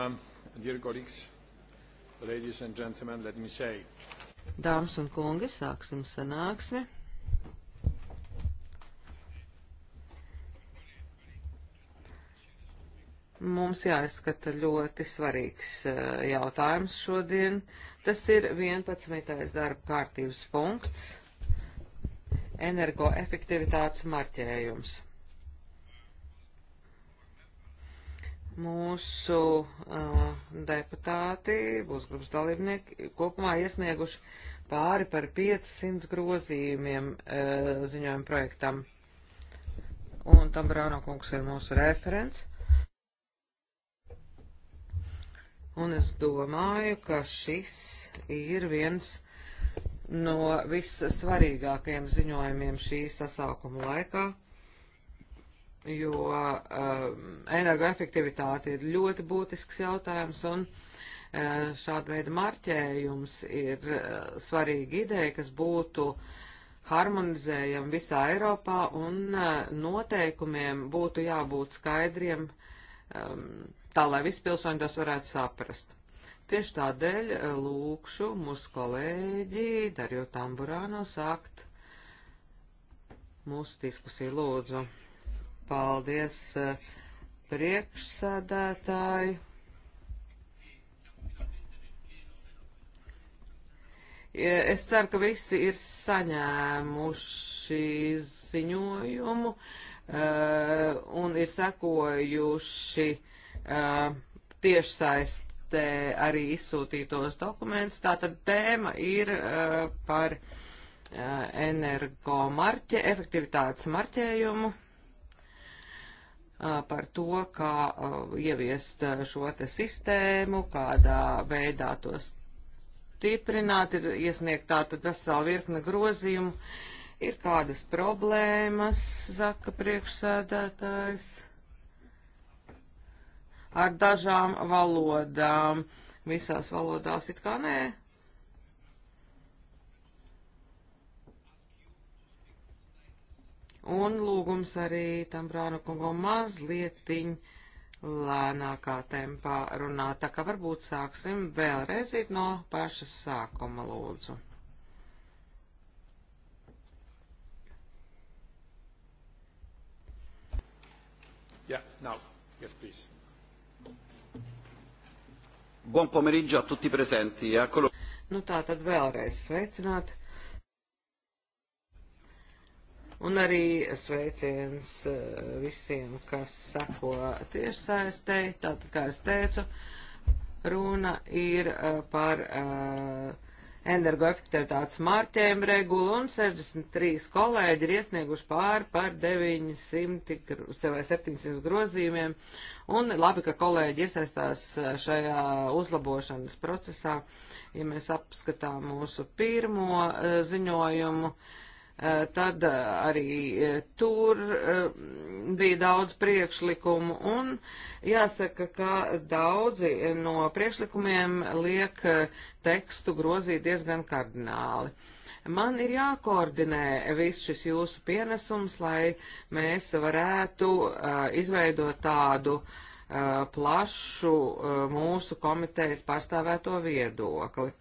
Um, dear colleagues, ladies and gentlemen, let me say. Dāmas un kungi, sāksim sanāksmi. Mums jāizskata ļoti svarīgs uh, jautājums šodien. Tas ir 11. darba kārtības punkts - energoefektivitātes marķējums. Mūsu uh, deputāti, būs grupas dalībnieki, kopumā iesnieguši pāri par 500 grozījumiem uh, ziņojumu projektam. Un tam Brāno kungs ir mūsu referents. Un es domāju, ka šis ir viens no vissvarīgākajiem ziņojumiem šī sasaukuma laikā jo uh, energoefektivitāte ir ļoti būtisks jautājums un uh, šāda veida marķējums ir uh, svarīga ideja, kas būtu harmonizējama visā Eiropā un uh, noteikumiem būtu jābūt skaidriem, um, tā lai visi pilsoņi tos varētu saprast. Tieši tādēļ uh, lūkšu mūsu kolēģi Darjo Tamburāno sākt mūsu diskusiju lūdzu. Paldies, eh, priekšsēdētāji. Es ceru, ka visi ir saņēmuši ziņojumu uh, un ir sekojuši uh, tiešsaistē arī izsūtītos dokumentus. Tātad tēma ir uh, par energo marķē, efektivitātes marķējumu par to, kā ieviest šo te sistēmu, kādā veidā to stiprināt, ir iesniegtā tad vesela virkne grozījumu. Ir kādas problēmas, saka priekšsēdētājs, ar dažām valodām. Visās valodās it kā nē, Un lūgums arī tam brānu kungam mazlietiņ lēnākā tempā runāt, tā kā varbūt sāksim vēlreiz no paša sākuma lūdzu. Yeah, now. Yes, please. Buon pomeriggio a tutti presenti. Eccolo. Eh, nu tā tad vēlreiz sveicināt un arī sveiciens eh, visiem, kas seko tiešsaistei. Tātad, kā es teicu, runa ir eh, par eh, energoefektivitātes mārķējumu regulu, un 63 kolēģi ir iesnieguši pāri par 900 vai 700 grozījumiem, un labi, ka kolēģi iesaistās šajā uzlabošanas procesā, ja mēs apskatām mūsu pirmo ziņojumu. Uh, Eh, tad eh, arī eh, tur bija daudz priekšlikumu un jāsaka, ka daudzi no priekšlikumiem liek tekstu grozīt diezgan kardināli. Man ir jākoordinē viss šis jūsu pienesums, lai mēs varētu izveidot tādu plašu mūsu komitejas pārstāvēto viedokli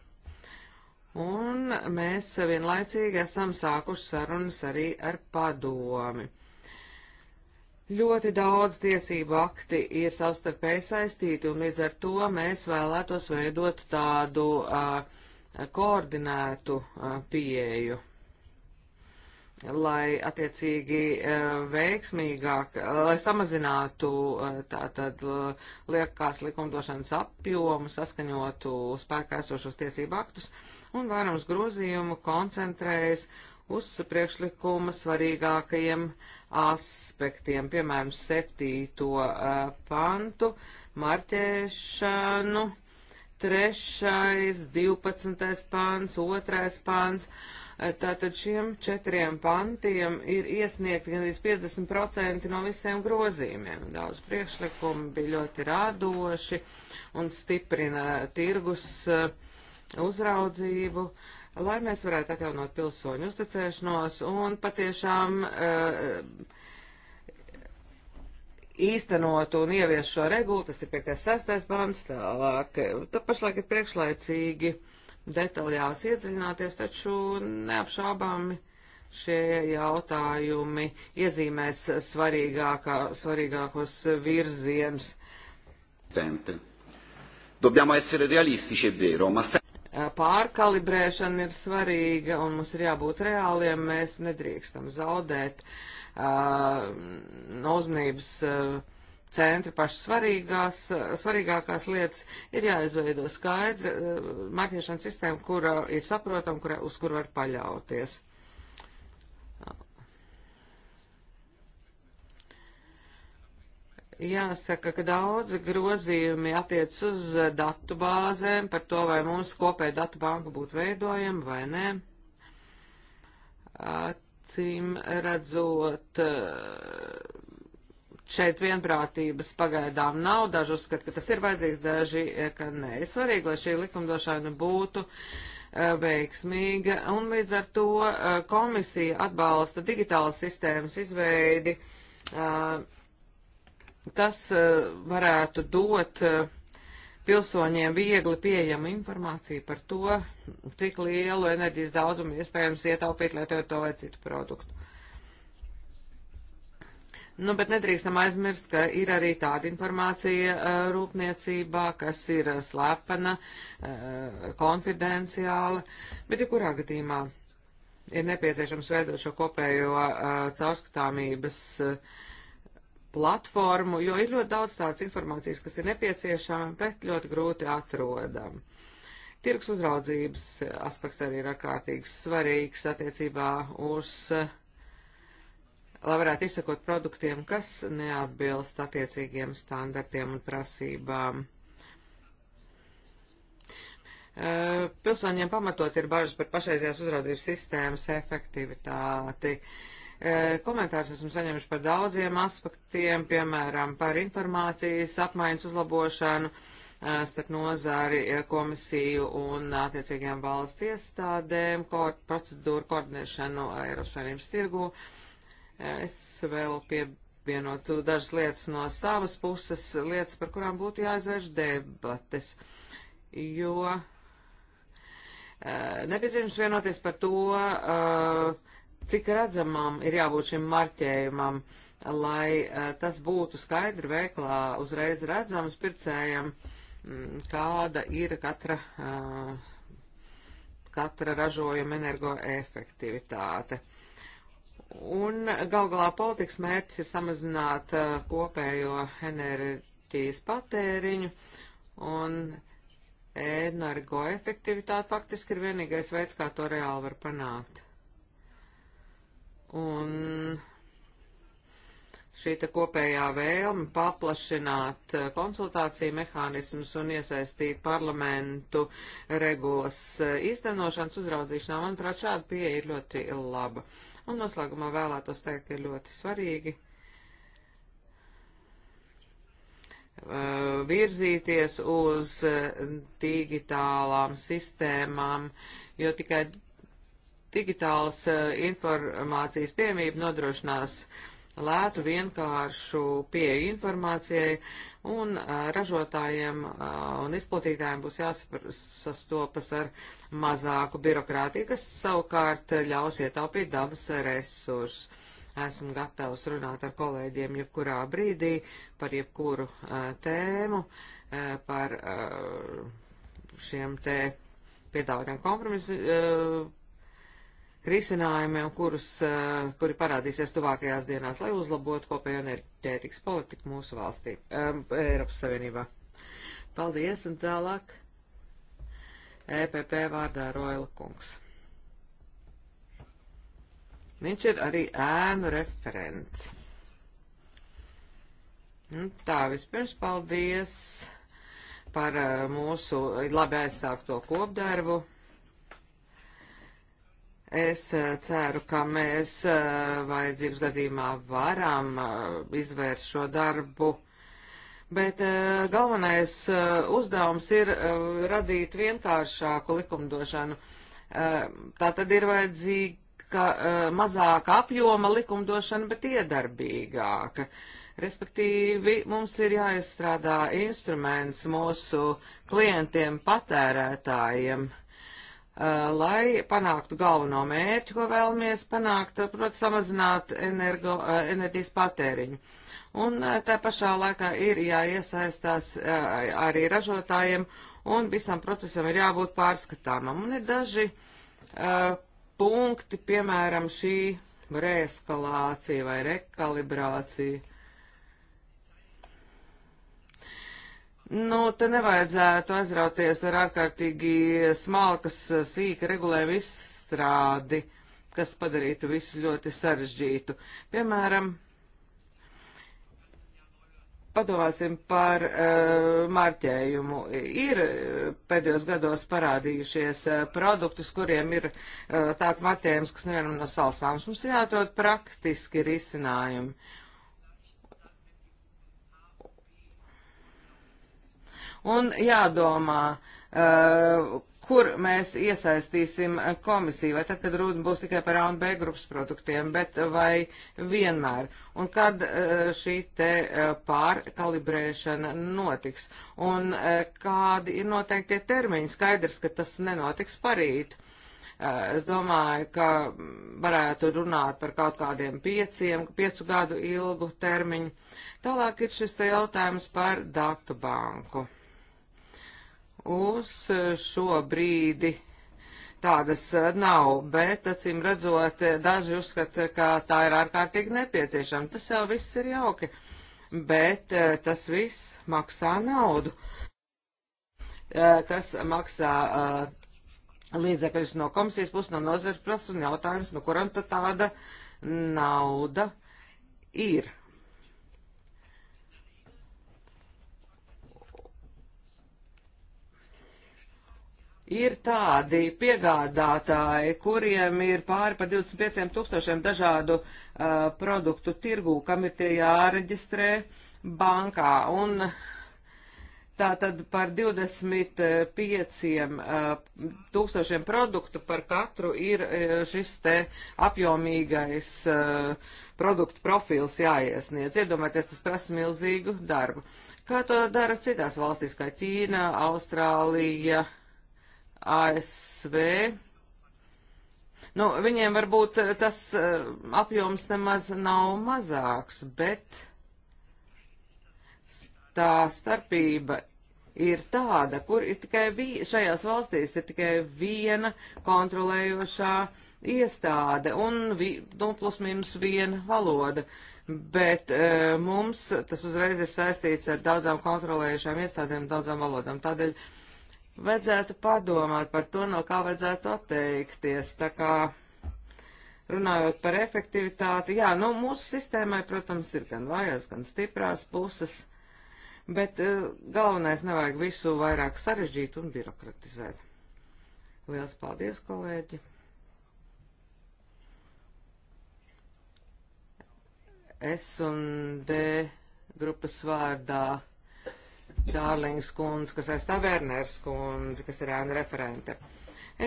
un mēs vienlaicīgi esam sākuši sarunas arī ar padomi. Ļoti daudz tiesību akti ir savstarpēji saistīti, un līdz ar to mēs vēlētos veidot tādu uh, koordinētu uh, pieeju, lai attiecīgi uh, veiksmīgāk, lai samazinātu tātad liekās likumdošanas apjomu, saskaņotu spēkā esošos tiesību aktus un vairums grozījumu koncentrējas uz priekšlikuma svarīgākajiem aspektiem, piemēram, septīto uh, pantu, marķēšanu, trešais, divpadsmitais pants, otrais pants. Eh, tātad šiem četriem pantiem ir iesniegti gandrīz 50% no visiem grozījumiem. Daudz priekšlikumu bija ļoti rādoši un stiprina tirgus uh, uzraudzību, lai mēs varētu atjaunot pilsoņu uzticēšanos un patiešām uh, īstenot un ievies šo regulu, tas ir 5.6. pants tālāk. Tu pašlaik ir priekšlaicīgi detaļās iedziļināties, taču neapšābāmi šie jautājumi iezīmēs svarīgākā, svarīgākos virzienus. Dobbiamo essere realistici, è vero, ma pārkalibrēšana ir svarīga un mums ir jābūt reāliem. Mēs nedrīkstam zaudēt uh, no uzmanības uh, centri pašas svarīgās, uh, svarīgākās lietas. Ir jāizveido skaidra marķēšanas sistēma, kura ir saprotama, uz kur var paļauties. Jāsaka, ka daudzi grozījumi attiec uz eh, datu bāzēm, par to, vai mums kopēja datu banka būtu veidojama vai nē. Acīm redzot, eh, šeit vienprātības pagaidām nav. Daži uzskat, ka tas ir vajadzīgs, daži, eh, ka nē. Ir svarīgi, lai šī likumdošana būtu veiksmīga, un līdz ar to komisija atbalsta digitālas sistēmas izveidi. Uh, Tas eh, varētu dot eh, pilsoņiem viegli pieejamu informāciju par to, cik lielu enerģijas daudzumu iespējams ietaupīt, lietojot to vai citu produktu. Nu, bet nedrīkstam aizmirst, ka ir arī tāda informācija eh, rūpniecībā, kas ir slepena, konfidenciāla, bet jebkurā gadījumā ir nepieciešams veidot šo kopējo caurskatāmības uh, platformu, jo ir ļoti daudz tādas informācijas, kas ir nepieciešama, bet ļoti grūti atrodama. Tirgus uzraudzības aspekts arī ir ārkārtīgi svarīgs attiecībā uz, lai varētu izsakot produktiem, kas neatbilst attiecīgiem standartiem un prasībām. Eh, pilsoņiem pamatot ir bažas par pašreizējās uzraudzības sistēmas efektivitāti. Uh, E, komentārus esmu saņēmuši par daudziem aspektiem, piemēram, par informācijas apmaiņas uzlabošanu e, starp nozāri e, komisiju un attiecīgajām valsts iestādēm, ko, procedūru koordinēšanu Eiropas Savienības tirgu. Es vēl pievienotu dažas lietas no savas puses, lietas, par kurām būtu jāizvērš debates, jo nepieciešams vienoties par to, uh, cik redzamam ir jābūt šim marķējumam, lai uh, tas būtu skaidri veiklā uzreiz redzams pircējam, mm, kāda ir katra, uh, katra ražojuma energoefektivitāte. Un gal galā politikas mērķis ir samazināt uh, kopējo enerģijas patēriņu un energoefektivitāte faktiski ir vienīgais veids, kā to reāli var panākt. Un šī te kopējā vēlme paplašināt eh, konsultāciju mehānismus un iesaistīt parlamentu regulas eh, izdenošanas uzraudzīšanā, manuprāt, šāda pieeja ir ļoti laba. Un noslēgumā vēlētos teikt, ka ir ļoti svarīgi eh, virzīties uz digitālām sistēmām, jo tikai Digitālas eh, informācijas piemība nodrošinās lētu, vienkāršu pieeju informācijai, un eh, ražotājiem eh, un izplatītājiem būs jāsastopas ar mazāku birokrātiju, kas savukārt ļaus ietaupīt dabas resursus. Esmu gatavs runāt ar kolēģiem jebkurā brīdī par jebkuru uh, tēmu, uh, par uh, šiem te piedāvātiem kompromisu uh, risinājumiem, kurus, eh, kuri parādīsies tuvākajās dienās, lai uzlabotu kopējo enerģētikas politiku mūsu valstī, um, Eiropas Savienībā. Paldies, un tālāk EPP vārdā Roila kungs. Viņš ir arī ēnu referents. Un nu, tā, vispirms paldies par eh, mūsu labi aizsākto kopdarbu Es eh, ceru, ka mēs eh, vajadzības gadījumā varam eh, izvērst šo darbu, bet galvenais uzdevums ir radīt vienkāršāku likumdošanu. Tā tad ir vajadzīga mazāka apjoma likumdošana, bet iedarbīgāka. Respektīvi, mums ir jāizstrādā instruments mūsu klientiem, patērētājiem. Uh, Eh, lai panāktu galveno mērķu, ko vēlamies panākt, proti samazināt energo, eh, enerģijas patēriņu. Un eh, tā pašā laikā ir jāiesaistās arī ražotājiem, un visam procesam ir jābūt pārskatāmam. Un ir daži uh, punkti, piemēram, šī reeskalācija vai rekalibrācija Nu, te nevajadzētu aizrauties ar ārkārtīgi smalkas, sīka regulējuma izstrādi, kas padarītu visu ļoti sarežģītu. Piemēram, padomāsim par uh, marķējumu. Ir eh, pēdējos gados parādījušies uh, eh, produktus, kuriem ir uh, tāds marķējums, kas nevienam no salsāms. Mums ir jāatrod praktiski risinājumi. Uh, un jādomā, uh, kur mēs iesaistīsim komisiju, vai tad, kad runa būs tikai par A un B grupas produktiem, bet vai vienmēr, un kad eh, šī te eh, pārkalibrēšana notiks, un kādi ir noteiktie termiņi, skaidrs, ka tas nenotiks parīt. Es domāju, ka varētu runāt par kaut kādiem pieciem, piecu gadu ilgu termiņu. Tālāk ir šis te jautājums par datu banku uz eh, šo brīdi tādas eh, nav, bet, acīm redzot, eh, daži uzskata, ka tā ir ārkārtīgi nepieciešama. Tas jau viss ir jauki, bet tas viss maksā naudu. Tas maksā līdzekļus no komisijas puses, no nozares puses, un jautājums, no kuram tad tāda nauda ir. ir tādi piegādātāji, kuriem ir pāri par 25 tūkstošiem dažādu uh, produktu tirgū, kam ir tie jāreģistrē bankā. Un tā tad par 25 uh, tūkstošiem produktu par katru ir uh, šis te apjomīgais uh, produktu profils jāiesniedz. Iedomājieties, tas prasa milzīgu darbu. Kā to dara citās valstīs, kā Ķīna, Austrālija, uh, ASV. Nu, viņiem varbūt eh, tas eh, apjoms nemaz nav mazāks, bet tā starpība ir tāda, kur ir tikai vi, šajās valstīs ir tikai viena kontrolējošā iestāde un vi, nu, plus mīnus viena valoda. Bet e, mums tas uzreiz ir saistīts ar daudzām kontrolējušām iestādēm, daudzām valodām. Tādēļ Vajadzētu padomāt par to, no kā vajadzētu atteikties. Tā kā runājot par efektivitāti, jā, nu mūsu sistēmai, protams, ir gan vājās, gan stiprās puses, bet uh, galvenais nevajag visu vairāk sarežģīt un birokratizēt. Liels paldies, kolēģi! S un D grupas vārdā Čārlings kundze, kas aizstāv Vērners kundze, kas ir ēna referente.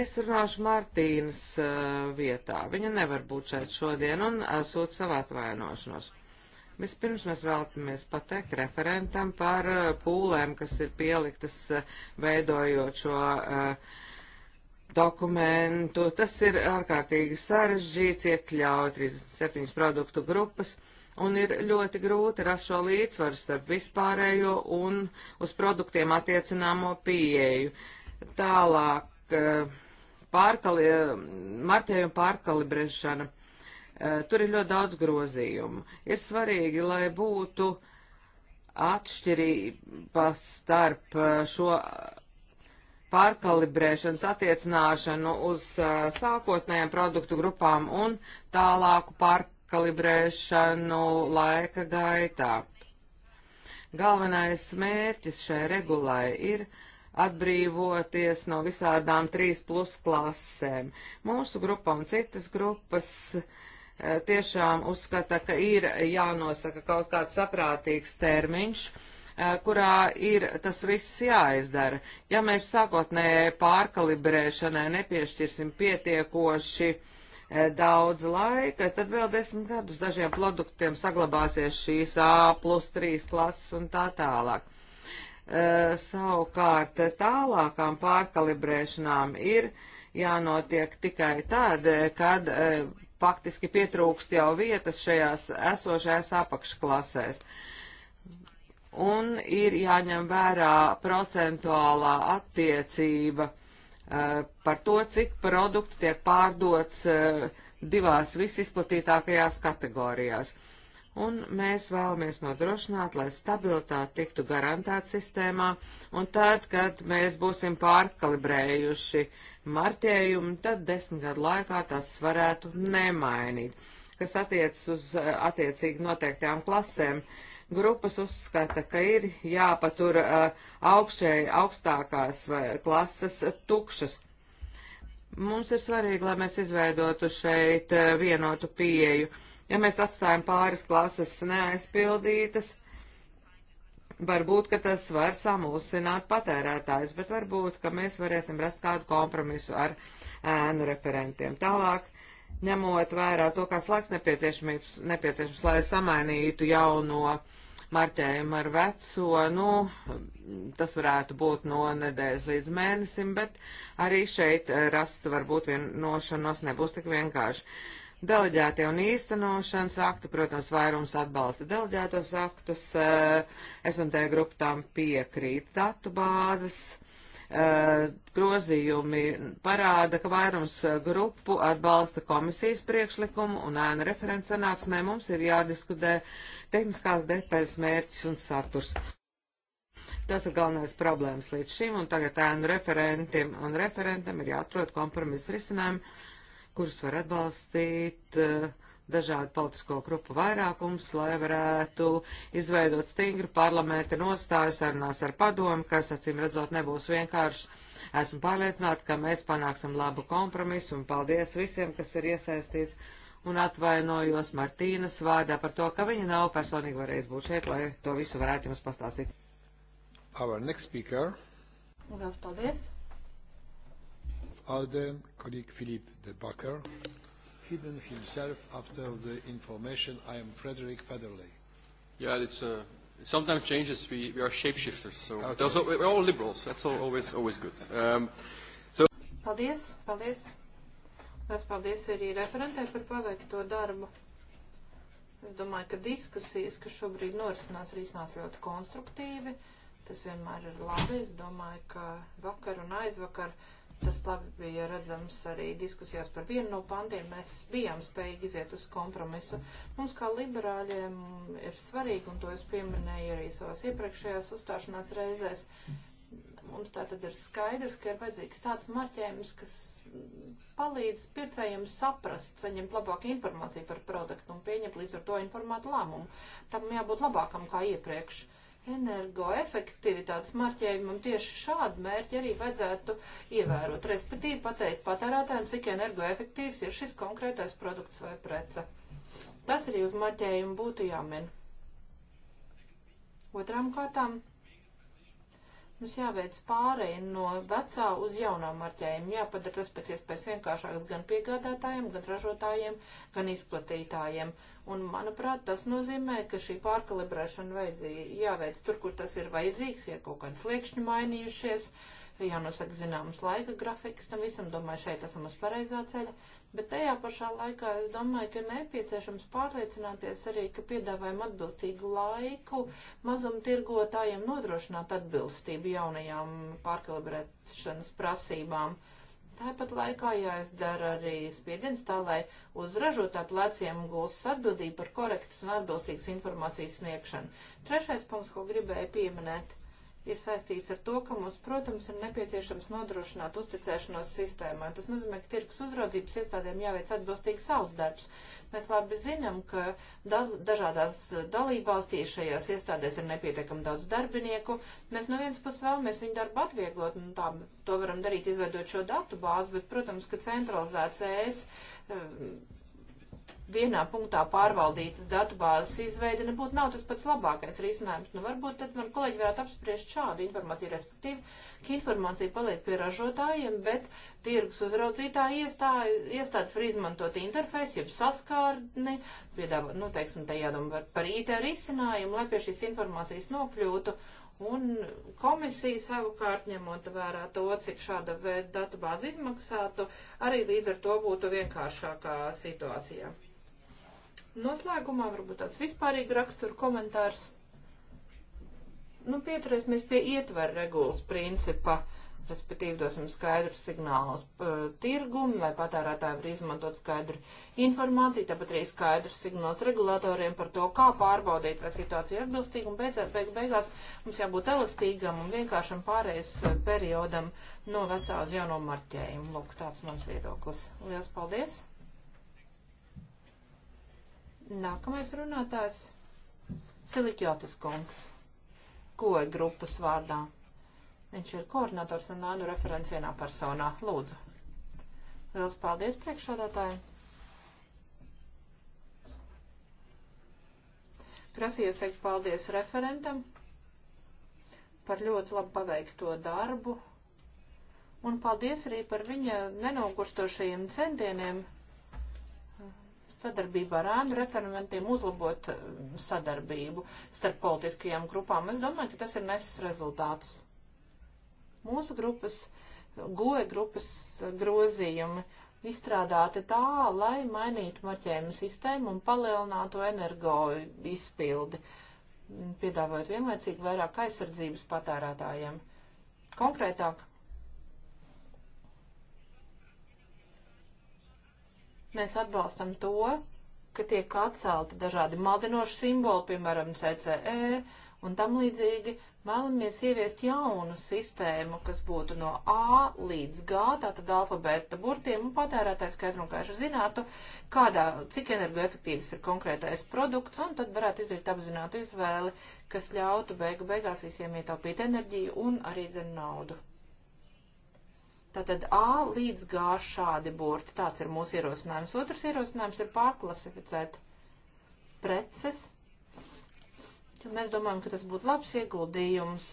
Es runāšu Martīnas uh, vietā. Viņa nevar būt šeit šodien un uh, sūta savu atvainošanos. Vispirms mēs vēlamies pateikt referentam par uh, pūlēm, kas ir pieliktas uh, veidojot šo uh, dokumentu. Tas ir ārkārtīgi sarežģīts, iekļaut 37 produktu grupas. Uh, un ir ļoti grūti rast šo līdzsvaru starp vispārējo un uz produktiem attiecināmo pieeju. Tālāk eh, pārkali, eh, marķējuma pārkalibrēšana. Eh, tur ir ļoti daudz grozījumu. Ir svarīgi, lai būtu atšķirība starp šo pārkalibrēšanas attiecināšanu uz sākotnējām produktu grupām un tālāku pārkalibrēšanu kalibrēšanu laika gaitā. Galvenais mērķis šai regulai ir atbrīvoties no visādām 3 plus klasēm. Mūsu grupa un citas grupas eh, tiešām uzskata, ka ir jānosaka kaut kāds saprātīgs termiņš, eh, kurā ir tas viss jāizdara. Ja mēs sākotnēji pārkalibrēšanai nepiešķirsim pietiekoši uh, E, daudz laika, tad vēl desmit gadus dažiem produktiem saglabāsies šīs A plus 3 klases un tā tālāk. E, savukārt tālākām pārkalibrēšanām ir jānotiek tikai tad, kad e, faktiski pietrūkst jau vietas šajās esošajās apakšklasēs. Un ir jāņem vērā procentuālā attiecība Eh, par to, cik produktu tiek pārdots eh, divās visizplatītākajās kategorijās. Un mēs vēlamies nodrošināt, lai stabilitāte tiktu garantēta sistēmā, un tad, kad mēs būsim pārkalibrējuši marķējumu, tad desmit gadu laikā tas varētu nemainīt. Kas attiecas uz eh, attiecīgi noteiktām klasēm, uh, Grupas uzskata, ka ir jāpatur augšēji augstākās klases tukšas. Mums ir svarīgi, lai mēs izveidotu šeit vienotu pieeju. Ja mēs atstājam pāris klases neaizpildītas, Varbūt, ka tas var samulsināt patērētājs, bet varbūt, ka mēs varēsim rast kādu kompromisu ar ēnu referentiem. Tālāk ņemot vērā to, kāds laiks nepieciešams, nepieciešams lai samainītu jauno marķējumu ar veco, nu, tas varētu būt no nedēļas līdz mēnesim, bet arī šeit rast varbūt vienošanos nebūs tik vienkārši. Deleģētie un īstenošanas akti, protams, vairums atbalsta deleģētos aktus, eh, S&T grupa tam piekrīt datu bāzes Eh, grozījumi parāda, ka vairums eh, grupu atbalsta komisijas priekšlikumu un ēna referents sanāksmē mums ir jādiskutē tehniskās detaļas mērķis un saturs. Tas ir galvenais problēmas līdz šim, un tagad ēnu referentiem un referentam ir jāatrod kompromiss risinājumu, kurus var atbalstīt uh, dažādu politisko grupu vairākums, lai varētu izveidot stingru parlamenta nostāju sarunās ar padomu, kas, acīm redzot, nebūs vienkārši. Esmu pārliecināta, ka mēs panāksim labu kompromisu un paldies visiem, kas ir iesaistīts un atvainojos Martīnas vārdā par to, ka viņa nav personīgi varējis būt šeit, lai to visu varētu jums pastāstīt. Our next speaker. Liels paldies. Alde, kolīgi Filip de Bakar hidden himself after the information I am Frederick Federley. Yeah, it's, uh, it sometimes changes. We, we are shapeshifters, so okay. those, we're all liberals. That's all, always, always good. Um, so paldies, paldies. Liels paldies arī referentē par paveikto darbu. Es domāju, ka diskusijas, kas šobrīd norisinās, risinās ļoti konstruktīvi. Tas vienmēr ir labi. Es domāju, ka vakar un aizvakar Tas labi bija redzams arī diskusijās par vienu no pantiem. Mēs bijām spējīgi iziet uz kompromisu. Mums kā liberāļiem ir svarīgi, un to es pieminēju arī savās iepriekšējās uzstāšanās reizēs, mums tā tad ir skaidrs, ka ir vajadzīgs tāds marķējums, kas palīdz pircējiem saprast, saņemt labāku informāciju par produktu un pieņemt līdz ar to informētu lēmumu. Tam jābūt labākam kā iepriekš. Uh, energoefektivitātes marķējumam tieši šādu mērķi arī vajadzētu ievērot, respektīvi pateikt patērētājiem, cik energoefektīvs ir šis konkrētais produkts vai prece. Tas arī uz marķējumu būtu jāmin. Otrām kārtām Mums jāveic pārēja no vecā uz jaunām marķējiem, jāpadara tas pēc iespējas vienkāršāks gan piegādātājiem, gan ražotājiem, gan izplatītājiem. Un, manuprāt, tas nozīmē, ka šī pārkalibrēšana vajadzī, jāveic tur, kur tas ir vajadzīgs, ir kaut kādi sliekšņi mainījušies. Uh, jānosaka zināmas laika grafikas tam visam, domāju, šeit esam uz pareizā ceļa, bet tajā pašā laikā es domāju, ka nepieciešams pārliecināties arī, ka piedāvājam atbilstīgu laiku mazumtirgotājiem nodrošināt atbilstību jaunajām pārkalibrēšanas prasībām. Tāpat laikā jāizdara arī spiediens tā, lai uz ražotā pleciem gūstas atbildība par korektas un atbilstīgas informācijas sniegšanu. Trešais punkts, ko gribēju pieminēt, ir saistīts ar to, ka mums, protams, ir nepieciešams nodrošināt uzticēšanos sistēmai. Tas nozīmē, ka tirgus uzraudzības iestādēm jāveic atbilstīgi savs darbs. Mēs labi zinām, ka da dažādās dalībvalstīs šajās iestādēs ir nepietiekami daudz darbinieku. Mēs no vienas puses vēlamies viņu darbu atvieglot, un tā, to varam darīt, izveidot šo datu bāzi, bet, protams, ka centralizēts ES um, vienā punktā pārvaldītas datubāzes izveide nebūtu nav tas pats labākais risinājums. Nu, varbūt tad man kolēģi varētu apspriest šādu informāciju, respektīvi, ka informācija paliek pie ražotājiem, bet tirgus uzraudzītāji iestā, iestādes var izmantot interfeisu, jeb saskārni, piedāvā, nu, teiksim, te jādomā par, par IT risinājumu, lai pie šīs informācijas nokļūtu. Uh, Un komisija savukārt, ņemot vērā to, cik šāda veida datubāze izmaksātu, arī līdz ar to būtu vienkāršākā situācijā. Noslēgumā varbūt tāds vispārīgi rakstura komentārs. Nu, pieturēsimies pie ietver regulas principa. Uh, respektīvi dosim skaidrus signālus uh, tirgumu, lai patērētāji var izmantot skaidru informāciju, tāpat arī skaidrus signālus regulatoriem par to, kā pārbaudīt, vai situācija ir atbilstīga, un beidzot, beig, beigās mums jābūt elastīgam un vienkāršam pārējais uh, periodam no vecā uz jauno marķējumu. Lūk, tāds mans viedoklis. Lielas paldies! Nākamais runātājs Silikjotis kungs. Ko grupas vārdā? Viņš ir koordinators un ānu referents vienā personā. Lūdzu. Liels paldies priekšādātājiem. Prasījos teikt paldies referentam par ļoti labu paveikto darbu. Un paldies arī par viņa nenogurstošajiem centieniem sadarbībā ar ēnu referentiem uzlabot eh, sadarbību starp politiskajām grupām. Es domāju, ka tas ir nesis rezultātus. Mūsu grupas, goja grupas grozījumi izstrādāti tā, lai mainītu marķējumu sistēmu un palielinātu energo izpildi, piedāvājot vienlaicīgi vairāk aizsardzības patērētājiem. Konkrētāk, mēs atbalstam to, ka tiek atcelti dažādi maldinoši simboli, piemēram, CCE un tam līdzīgi, Vēlamies ieviest jaunu sistēmu, kas būtu no A līdz G, tātad alfabēta burtiem, un patērētājs skaidru un gaišu zinātu, kādā, cik energoefektīvs ir konkrētais produkts, un tad varētu izdarīt apzinātu izvēli, kas ļautu beigu beigās visiem ietaupīt enerģiju un arī zem naudu. Tātad A līdz G šādi burti, tāds ir mūsu ierosinājums. Otrs ierosinājums ir pārklasificēt preces Jo mēs domājam, ka tas būtu labs ieguldījums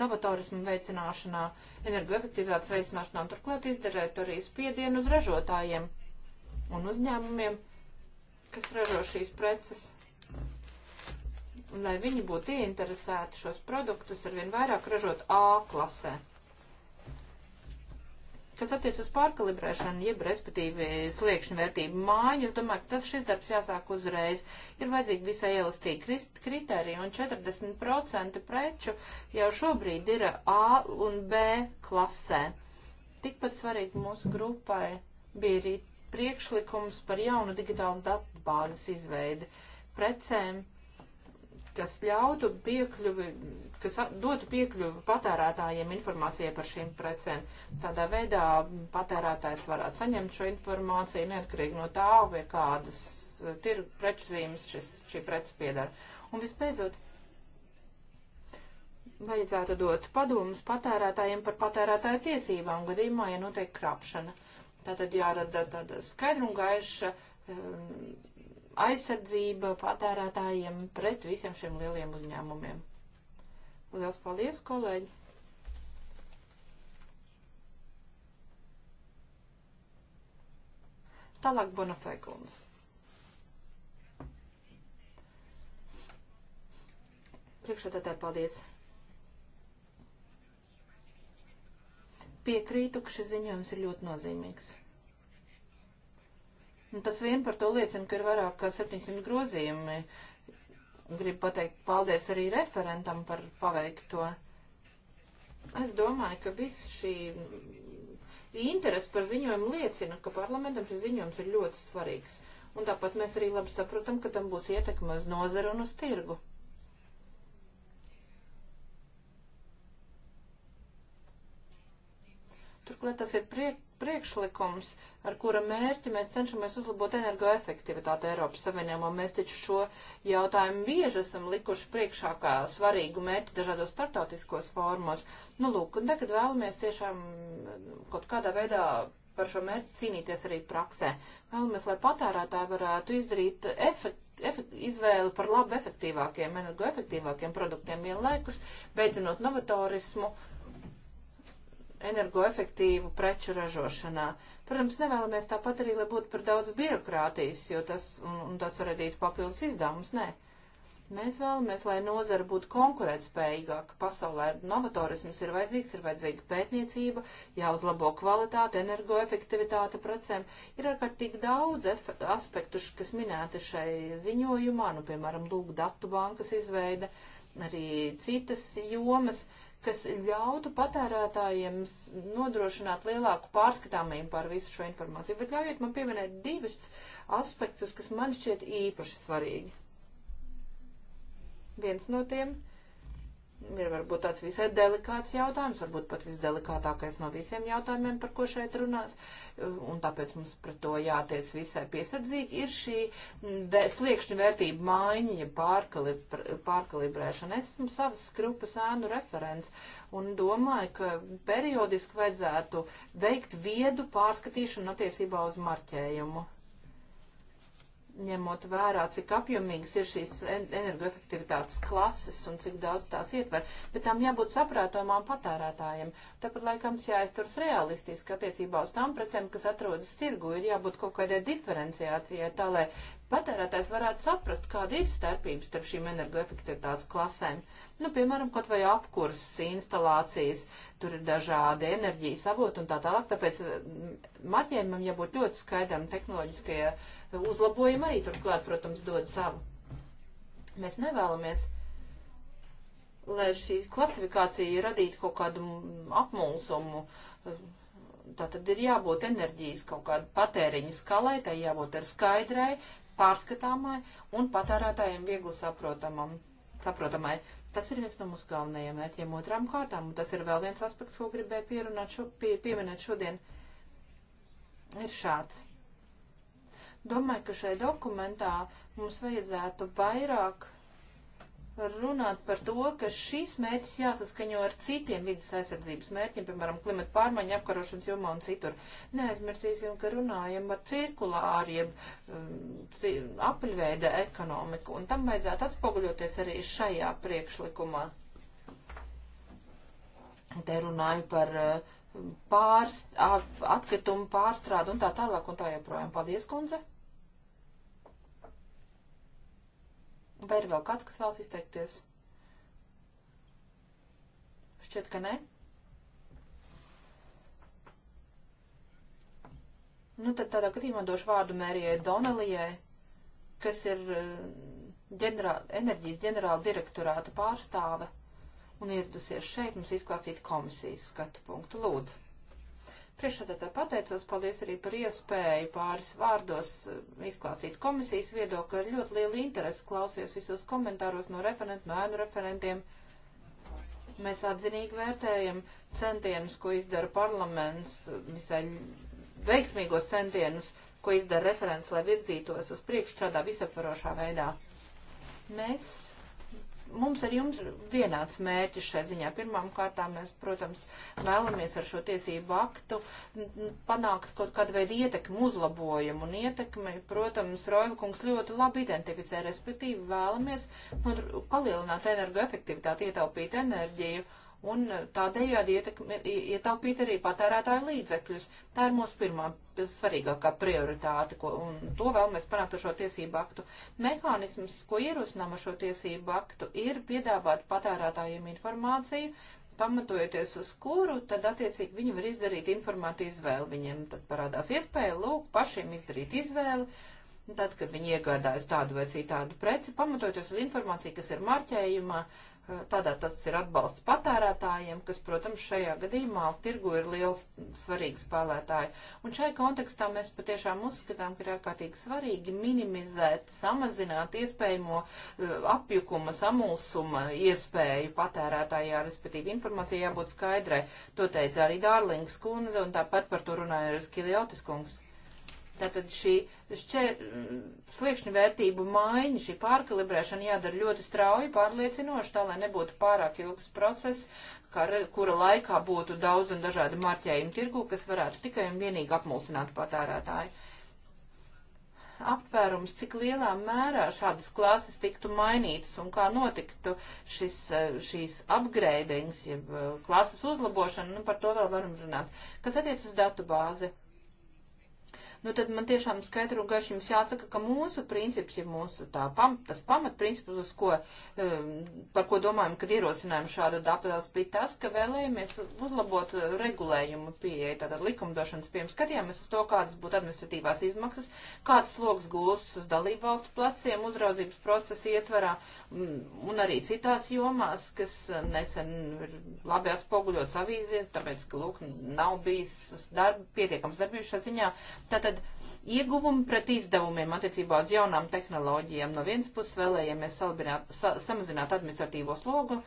novatorismu veicināšanā, energoefektivitātes veicināšanā un turklāt izdarēt arī spiedienu uz ražotājiem un uzņēmumiem, kas ražo šīs preces. Un lai viņi būtu ieinteresēti šos produktus ar vien vairāk ražot A klasē. Kas attiec uz pārkalibrēšanu, jeb respektīvi sliekšņu vērtību māju, es domāju, ka tas šis darbs jāsāk uzreiz. Ir vajadzīgi visai elastīgi kriteriji, un 40% preču jau šobrīd ir A un B klasē. Tikpat svarīgi mūsu grupai bija arī priekšlikums par jaunu digitālas datubāzes izveidi precēm, kas ļautu piekļuvi kas dotu piekļuvu patērētājiem informācijai par šīm precēm. Tādā veidā patērētājs varētu saņemt šo informāciju neatkarīgi no tā, vai kādas eh, tirgu preču zīmes šis, šī prece piedara. Un visbeidzot, vajadzētu dot padomus patērētājiem par patērētāju tiesībām gadījumā, ja notiek krāpšana. Tātad jārada tāda skaidra un gaiša um, aizsardzība patērētājiem pret visiem šiem lieliem uzņēmumiem. Lielas paldies, kolēģi! Tālāk Bonafē kundze. Priekšētātāji, paldies! Piekrītu, ka šis ziņojums ir ļoti nozīmīgs. Un nu, tas vien par to liecina, ka ir vairāk kā 700 grozījumi Un gribu pateikt paldies arī referentam par paveikto. Es domāju, ka visa šī interese par ziņojumu liecina, ka parlamentam šis ziņojums ir ļoti svarīgs. Un tāpat mēs arī labi saprotam, ka tam būs ietekme uz nozaru un uz tirgu. Turklāt tas ir priek, priekšlikums, ar kura mērķi mēs cenšamies uzlabot energoefektivitāti Eiropas Savienībā. Mēs taču šo jautājumu bieži esam likuši priekšā kā svarīgu mērķi dažādos startautiskos formos. Nu, lūk, un tagad vēlamies tiešām mm, kaut kādā veidā par šo mērķi cīnīties arī praksē. Vēlamies, lai patērētāji varētu izdarīt efektivitāti efekt, izvēli par labu efektīvākiem, energoefektīvākiem produktiem vienlaikus, beidzinot novatorismu energoefektīvu preču ražošanā. Protams, nevēlamies tāpat arī, lai būtu par daudz birokrātijas, jo tas, un, un tas radītu papildus izdevumus, nē. Mēs vēlamies, lai nozara būtu konkurētspējīgāka pasaulē. Novatorisms ir vajadzīgs, ir vajadzīga pētniecība, jāuzlabo kvalitāte, energoefektivitāte precēm. Ir ārkārtīgi daudz aspektu, kas minēti šai ziņojumā, nu, piemēram, lūg datu bankas izveide, arī citas jomas. Uh, kas ļautu patērētājiem nodrošināt lielāku pārskatāmību par visu šo informāciju. Bet ļaujiet man pieminēt divus aspektus, kas man šķiet īpaši svarīgi. Viens no tiem ir ir varbūt tāds visai delikāts jautājums, varbūt pat visdelikātākais no visiem jautājumiem, par ko šeit runās, un tāpēc mums pret to jātiec visai piesardzīgi, ir šī mm, sliekšņa vērtība maiņa, ja pārkalibr, pārkalibrēšana. Esmu savas skrupas ēnu referents un domāju, ka periodiski vajadzētu veikt viedu pārskatīšanu attiecībā uz marķējumu ņemot vērā, cik apjomīgas ir šīs energoefektivitātes klases un cik daudz tās ietver, bet tām jābūt saprātomām patērētājiem. Tāpat laikam jāizturas realistiski attiecībā uz tām precēm, kas atrodas tirgu, ir jābūt kaut kādai diferenciācijai, tā lai patērētājs varētu saprast, kāda ir starpības starp šīm energoefektivitātes klasēm. Nu, piemēram, kaut vai apkurs, instalācijas, tur ir dažādi enerģijas avoti un tā tālāk, tāpēc maķējumam jābūt ļoti skaidram tehnoloģiskajai uzlabojumi arī turklāt, protams, dod savu. Mēs nevēlamies, lai šī klasifikācija radītu kaut kādu apmulsumu. Tā tad ir jābūt enerģijas kaut kāda patēriņa skalai, tai jābūt ar skaidrai, pārskatāmai un patērētājiem viegli saprotamam. saprotamai. Tas ir viens no mūsu galvenajiem mērķiem otrām kārtām, un tas ir vēl viens aspekts, ko gribēju pierunāt šo, pie, pieminēt šodien, ir šāds. Domāju, ka šai dokumentā mums vajadzētu vairāk runāt par to, ka šīs mērķis jāsaskaņo ar citiem vidas aizsardzības mērķiem, piemēram, klimata pārmaiņu apkarošanas jomā un citur. Neaizmirsīsim, ka runājam ar cirkulāriem um, apaļveida ekonomiku, un tam vajadzētu atspoguļoties arī šajā priekšlikumā. Te runāju par uh, pārst, atkritumu pārstrādu un tā tālāk un tā joprojām. Paldies, kundze! Vai ir vēl kāds, kas vēlas izteikties? Šķiet, ka nē. Nu, tad tādā gadījumā došu vārdu Mērijai Donelijai, kas ir eh, ģenerā, enerģijas ģenerāla direktorāta pārstāve un ieradusies šeit mums izklāstīt komisijas skatu punktu. Lūdzu! Priekšsēdētā pateicos, paldies arī par iespēju pāris vārdos eh, izklāstīt komisijas viedokli. Ar ļoti lielu interesi klausies visos komentāros no referentu, no ēnu referentiem. Mēs atzinīgi vērtējam centienus, ko izdara parlaments, visai veiksmīgos centienus, ko izdara referents, lai virzītos uz priekšu šādā visaptvarošā veidā. Mēs mums ar jums ir vienāds mērķis šai ziņā. Pirmām kārtām mēs, protams, vēlamies ar šo tiesību aktu panākt kaut kādu veidu ietekmi uzlabojumu un ietekmi, protams, Roilkungs ļoti labi identificē, respektīvi vēlamies palielināt energoefektivitāti, ietaupīt enerģiju un e, tādējādi ietekmi, ietaupīt arī patērētāju līdzekļus. Tā ir mūsu pirmā svarīgākā prioritāte, ko, un to vēlamies panākt ar šo tiesību aktu. Mehānisms, ko ierosinām ar šo tiesību aktu, ir piedāvāt patērētājiem informāciju, pamatojoties uz kuru, tad attiecīgi viņi var izdarīt informātu izvēli. Viņiem tad parādās iespēja lūk pašiem izdarīt izvēli. Tad, kad viņi iegādājas tādu vai citādu preci, pamatojoties uz informāciju, kas ir marķējumā, uh, Tādā tas ir atbalsts patērētājiem, kas, protams, šajā gadījumā tirgu ir liels svarīgs spēlētāji. Un šai kontekstā mēs patiešām uzskatām, ka ir ārkārtīgi svarīgi minimizēt, samazināt iespējamo eh, apjukuma, samulsuma iespēju patērētājā, respektīvi informācija jābūt skaidrai. To teica arī Dārlings kundze, un tāpat par to runāja arī Skiliotis kungs. Tātad šī šķēr, sliekšņu vērtību maiņa, šī pārkalibrēšana jādara ļoti strauji, pārliecinoši, tā lai nebūtu pārāk ilgs process, kar, kura laikā būtu daudz un dažādi marķējumi tirgu, kas varētu tikai un vienīgi apmulsināt patērētāju. Aptvērums, cik lielā mērā šādas klases tiktu mainītas un kā notiktu šis, šīs upgradings, jeb klases uzlabošana, nu par to vēl varam runāt. Kas attiec uz datu bāzi? nu tad man tiešām skaidru un garš jums jāsaka, ka mūsu princips ir mūsu tā, pam, tas pamatprincips, uz ko, um, par ko domājam, kad ierosinājam šādu apelāstu, bija tas, ka vēlējamies uzlabot uh, regulējumu pieeja, tātad likumdošanas pieeja. Skatījāmies uz to, kādas būtu administratīvās izmaksas, kāds sloks gulsts uz dalību valstu pleciem uzraudzības procesa ietverā mm, un arī citās jomās, kas uh, nesen ir labi atspoguļots avīzēs, tāpēc, ka, lūk, nav bijis darb, pietiekams darbības šajā ziņā. Tātad Tātad ieguvumi pret izdevumiem attiecībā uz jaunām tehnoloģijām. No vienas puses vēlējamies salbināt, sa, samazināt administratīvo slogu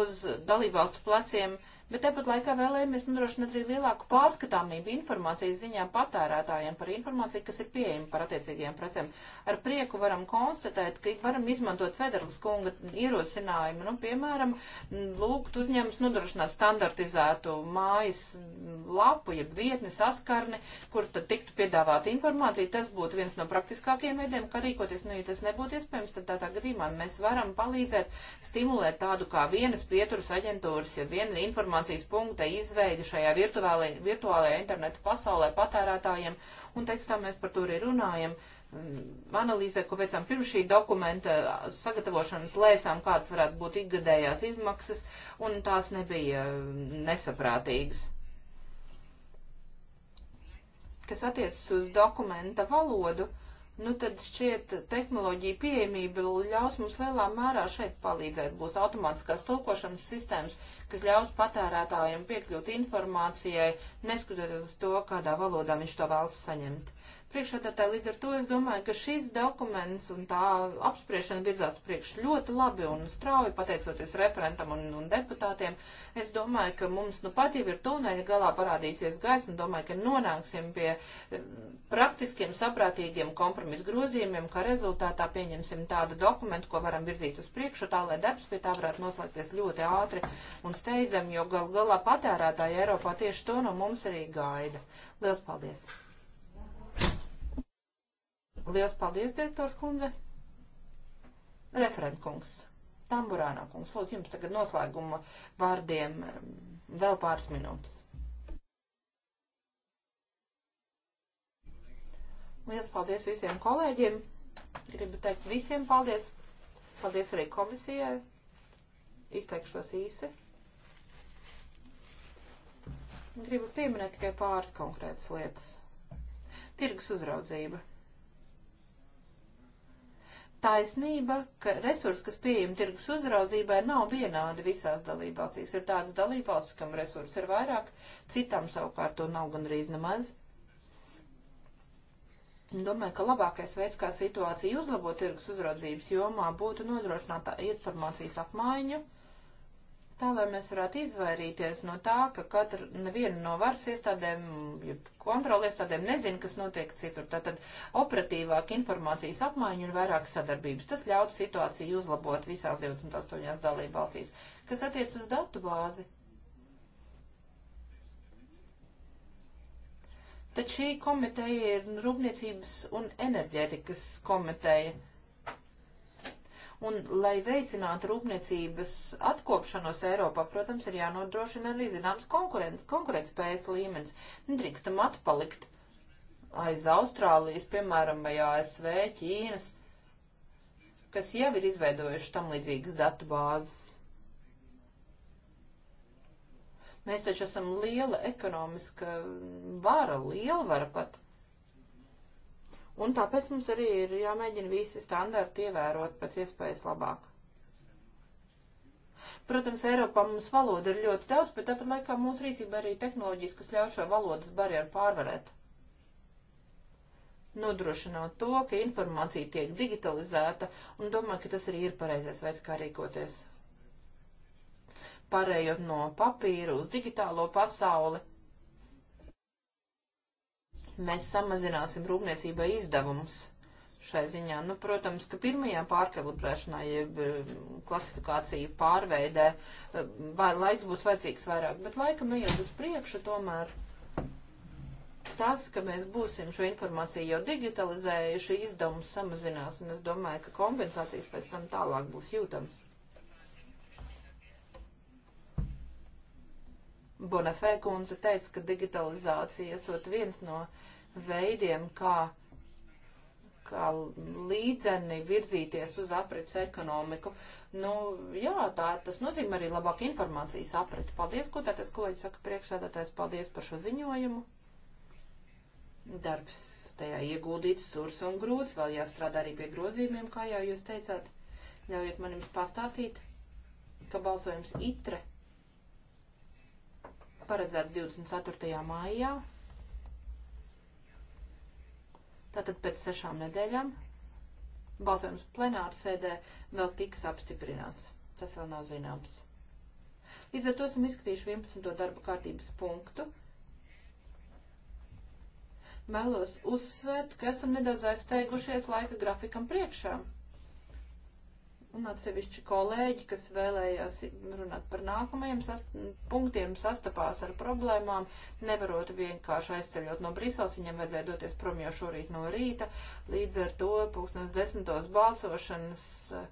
uz dalībvalstu pleciem, uh, bet tāpat laikā vēlējamies nodrošināt arī lielāku pārskatāmību informācijas ziņā patērētājiem par informāciju, kas ir pieejama par attiecīgajiem precēm. Ar prieku varam konstatēt, ka varam izmantot Federas kunga ierosinājumu, nu, piemēram, lūgt uzņēmums nodrošināt standartizētu mājas lapu, jeb vietni saskarni, kur tad tiktu piedāvāta informācija. Tas būtu viens no praktiskākajiem veidiem, kā rīkoties, nu, ja tas nebūtu iespējams, tad tādā gadījumā mēs varam palīdzēt stimulēt tādu kā vienas pieturas aģentūras, ja viena informācija informācijas punkta izveidi šajā virtuālajā, virtuālajā interneta pasaulē patērētājiem, un tekstā mēs par to arī runājam. Mm, Analīzē, ko veicām pirms šī dokumenta sagatavošanas, lēsām, kādas varētu būt ikgadējās izmaksas, un tās nebija mm, nesaprātīgas. Kas attiecas uz dokumenta valodu, nu tad šķiet tehnoloģija pieejamība ļaus mums lielā mērā šeit palīdzēt. Būs automātiskās tulkošanas sistēmas, kas ļaus patērētājiem piekļūt informācijai, neskatoties uz to, kādā valodā viņš to vēlas saņemt priekšādātāji. Līdz ar to es domāju, ka šis dokuments un tā apspriešana virzās priekš ļoti labi un strauji, pateicoties referentam un, un deputātiem. Es domāju, ka mums nu pat jau ir tuneļa galā parādīsies gaisma, domāju, ka nonāksim pie eh, praktiskiem, saprātīgiem kompromisu grozījumiem, kā rezultātā pieņemsim tādu dokumentu, ko varam virzīt uz priekšu, tā lai darbs pie tā varētu noslēgties ļoti ātri un steidzami, jo gal galā patērētāji Eiropā tieši to no mums arī gaida. Lielas paldies! Liels paldies, direktors kundze. Referent kungs. Tamburānā kungs, lūdzu, jums tagad noslēguma vārdiem ehm, vēl pāris minūtes. Liels paldies visiem kolēģiem. Gribu teikt visiem paldies. Paldies arī komisijai. Izteikšos īsi. Gribu pieminēt tikai pāris konkrētas lietas. Tirgus uzraudzība taisnība, ka resursi, kas pieejami tirgus uzraudzībai, nav vienādi visās dalībvalstīs. Ir tādas dalībvalstis, kam resursi ir vairāk, citām savukārt to nav gandrīz nemaz. Domāju, ka labākais veids, kā situāciju uzlabot tirgus uzraudzības jomā, būtu nodrošināt informācijas apmaiņu tā lai mēs varētu izvairīties no tā, ka katra neviena no varas iestādēm, kontroli iestādēm nezina, kas notiek citur. Tātad operatīvāk informācijas apmaiņa un vairāk sadarbības. Tas ļautu situāciju uzlabot visās 28 dalību valstīs. Kas attiec uz datu bāzi? Tad šī komiteja ir Rūpniecības un enerģētikas komiteja. Un, lai veicinātu rūpniecības atkopšanos Eiropā, protams, ir jānodrošina arī zināms konkurence, konkurētspējas līmenis. Nedrīkstam atpalikt aiz Austrālijas, piemēram, vai ASV, Ķīnas, kas jau ir izveidojuši tam līdzīgas datu bāzes. Mēs taču esam liela ekonomiska vara, lielvara pat. Un tāpēc mums arī ir jāmēģina visi standarti ievērot pēc iespējas labāk. Protams, Eiropā mums valoda ir ļoti daudz, bet tāpat laikā mūsu rīcība arī tehnoloģijas, kas ļauj šo valodas barjeru pārvarēt. Nodrošinot to, ka informācija tiek digitalizēta un domāju, ka tas arī ir pareizais veids, kā rīkoties. Pārējot no papīra uz digitālo pasauli, mēs samazināsim rūpniecībai izdevumus šai ziņā. Nu, protams, ka pirmajā pārkalibrēšanā, jeb eh, klasifikāciju pārveidē, eh, vai laiks būs vajadzīgs vairāk, bet laikam ejot uz priekšu tomēr. Tas, ka mēs būsim šo informāciju jau digitalizējuši, izdevums samazinās, un es domāju, ka kompensācijas pēc tam tālāk būs jūtams. Bonafē kundze teica, ka digitalizācija esot viens no uh, veidiem, kā, kā līdzeni virzīties uz aprits ekonomiku. Nu, jā, tā, tas nozīmē arī labāku informācijas apriti. Paldies, ko tātad kolēģis saka priekšsēdētājs, paldies par šo ziņojumu. Darbs tajā ieguldīts, surs un grūts, vēl jāstrādā arī pie grozījumiem, kā jau jūs teicāt. Ļaujiet man jums pastāstīt, ka balsojums itre paredzēts 24. maijā. Tātad pēc sešām nedēļām balsojums plenāra sēdē vēl tiks apstiprināts. Tas vēl nav zināms. Līdz ar to esam izskatījuši 11. darba kārtības punktu. Vēlos uzsvērt, ka esam nedaudz aizsteigušies laika grafikam priekšā un atsevišķi kolēģi, kas vēlējās runāt par nākamajiem sast punktiem, sastapās ar problēmām, nevarot vienkārši aizceļot no Brīseles, viņam vajadzēja doties prom jau šorīt no rīta, līdz ar to pūkstens desmitos balsošanas eh,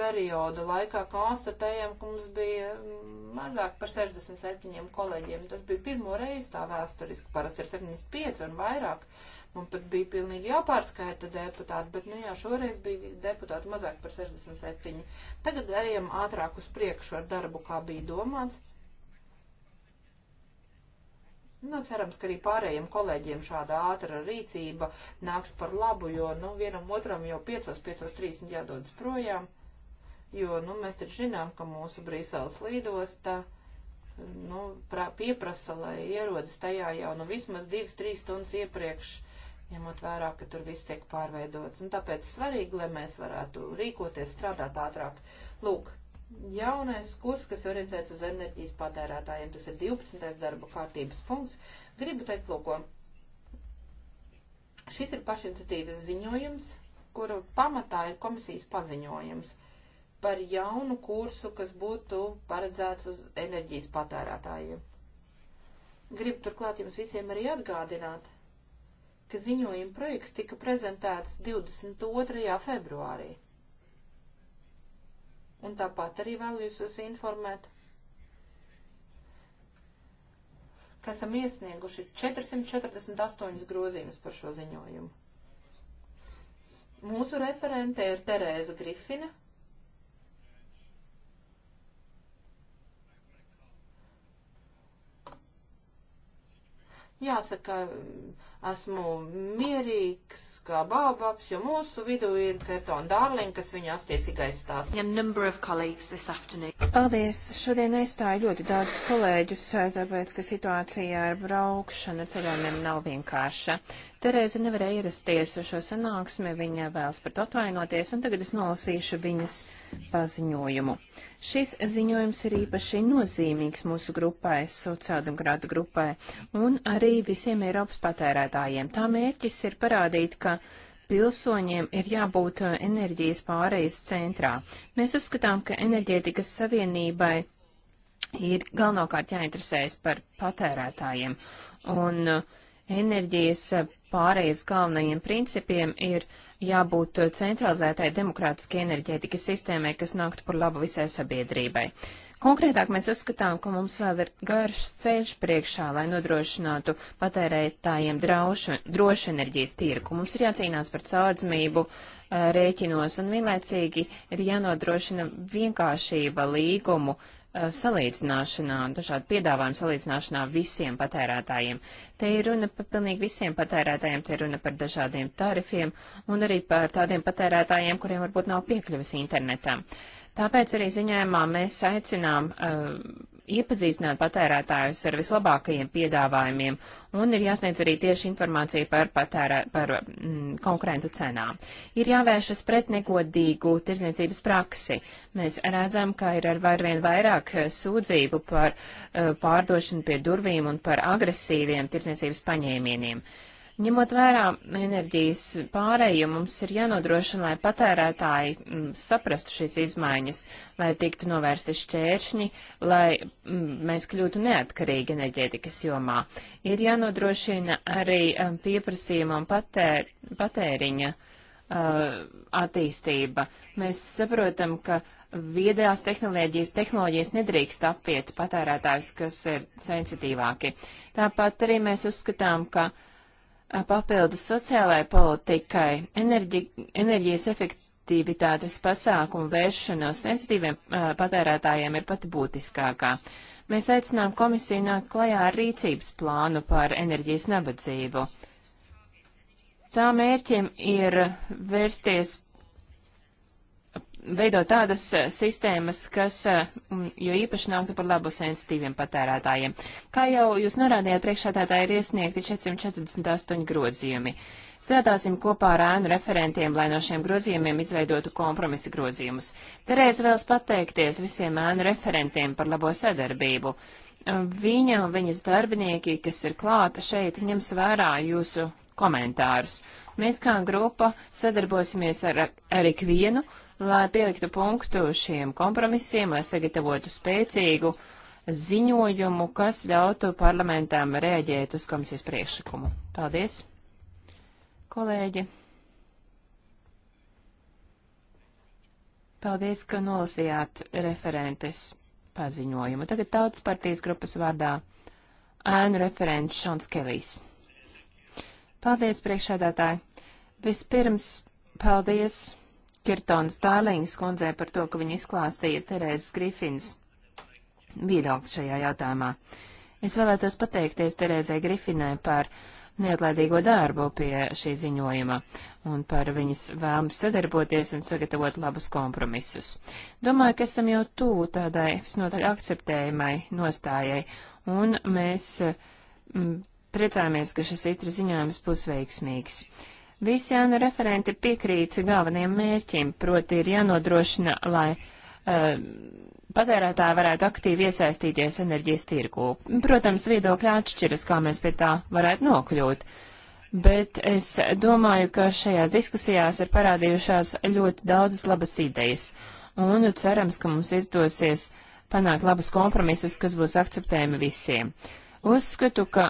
perioda laikā konstatējam, ka mums bija mm, mazāk par 67 kolēģiem. Tas bija pirmo reizi tā vēsturiski, parasti ir 75 un vairāk. Uh, un pat bija pilnīgi jāpārskaita deputāti, bet, nu jā, šoreiz bija deputāti mazāk par 67. Tagad ejam ātrāk uz priekšu ar darbu, kā bija domāts. Nu, cerams, ka arī pārējiem kolēģiem šāda ātra rīcība nāks par labu, jo, nu, vienam otram jau 5.30 jādodas projām, jo, nu, mēs taču zinām, ka mūsu Brīseles līdosta, nu, prā, pieprasa, lai ierodas tajā jau, nu, vismaz 2-3 stundas iepriekš ņemot vērā, ka tur viss tiek pārveidots. Un tāpēc svarīgi, lai mēs varētu rīkoties, strādāt ātrāk. Lūk, jaunais kurs, kas orientēts uz enerģijas patērētājiem, tas ir 12. darba kārtības punkts. Gribu teikt, lūk, šis ir pašiniciatīvas ziņojums, kuru pamatā ir komisijas paziņojums par jaunu kursu, kas būtu paredzēts uz enerģijas patērētājiem. Gribu turklāt jums visiem arī atgādināt, ka ziņojuma projekts tika prezentēts 22. februārī. Un tāpat arī vēl jūs informēt, ka esam iesnieguši 448 grozījumus par šo ziņojumu. Mūsu referente ir Terēza Grifina, Jāsaka, esmu mierīgs kā bābāps, jo mūsu vidū ir Kertona Dārlina, kas viņu astiecīgi aizstās. Paldies! Šodien aizstāju ļoti daudz kolēģus, tāpēc, ka situācija ar braukšanu ceļojumiem nav vienkārša. Terēza nevarēja ierasties uz šo sanāksmi, viņa vēlas par to atvainoties, un tagad es nolasīšu viņas paziņojumu. Šis ziņojums ir īpaši nozīmīgs mūsu grupai, sociāldemokrātu grupai, un arī visiem Eiropas patērētājiem. Tā mērķis ir parādīt, ka pilsoņiem ir jābūt uh, enerģijas pārejas centrā. Mēs uzskatām, ka enerģētikas savienībai ir galvenokārt jāinteresējas par patērētājiem, un uh, enerģijas uh, pārējas galvenajiem principiem ir jābūt centralizētai demokrātiskai enerģētikas sistēmai, kas nāktu par labu visai sabiedrībai. Konkrētāk mēs uzskatām, ka mums vēl ir garš ceļš priekšā, lai nodrošinātu patērētājiem draušu, drošu enerģijas tirku. Mums ir jācīnās par caurdzmību eh, rēķinos un vienlaicīgi ir jānodrošina vienkāršība līgumu Eh, salīdzināšanā, dažādu piedāvājumu salīdzināšanā visiem patērētājiem. Te ir runa par pilnīgi visiem patērētājiem, te ir runa par dažādiem tarifiem un arī par tādiem patērētājiem, kuriem varbūt nav piekļuvis internetam. Tāpēc arī ziņojumā mēs aicinām uh, iepazīstināt patērētājus ar vislabākajiem piedāvājumiem un ir jāsniedz arī tieši informācija par, patērē, par mm, konkurentu cenām. Ir jāvēršas pret negodīgu tirzniecības praksi. Mēs redzam, ka ir ar vien vairāk sūdzību par uh, pārdošanu pie durvīm un par agresīviem tirzniecības paņēmieniem. Uh, Ņemot vērā enerģijas pārēju, mums ir jānodrošina, lai patērētāji m, mm, saprastu šīs izmaiņas, lai tiktu novērsti šķēršņi, lai m, mm, mēs kļūtu neatkarīgi enerģētikas jomā. Ir jānodrošina arī m, mm, pieprasījuma un patēr, patēriņa attīstība. Mēs saprotam, ka viedās tehnoloģijas, tehnoloģijas nedrīkst apiet patērētājus, kas ir sensitīvāki. Tāpat arī mēs uzskatām, ka uh, papildus sociālajai politikai, enerģi, enerģijas efektivitātes pasākumu vēršanos sensitīviem patērētājiem ir pati būtiskākā. Mēs aicinām komisiju nākt klajā ar rīcības plānu par enerģijas nabadzību. Tā mērķim ir vērsties veidot tādas eh, sistēmas, kas eh, jo īpaši nāktu par labu sensitīviem patērētājiem. Kā jau jūs norādījāt, priekšādātāji ir iesniegti 448 grozījumi. Strādāsim kopā ar ēnu referentiem, lai no šiem grozījumiem izveidotu kompromisa grozījumus. Terēza vēlas pateikties visiem ēnu referentiem par labo sadarbību. Eh, viņa un viņas darbinieki, kas ir klāta šeit, ņems vērā jūsu komentārus. Mēs kā grupa sadarbosimies ar, ar ikvienu, lai pieliktu punktu šiem kompromisiem, lai sagatavotu spēcīgu ziņojumu, kas ļautu parlamentām reaģēt uz komisijas priekšlikumu. Paldies, kolēģi! Paldies, ka nolasījāt referentes paziņojumu. Tagad tautas partijas grupas vārdā ēnu referents Šons Kelijs. Paldies, priekšādātāji! Vispirms, paldies Kirtonas Tārlīņas kundzē par to, ka viņa izklāstīja Terēzes Grifins viedokli šajā jautājumā. Es vēlētos pateikties Terēzai Grifinai par neatlaidīgo darbu pie šī ziņojuma un par viņas vēlmu sadarboties un sagatavot labus kompromisus. Domāju, ka esam jau tū tādai visnotaļ akceptējumai nostājai, un mēs m, mm, priecāmies, ka šis itra ziņojums būs veiksmīgs. Visi ANU referenti piekrīt galveniem mērķim, proti ir jānodrošina, lai uh, patērētāji varētu aktīvi iesaistīties enerģijas tirgū. Protams, viedokļi atšķiras, kā mēs pie tā varētu nokļūt, bet es domāju, ka šajās diskusijās ir parādījušās ļoti daudzas labas idejas, un cerams, ka mums izdosies panākt labus kompromisus, kas būs akceptējami visiem. Uh, Uzskatu, ka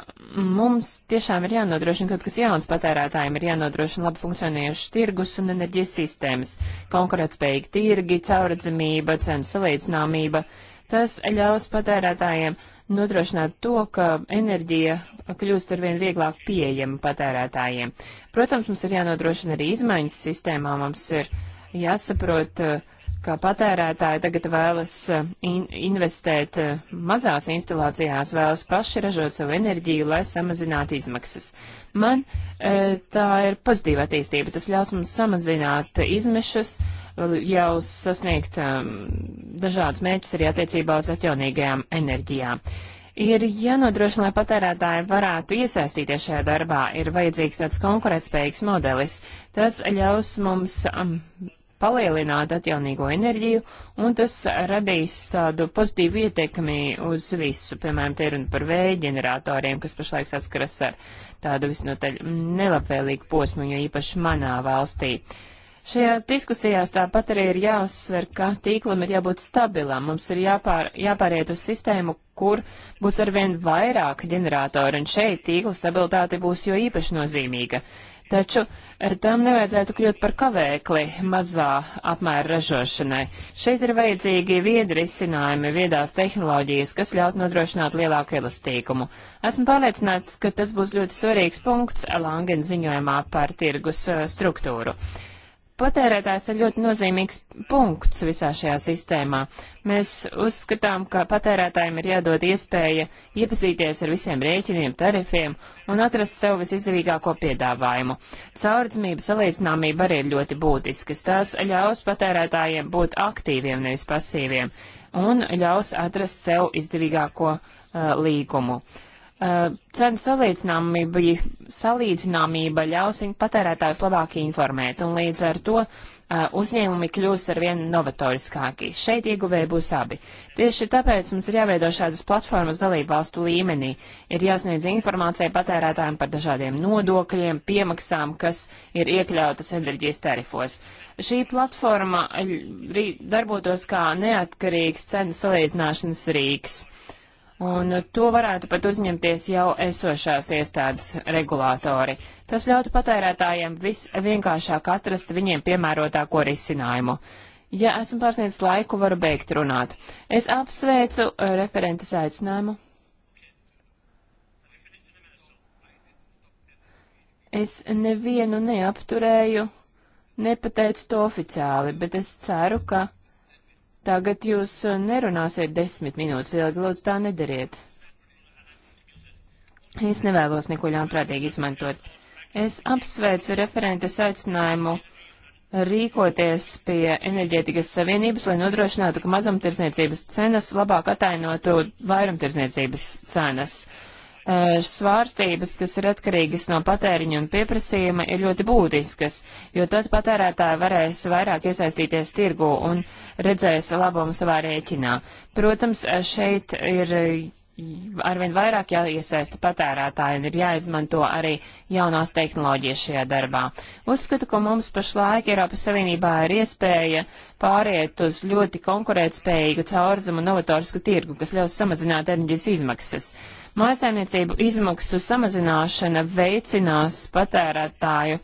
mums tiešām ir jānodrošina kaut kas jauns patērētājiem, ir jānodrošina labi funkcionējuši tirgus un enerģijas sistēmas, konkurētspējīgi tirgi, cauradzamība, cenu salīdzināmība. Tas ļaus patērētājiem nodrošināt to, ka enerģija kļūst arvien vieglāk pieejama patērētājiem. Protams, mums ir jānodrošina arī izmaiņas sistēmā, mums ir jāsaprot, uh, kā patērētāji tagad vēlas eh, in investēt eh, mazās instalācijās, vēlas paši ražot savu enerģiju, lai samazinātu izmaksas. Man eh, tā ir pozitīva attīstība. Tas ļaus mums samazināt izmešus, jau sasniegt ehm, dažādus mērķus arī attiecībā uz atjaunīgajām enerģijām. Ir jānodrošina, lai patērētāji varētu iesaistīties šajā darbā. Ir vajadzīgs tāds konkurētspējīgs modelis. Tas ļaus mums um, palielināt atjaunīgo enerģiju, un tas radīs tādu pozitīvu ietekmi uz visu. Piemēram, te runa par vēja ģeneratoriem, kas pašlaik saskaras ar tādu visnotaļ nelabvēlīgu posmu, jo īpaši manā valstī. Šajās diskusijās tāpat arī ir jāuzsver, ka tīklam ir jābūt stabilam. Mums ir jāpār, jāpāriet uz sistēmu, kur būs arvien vairāk ģeneratoru, un šeit tīkla stabilitāte būs jo īpaši nozīmīga. Taču eh, tam nevajadzētu kļūt par kavēkli mazā apmēra ražošanai. Šeit ir vajadzīgi viedri risinājumi, viedās tehnoloģijas, kas ļaut nodrošināt lielāku elastīgumu. Esmu pārliecināts, ka tas būs ļoti svarīgs punkts Langen ziņojumā par tirgus eh, struktūru. Uh, Patērētājs ir ļoti nozīmīgs punkts visā šajā sistēmā. Mēs uzskatām, ka patērētājiem ir jādod iespēja iepazīties ar visiem rēķiniem, tarifiem un atrast sev visizdevīgāko piedāvājumu. Caurdzmība salīdzināmība arī ir ļoti būtiskas. Tās ļaus patērētājiem būt aktīviem, nevis pasīviem, un ļaus atrast sev izdevīgāko uh, līgumu. Uh, Uh, cenu salīdzināmība, salīdzināmība ļaus viņu patērētājus labāk informēt, un līdz ar to uh, uzņēmumi kļūs ar vien novatoriskāki. Šeit ieguvēji būs abi. Tieši tāpēc mums ir jāveido šādas platformas dalībvalstu līmenī. Ir jāsniedz informācija patērētājiem par dažādiem nodokļiem, piemaksām, kas ir iekļautas enerģijas tarifos. Šī platforma darbotos kā neatkarīgs cenu salīdzināšanas rīks. Un to varētu pat uzņemties jau esošās iestādes regulātori. Tas ļautu patērētājiem visvienkāršāk atrast viņiem piemērotāko risinājumu. Ja esmu pārsniedzis laiku, varu beigt runāt. Es apsveicu eh, referentes aicinājumu. Es nevienu neapturēju, nepateicu to oficiāli, bet es ceru, ka Tagad jūs uh, nerunāsiet desmit minūtes ilgi, lūdzu tā nedariet. Es nevēlos neko ļaunprātīgi izmantot. Es apsveicu referentes aicinājumu rīkoties pie enerģētikas savienības, lai nodrošinātu, ka mazumtirdzniecības cenas labāk atainotu vairumtirdzniecības cenas. Uh, Eh, svārstības, kas ir atkarīgas no patēriņa un pieprasījuma, ir ļoti būtiskas, jo tad patērētāji varēs vairāk iesaistīties tirgu un redzēs labumu savā rēķinā. Protams, eh, šeit ir eh, arvien vairāk jāiesaista patērētāji un ir jāizmanto arī jaunās tehnoloģijas šajā darbā. Uzskatu, ka mums pašlaik Eiropas Savienībā ir iespēja pāriet uz ļoti konkurētspējīgu caurzumu novatorisku tirgu, kas ļaus samazināt enerģijas izmaksas. Uh, Mājasaimniecību izmaksu samazināšana veicinās patērētāju e,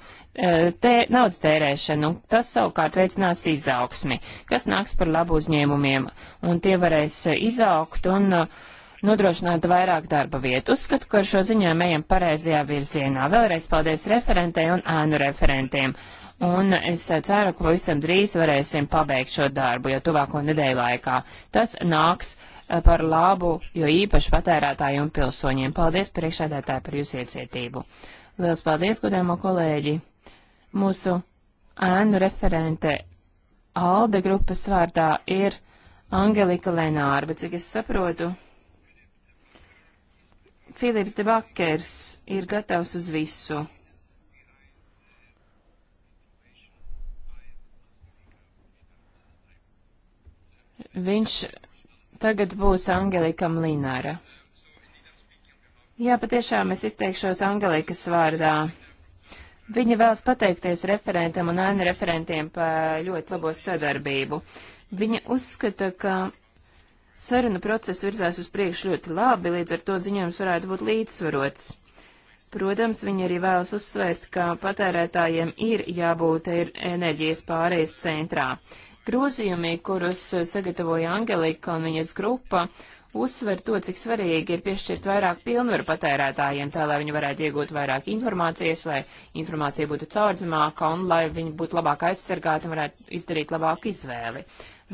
tē, naudas tērēšanu, tas savukārt veicinās izaugsmi, kas nāks par labu uzņēmumiem, un tie varēs izaugt un e, nodrošināt vairāk darba vietu. Uzskatu, ka ar šo ziņojumu ejam pareizajā virzienā. Vēlreiz paldies referentei un ēnu referentiem un es ceru, ka pavisam drīz varēsim pabeigt šo darbu, jo tuvāko nedēļu laikā tas nāks Eh, par labu, jo īpaši patērētājiem un pilsoņiem. Paldies priekšēdētāji par jūsu iecietību. Liels paldies, godāmo kolēģi. Mūsu ēnu referente Alde grupas vārdā ir Angelika Lenāra, bet cik es saprotu, Filips de Bakers ir gatavs uz visu. Viņš Tagad būs Angelika Mlināra. Jā, patiešām es izteikšos Angelikas vārdā. Viņa vēlas pateikties referentam un ēnu referentiem par ļoti labo sadarbību. Viņa uzskata, ka saruna process virzās uz priekšu ļoti labi, līdz ar to ziņojums varētu būt līdzsvarots. Protams, viņi arī vēlas uzsvērt, ka patērētājiem ir jābūt enerģijas pārējais centrā. Grozījumi, kurus eh, sagatavoja Angelika un viņas grupa, uzsver to, cik svarīgi ir piešķirt vairāk pilnvaru patērētājiem, tā lai viņi varētu iegūt vairāk informācijas, lai informācija būtu caurdzamāka un lai viņi būtu labāk aizsargāti un varētu izdarīt labāku izvēli.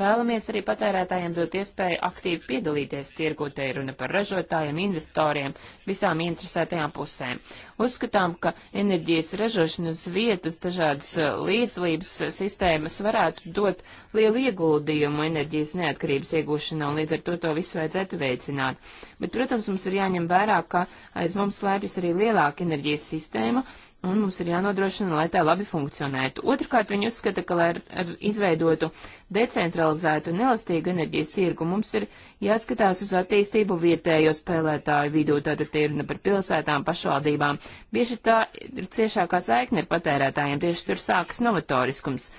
Vēlamies arī patērētājiem dot iespēju aktīvi piedalīties tirgu, te ir runa par ražotājiem, investoriem, visām interesētajām pusēm. Uzskatām, ka enerģijas ražošanas vietas dažādas eh, līdzlības eh, sistēmas varētu dot lielu ieguldījumu enerģijas neatkarības iegūšanā, un līdz ar to to visu vajadzētu veicināt. Bet, protams, mums ir jāņem vērā, ka aiz mums slēpjas arī lielāka enerģijas sistēma, un mums ir jānodrošina, lai tā labi funkcionētu. Otrkārt, viņi uzskata, ka, lai ar, ar izveidotu decentralizētu un elastīgu enerģijas tirgu, mums ir jāskatās uz attīstību vietējo spēlētāju vidū, tātad tie runa par pilsētām, pašvaldībām. Bieži tā ir ciešākā saikne ar patērētājiem, tieši tur sākas novatoriskums,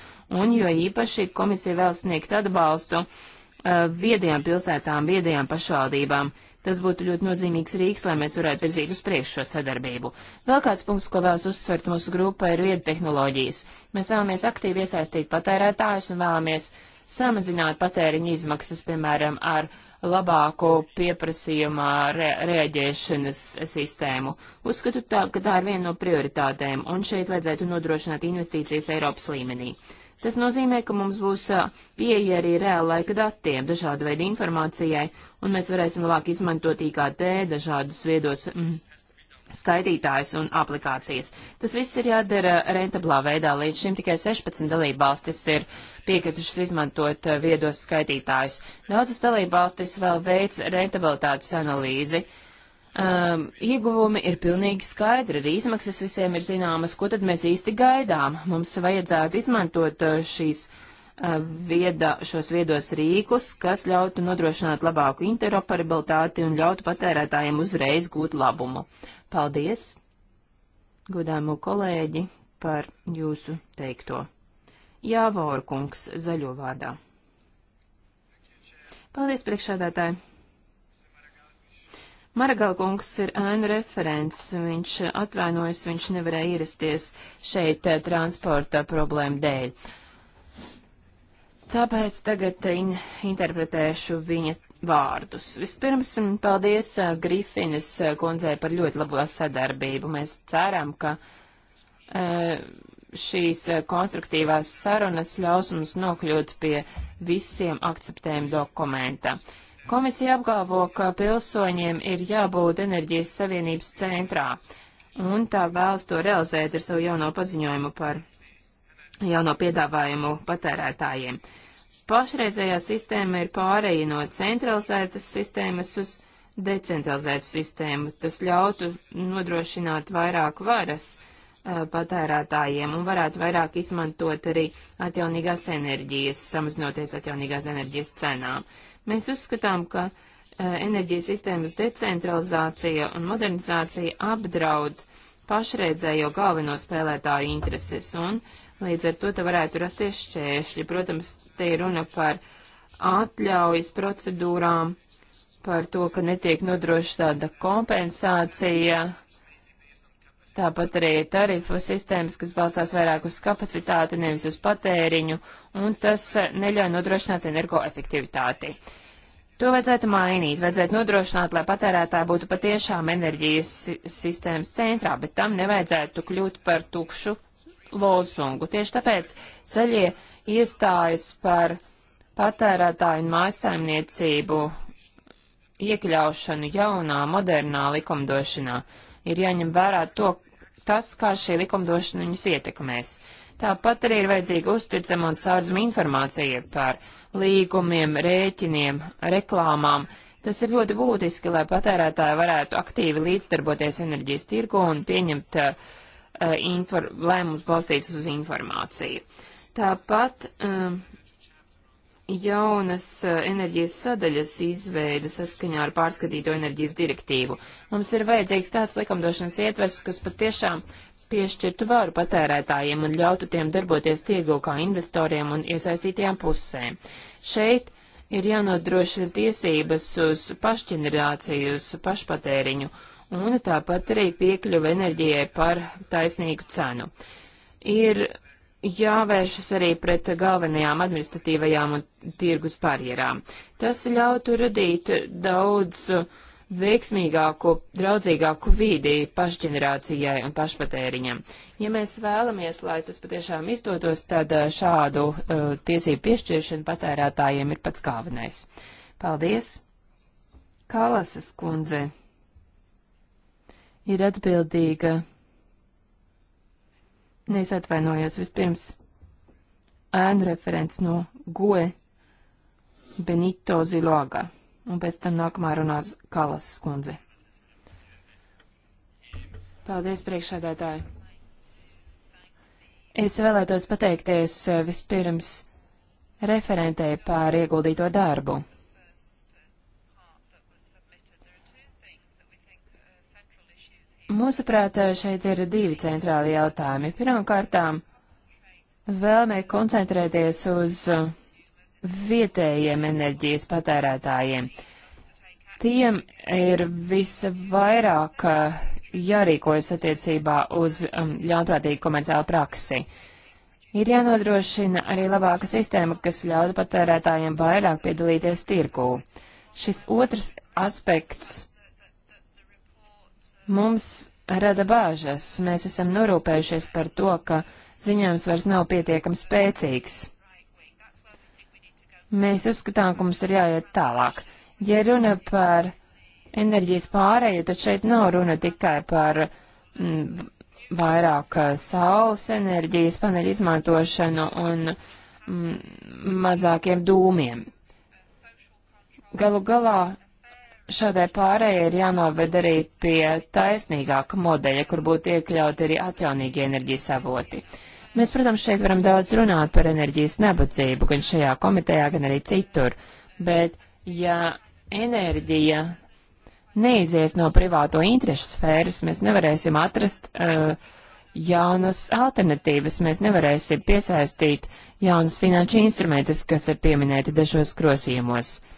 un jo īpaši komisija vēl sniegt atbalstu uh, viedajām pilsētām, viedajām pašvaldībām Tas būtu ļoti nozīmīgs rīks, lai mēs varētu virzīt uz priekšu šo sadarbību. Vēl kāds punkts, ko vēlas uzsvert mūsu grupa, ir viedu tehnoloģijas. Mēs vēlamies aktīvi iesaistīt patērētājus un vēlamies samazināt patēriņa izmaksas, piemēram, ar labāku pieprasījumā re reaģēšanas sistēmu. Uzskatu, tā, ka tā ir viena no prioritātēm, un šeit vajadzētu nodrošināt investīcijas Eiropas līmenī. Tas nozīmē, ka mums būs pieeja arī reāla laika datiem, dažāda veida informācijai, un mēs varēsim labāk izmantot IKT, dažādus viedos mm, skaitītājus un aplikācijas. Tas viss ir jādara rentablā veidā. Līdz šim tikai 16 dalībvalstis ir piekritušas izmantot viedos skaitītājus. Daudzas dalībvalstis vēl veids rentabilitātes analīzi. Uh, um, ieguvumi ir pilnīgi skaidri, arī izmaksas visiem ir zināmas, ko tad mēs īsti gaidām. Mums vajadzētu izmantot uh, šīs uh, vieda, šos viedos rīkus, kas ļautu nodrošināt labāku interoperabilitāti un ļautu patērētājiem uzreiz gūt labumu. Paldies, godāmo kolēģi, par jūsu teikto. Jā, Vaurkungs, zaļo vārdā. Paldies, priekšādātāji! Maragalkungs ir ēnu referents, viņš atvainojas, viņš nevarēja ierasties šeit eh, transporta problēmu dēļ. Tāpēc tagad eh, in interpretēšu viņa vārdus. Vispirms, mm, paldies eh, Grifinas kundzei par ļoti labo sadarbību. Mēs ceram, ka šīs konstruktīvās sarunas ļaus mums nokļūt pie visiem akceptējuma dokumenta. Uh, Komisija apgalvo, ka pilsoņiem ir jābūt enerģijas savienības centrā, un tā vēlas to realizēt ar savu jauno paziņojumu par jauno piedāvājumu patērētājiem. Pašreizējā sistēma ir pārēja no centralizētas sistēmas uz decentralizētu sistēmu. Tas ļautu nodrošināt vairāk varas uh, patērētājiem un varētu vairāk izmantot arī atjaunīgās enerģijas, samazinoties atjaunīgās enerģijas cenām. Uh, Mēs uzskatām, ka e, enerģijas sistēmas decentralizācija un modernizācija apdraud pašreizējo galveno spēlētāju intereses, un līdz ar to te varētu rasties šķēršļi. Protams, te ir runa par atļaujas procedūrām, par to, ka netiek nodrošināta kompensācija Tāpat arī tarifu sistēmas, kas balstās vairāk uz kapacitāti, nevis uz patēriņu, un tas eh, neļauj nodrošināt energoefektivitāti. To vajadzētu mainīt, vajadzētu nodrošināt, lai patērētāji būtu patiešām enerģijas sistēmas centrā, bet tam nevajadzētu kļūt par tukšu lozungu. Tieši tāpēc zaļie iestājas par patērētāju un mājasaimniecību iekļaušanu jaunā, modernā likumdošanā. Ir jāņem vērā to, tas, kā šī likumdošana viņus ietekmēs. Tāpat arī ir vajadzīga uzticama un caurzma informācija par līgumiem, rēķiniem, reklāmām. Tas ir ļoti būtiski, lai patērētāji varētu aktīvi līdzdarboties enerģijas tirgu un pieņemt uh, lēmumus balstītus uz informāciju. Tāpat um, uh, jaunas eh, enerģijas sadaļas izveida saskaņā ar pārskatīto enerģijas direktīvu. Mums ir vajadzīgs tāds likumdošanas ietvers, kas patiešām piešķirtu varu patērētājiem un ļautu tiem darboties tirgu kā investoriem un iesaistītajām pusēm. Šeit ir jānodrošina tiesības uz pašģenerāciju, uz pašpatēriņu un tāpat arī piekļuva enerģijai par taisnīgu cenu. Ir jāvēršas arī pret galvenajām administratīvajām un tirgus barjerām. Tas ļautu radīt daudz veiksmīgāku, draudzīgāku vīdi pašģenerācijai un pašpatēriņam. Ja mēs vēlamies, lai tas patiešām izdotos, tad uh, šādu uh, tiesību piešķiršana patērētājiem ir pats galvenais. Paldies! Kalasas kundze ir atbildīga Es atvainojos vispirms ēnu referents no Goe Benito Ziloaga, un pēc tam nākamā runās Kalas skundze. Paldies, priekšsēdētāji! Es vēlētos pateikties eh, vispirms referentē par ieguldīto darbu. Mūsuprāt, šeit ir divi centrāli jautājumi. Pirmkārtām, vēlme koncentrēties uz vietējiem enerģijas patērētājiem. Tiem ir visvairāk eh, jārīkojas attiecībā uz um, ļaunprātīgu komerciālu praksi. Ir jānodrošina arī labāka sistēma, kas ļauj patērētājiem vairāk piedalīties tirgū. Šis otrs aspekts mums rada bāžas. Mēs esam norūpējušies par to, ka ziņojums vairs nav pietiekams spēcīgs. Mēs uzskatām, ka mums ir jāiet tālāk. Ja runa par enerģijas pārēju, tad šeit nav runa tikai par m, mm, vairāk saules enerģijas paneļu izmantošanu un m, mm, mazākiem dūmiem. Galu galā šādai pārējai ir jānoved arī pie taisnīgāka modeļa, kur būtu iekļauti arī atjaunīgi enerģijas avoti. Mēs, protams, šeit varam daudz runāt par enerģijas nabadzību, gan šajā komitejā, gan arī citur, bet ja enerģija neizies no privāto interešu sfēras, mēs nevarēsim atrast uh, jaunas alternatīvas, mēs nevarēsim piesaistīt jaunus finanšu instrumentus, kas ir pieminēti dažos krosījumos. Uh,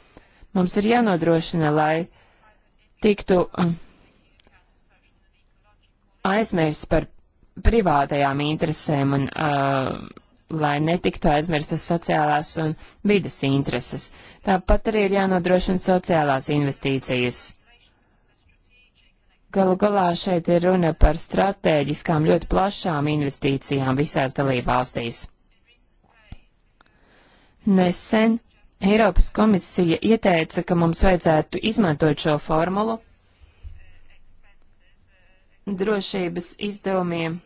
Mums ir jānodrošina, lai tiktu um, aizmirsts par privātajām interesēm un uh, lai netiktu aizmirstas sociālās un vidas intereses. Tāpat arī ir jānodrošina sociālās investīcijas. Galu galā šeit ir runa par stratēģiskām ļoti plašām investīcijām visās dalībvalstīs. Nesen Eiropas komisija ieteica, ka mums vajadzētu izmantot šo formulu drošības izdevumiem.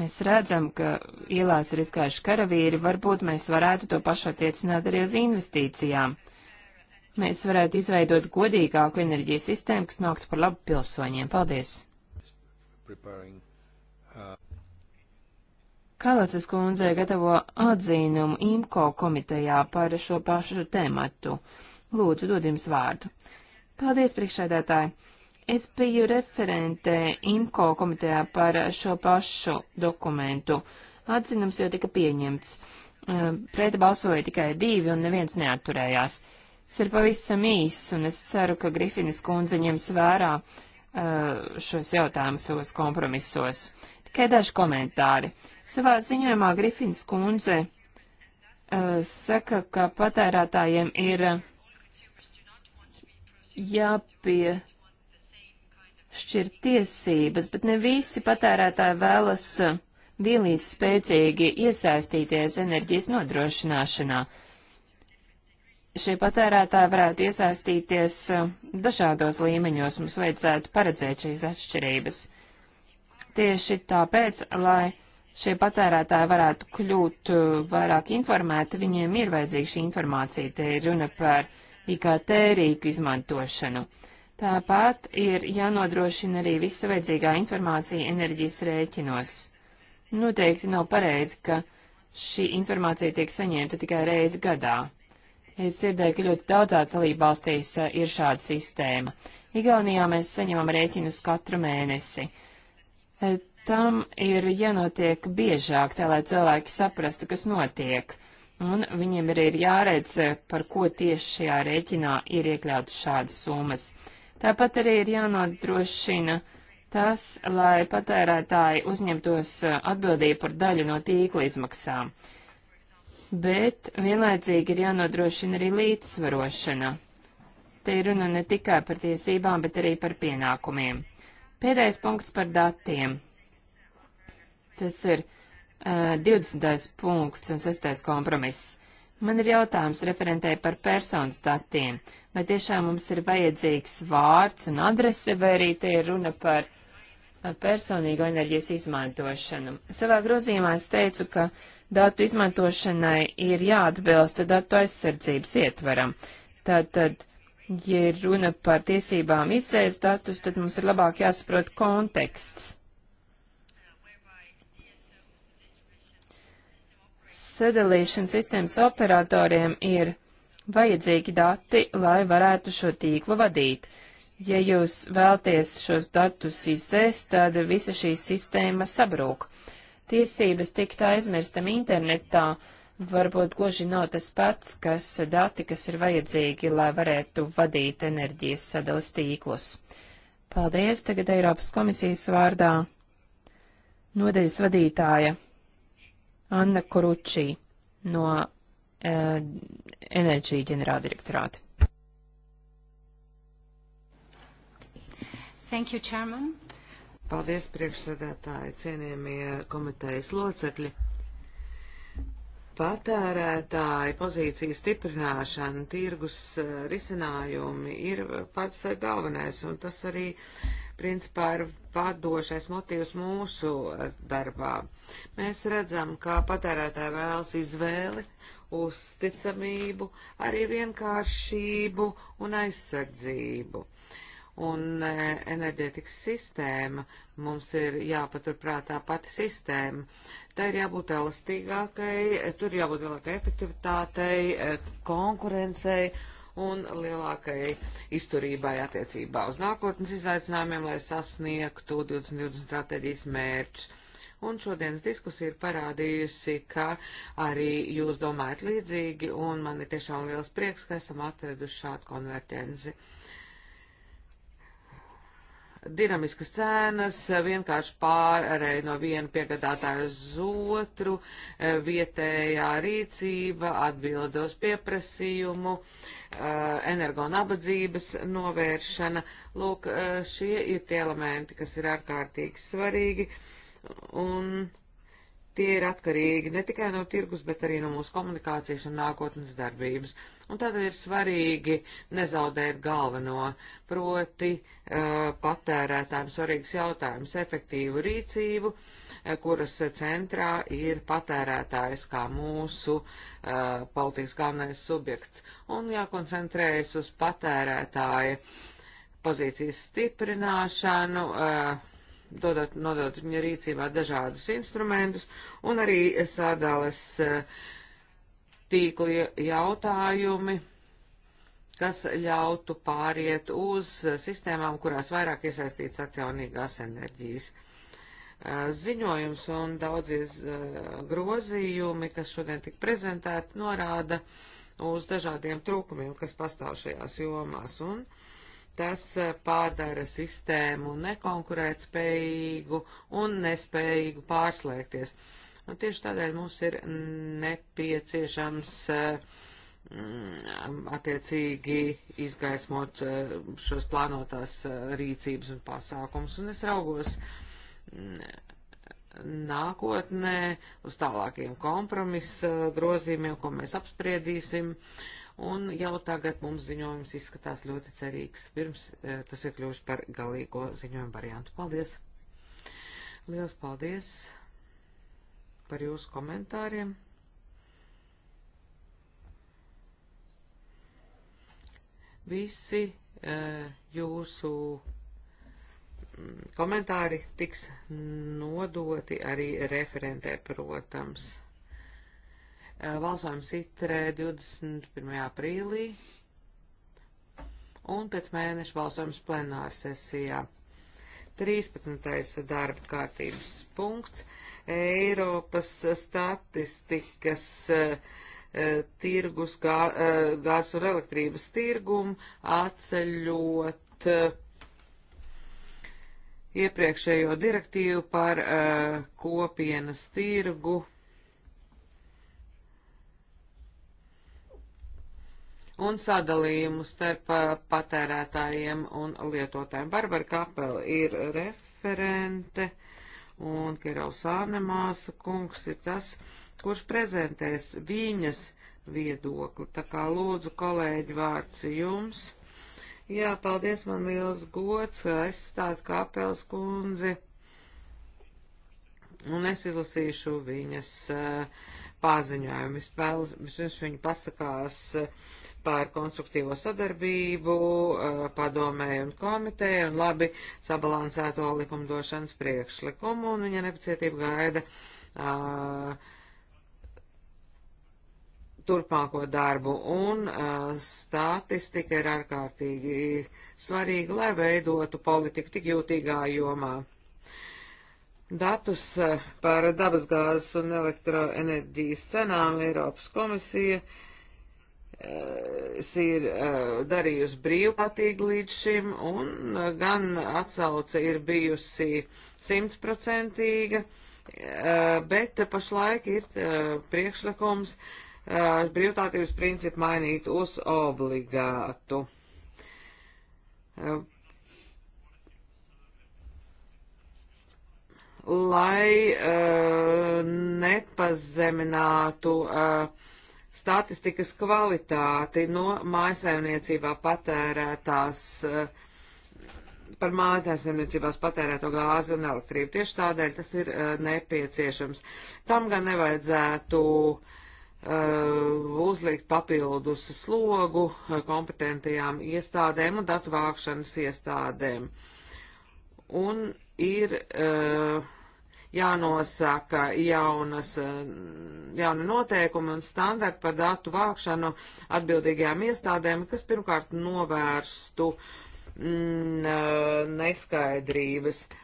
Mēs redzam, ka ielās ir izgājuši karavīri, varbūt mēs varētu to pašu attiecināt arī uz investīcijām. Mēs varētu izveidot godīgāku enerģijas sistēmu, kas nāktu par labu pilsoņiem. Paldies! Preparing, uh... Kalasas kundze gatavo atzīnumu IMCO komitejā par šo pašu tēmatu. Lūdzu, dod jums vārdu. Paldies, priekšsēdētāji. Es biju referente IMCO komitejā par šo pašu dokumentu. Atzinums jau tika pieņemts. E, Pret balsoja tikai divi un neviens neaturējās. Tas ir pavisam īss, un es ceru, ka Grifinis kundze ņems vērā e, šos jautājumus savos kompromisos. Tikai daži komentāri. Savā ziņojumā Grifins kundze uh, saka, ka patērētājiem ir jāpie šķir tiesības, bet ne visi patērētāji vēlas uh, vienlīdz spēcīgi iesaistīties enerģijas nodrošināšanā. Šie patērētāji varētu iesaistīties uh, dažādos līmeņos, mums vajadzētu paredzēt šīs atšķirības. Tieši tāpēc, lai šie patērētāji varētu kļūt eh, vairāk informēti, viņiem ir vajadzīga šī informācija, te ir runa par IKT rīku izmantošanu. Tāpat ir jānodrošina arī visa vajadzīgā informācija enerģijas rēķinos. Noteikti nav pareizi, ka šī informācija tiek saņemta tikai reizi gadā. Es dzirdēju, ka ļoti daudzās dalībvalstīs eh, ir šāda sistēma. Igaunijā mēs saņemam rēķinus katru mēnesi. Eh, tam ir jānotiek biežāk, tā lai cilvēki saprastu, kas notiek, un viņiem arī ir jāredz, par ko tieši šajā rēķinā ir iekļautas šādas summas. Tāpat arī ir jānodrošina tas, lai patērētāji uzņemtos eh, atbildību par daļu no tīkla izmaksām. Bet vienlaicīgi ir jānodrošina arī līdzsvarošana. Te ir runa ne tikai par tiesībām, bet arī par pienākumiem. Pēdējais punkts par datiem. Tas ir uh, eh, 20. punkts un 6. kompromiss. Man ir jautājums referentē par personas datiem. Vai tiešām mums ir vajadzīgs vārds un adrese, vai arī te ir runa par uh, personīgo enerģijas izmantošanu? Savā grozījumā es teicu, ka datu izmantošanai ir jāatbilst datu aizsardzības ietveram. Tātad, ja runa par tiesībām izsēst datus, tad mums ir labāk jāsaprot konteksts. sadalīšanas sistēmas operatoriem ir vajadzīgi dati, lai varētu šo tīklu vadīt. Ja jūs vēlties šos datus izdzēst, tad visa šī sistēma sabrūk. Tiesības tikt aizmirstam internetā varbūt gluži nav tas pats, kas dati, kas ir vajadzīgi, lai varētu vadīt enerģijas sadalas tīklus. Paldies tagad Eiropas komisijas vārdā. Nodeļas vadītāja. Anna Koručī no uh, eh, enerģija ģenerāldirektorāta. Thank you, Chairman. Paldies, priekšsēdētāji, cienījamie komitejas locekļi. Patērētāji pozīcijas stiprināšana, tirgus eh, risinājumi ir pats eh, galvenais, un tas arī uh, principā ir vadošais motīvs mūsu darbā. Mēs redzam, ka patērētāji vēlas izvēli, uzticamību, arī vienkāršību un aizsardzību. Un e, enerģētikas sistēma, mums ir jāpaturprātā pati sistēma. Tā ir jābūt elastīgākai, tur jābūt lielākai efektivitātei, e, konkurencei un lielākai izturībai attiecībā uz nākotnes izaicinājumiem, lai sasniegtu 2020 stratēģijas mērķus. Un šodienas diskusija ir parādījusi, ka arī jūs domājat līdzīgi, un man ir tiešām liels prieks, ka esam atraduši šādu konverģenci. Uh, dinamiskas cenas, vienkārši pārēja no viena piegādātāja uz otru, eh, vietējā rīcība, atbilde uz pieprasījumu, eh, energo nabadzības novēršana. Lūk, eh, šie ir tie elementi, kas ir ārkārtīgi svarīgi. Un Tie ir atkarīgi ne tikai no tirgus, bet arī no mūsu komunikācijas un nākotnes darbības. Un tādēļ ir svarīgi nezaudēt galveno, proti uh, patērētājiem svarīgs jautājums - efektīvu rīcību, uh, kuras centrā ir patērētājs kā mūsu uh, politikas galvenais subjekts. Un jākoncentrējas uz patērētāja pozīcijas stiprināšanu. Uh, dodot, nodot viņa rīcībā dažādus instrumentus un arī sādāles eh, tīkli jautājumi, kas ļautu pāriet uz sistēmām, kurās vairāk iesaistīts atjaunīgās enerģijas. Eh, ziņojums un daudzies eh, grozījumi, kas šodien tik prezentēti, norāda uz dažādiem trūkumiem, kas pastāv šajās jomās. Un, uh, Tas eh, pādara sistēmu nekonkurētspējīgu un nespējīgu pārslēgties. Un tieši tādēļ mums ir nepieciešams eh, mm, attiecīgi izgaismot eh, šos plānotās rīcības un pasākums. Un es raugos mm, nākotnē uz tālākiem kompromisa grozījumiem, ko mēs apspriedīsim. Uh, un jau tagad mums ziņojums izskatās ļoti cerīgs, pirms eh, tas ir kļuvis par galīgo ziņojumu variantu. Paldies! Liels paldies par jūsu komentāriem! Visi eh, jūsu mm, komentāri tiks nodoti arī referentē, protams. Valsojums eh, itrē 21. aprīlī un pēc mēneša balsojums plenāra sesijā. 13. darba kārtības punkts - Eiropas statistikas uh, tirgus, gā, uh, eh, gāzu un elektrības tirgumu atceļot uh, iepriekšējo direktīvu par kopienas tirgu un sadalījumu starp patērētājiem un lietotājiem. Barbara Kapela ir referente un Kiraus Ānemāsa kungs ir tas, kurš prezentēs viņas viedokli. Tā kā lūdzu, kolēģi, vārds jums. Jā, paldies, man liels gods aizstāt Kapels kundzi. Un es izlasīšu viņas uh, paziņojumu. Vispirms viņa pasakās uh, par konstruktīvo sadarbību eh, padomēju un komiteju un labi sabalansēto likumdošanas priekšlikumu, un viņa nepacietība gaida uh, turpmāko darbu, un uh, statistika ir ārkārtīgi svarīga, lai veidotu politiku tik jūtīgā jomā. Datus par dabasgāzes un elektroenerģijas cenām Eiropas komisija uh, Eh, ir eh, darījusi brīvprātīgi līdz šim, un eh, gan atsauce ir bijusi simtprocentīga, bet pašlaik ir priekšlikums brīvprātības principu mainīt uz obligātu. Lai uh, nepazeminātu uh, statistikas kvalitāti no mājasaimniecībā patērētās, eh, par mājasaimniecībās patērēto gāzi un elektrību. Tieši tādēļ tas ir eh, nepieciešams. Tam gan nevajadzētu uh, uzlikt papildus slogu kompetentajām iestādēm un datu vākšanas iestādēm. Un ir uh, jānosaka jaunas, eh, jauna noteikuma un standarti par datu vākšanu atbildīgajām iestādēm, kas pirmkārt novērstu mm, eh, neskaidrības. Uh,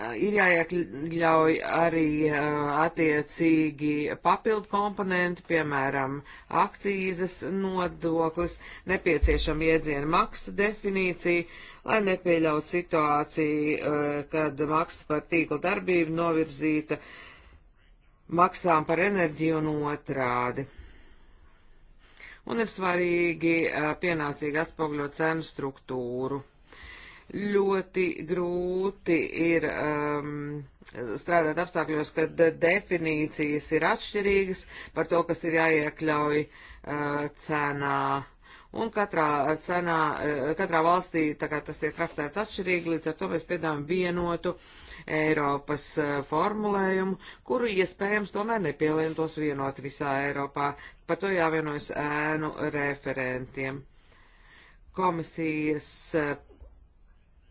Eh, ir jāiekļauj arī eh, attiecīgi papildu komponenti, piemēram, akcīzes nodoklis, nepieciešama iedziena maksa definīcija, lai nepieļaut situāciju, eh, kad maksa par tīkla darbību novirzīta maksām par enerģiju un otrādi. Un ir svarīgi pienācīgi atspogļot cenu struktūru ļoti grūti ir um, strādāt apstākļos, kad definīcijas ir atšķirīgas par to, kas ir jāiekļauj uh, cenā. Un katrā cenā, uh, katrā valstī tas tiek traktēts atšķirīgi, līdz ar to mēs piedām vienotu Eiropas uh, formulējumu, kuru iespējams tomēr nepielientos vienot visā Eiropā. Par to jāvienojas ēnu referentiem. Komisijas uh,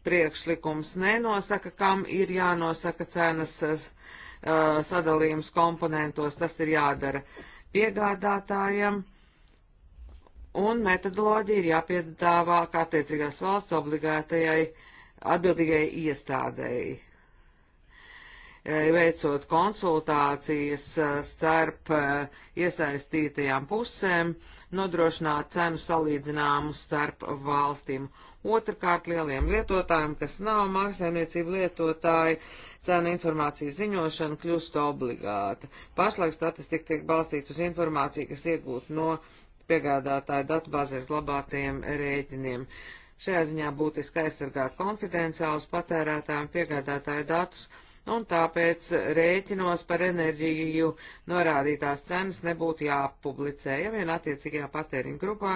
priekšlikums nenosaka, kam ir jānosaka cenas uh, sadalījums komponentos, tas ir jādara piegādātājiem, un metodoloģija ir jāpiedāvā kā attiecīgās valsts obligātajai atbildīgai iestādēji. E, veicot konsultācijas e, starp e, iesaistītajām pusēm, nodrošināt cenu salīdzināmu starp valstīm. Otrakārt, lieliem lietotājiem, kas nav mākslinieku lietotāji, cenu informācijas ziņošana kļūst obligāta. Pašlaik statistika tiek balstīta uz informāciju, kas iegūta no piegādātāja datubāzēs glabātajiem rēķiniem. Šajā ziņā būtiski aizsargāt konfidenciālus patērētājiem piegādātāju datus un tāpēc rēķinos par enerģiju norādītās cenas nebūtu jāpublicē, ja vien attiecīgajā patēriņa grupā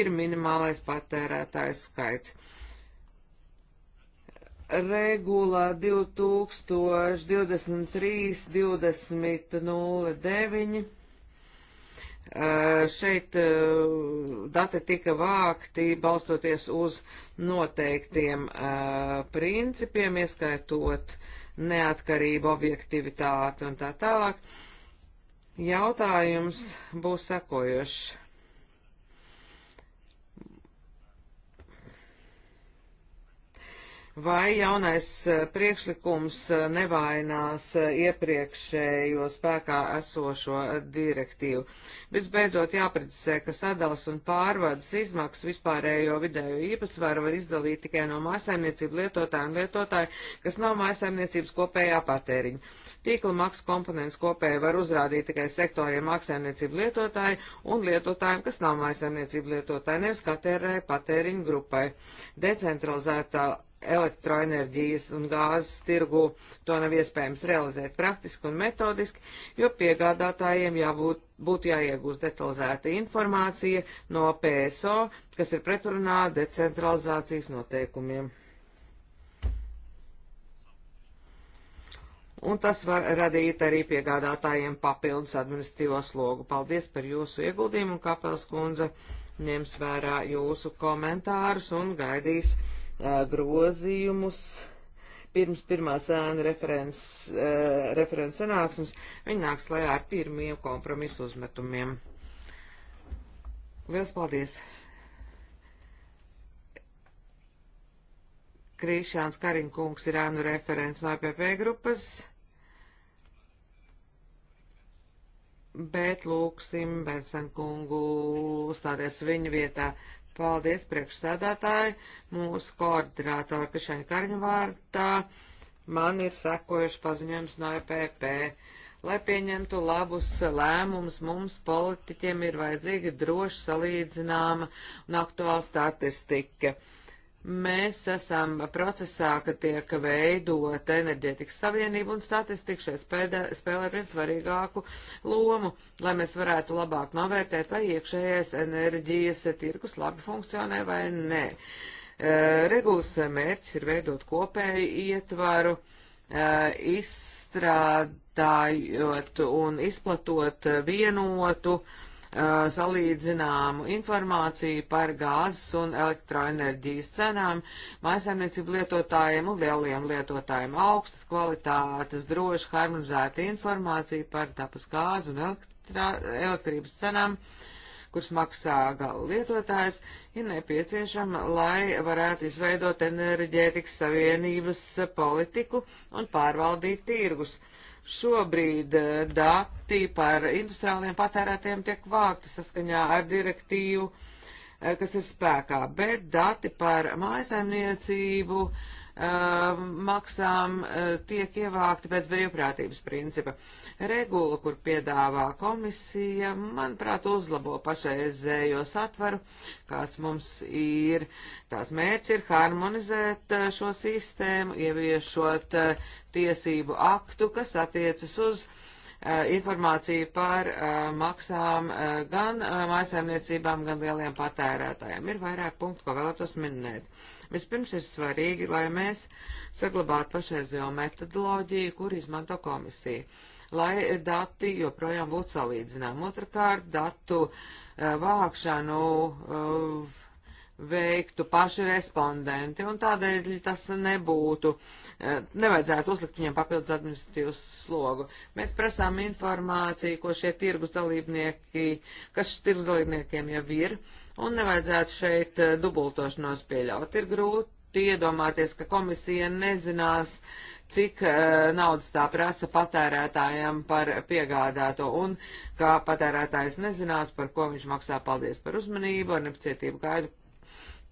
ir minimālais patērētājs skaits. Regulā 2023.2009. Šeit dati tika vākti balstoties uz noteiktiem principiem, ieskaitot uh, neatkarību, objektivitāti un tā tālāk. Jautājums būs sekojošs. vai jaunais e, priekšlikums e, nevainās e, iepriekšējo spēkā esošo direktīvu. Visbeidzot, jāprecizē, ka sadalas un pārvades izmaksas vispārējo vidējo īpatsvaru var izdalīt tikai no mājsaimniecību lietotāju un lietotāju, kas nav mājsaimniecības kopējā patēriņa. Tīkla maksas komponents kopēji var uzrādīt tikai sektoriem mājsaimniecību lietotāju un lietotājiem, kas nav mājsaimniecību lietotāji, nevis katērē patēriņu grupai. Decentralizētā elektroenerģijas un gāzes tirgu to nav iespējams realizēt praktiski un metodiski, jo piegādātājiem jābūt, būtu jāiegūst detalizēta informācija no PSO, kas ir pretrunā decentralizācijas noteikumiem. Un tas var radīt arī piegādātājiem papildus administratīvo slogu. Paldies par jūsu ieguldījumu, un Kapels kundze ņems vērā jūsu komentārus un gaidīs grozījumus pirms pirmās ēna referents, referents sanāksmes, viņi nāks lejā ar pirmiem kompromisu uzmetumiem. Liels paldies! Krīšāns Karinkungs ir ēnu referents no IPP grupas, bet lūksim Bersenkungu uzstāties viņa vietā. Paldies priekšsēdētāji, mūsu koordinātori Kašaņa Karņvārtā. Man ir sekojuši paziņojums no EPP. Lai pieņemtu labus lēmumus, mums politiķiem ir vajadzīga droši salīdzināma un aktuāla statistika. Mēs esam procesā, ka tiek veidota enerģētikas savienība un statistika šeit spēlē, spēlē vien svarīgāku lomu, lai mēs varētu labāk novērtēt, vai iekšējais enerģijas tirkus labi funkcionē vai nē. E, regulas mērķis ir veidot kopēju ietvaru, e, izstrādājot un izplatot vienotu uh, salīdzināmu informāciju par gāzes un elektroenerģijas cenām mājasemniecību lietotājiem un lieliem lietotājiem augstas kvalitātes, droši harmonizēta informācija par tapas gāzes un elektrā, elektrības cenām kuras maksā gala lietotājs, ir nepieciešama, lai varētu izveidot enerģētikas savienības politiku un pārvaldīt tirgus. Uh, Šobrīd eh, dati par industriāliem patērētiem tiek vākti saskaņā ar direktīvu, eh, kas ir spēkā, bet dati par mājasaimniecību uh, uh, maksām uh, tiek ievākti pēc brīvprātības principa. Regula, kur piedāvā komisija, manuprāt, uzlabo pašreizējo satvaru, kāds mums ir. Tās mērķis ir harmonizēt uh, šo sistēmu, ieviešot tiesību aktu, kas attiecas uz uh, informāciju par maksām gan mājasēmniecībām, gan lieliem patērētājiem. Ir vairāk punktu, ko vēlētos minēt. Vispirms ir svarīgi, lai mēs saglabātu pašreizējo metodoloģiju, kur izmanto komisija, lai dati joprojām būtu salīdzinām. Otrakārt, datu vākšanu. Uh, veiktu paši respondenti, un tādēļ tas nebūtu, eh, nevajadzētu uzlikt viņiem papildus administratīvas slogu. Mēs prasām informāciju, ko šie tirgus dalībnieki, kas tirgus dalībniekiem jau ir, un nevajadzētu šeit eh, dubultošanos pieļaut. Ir grūti iedomāties, ka komisija nezinās, cik uh, naudas tā prasa patērētājiem par piegādāto un kā patērētājs nezinātu, par ko viņš maksā. Paldies par uzmanību, ar nepacietību gaidu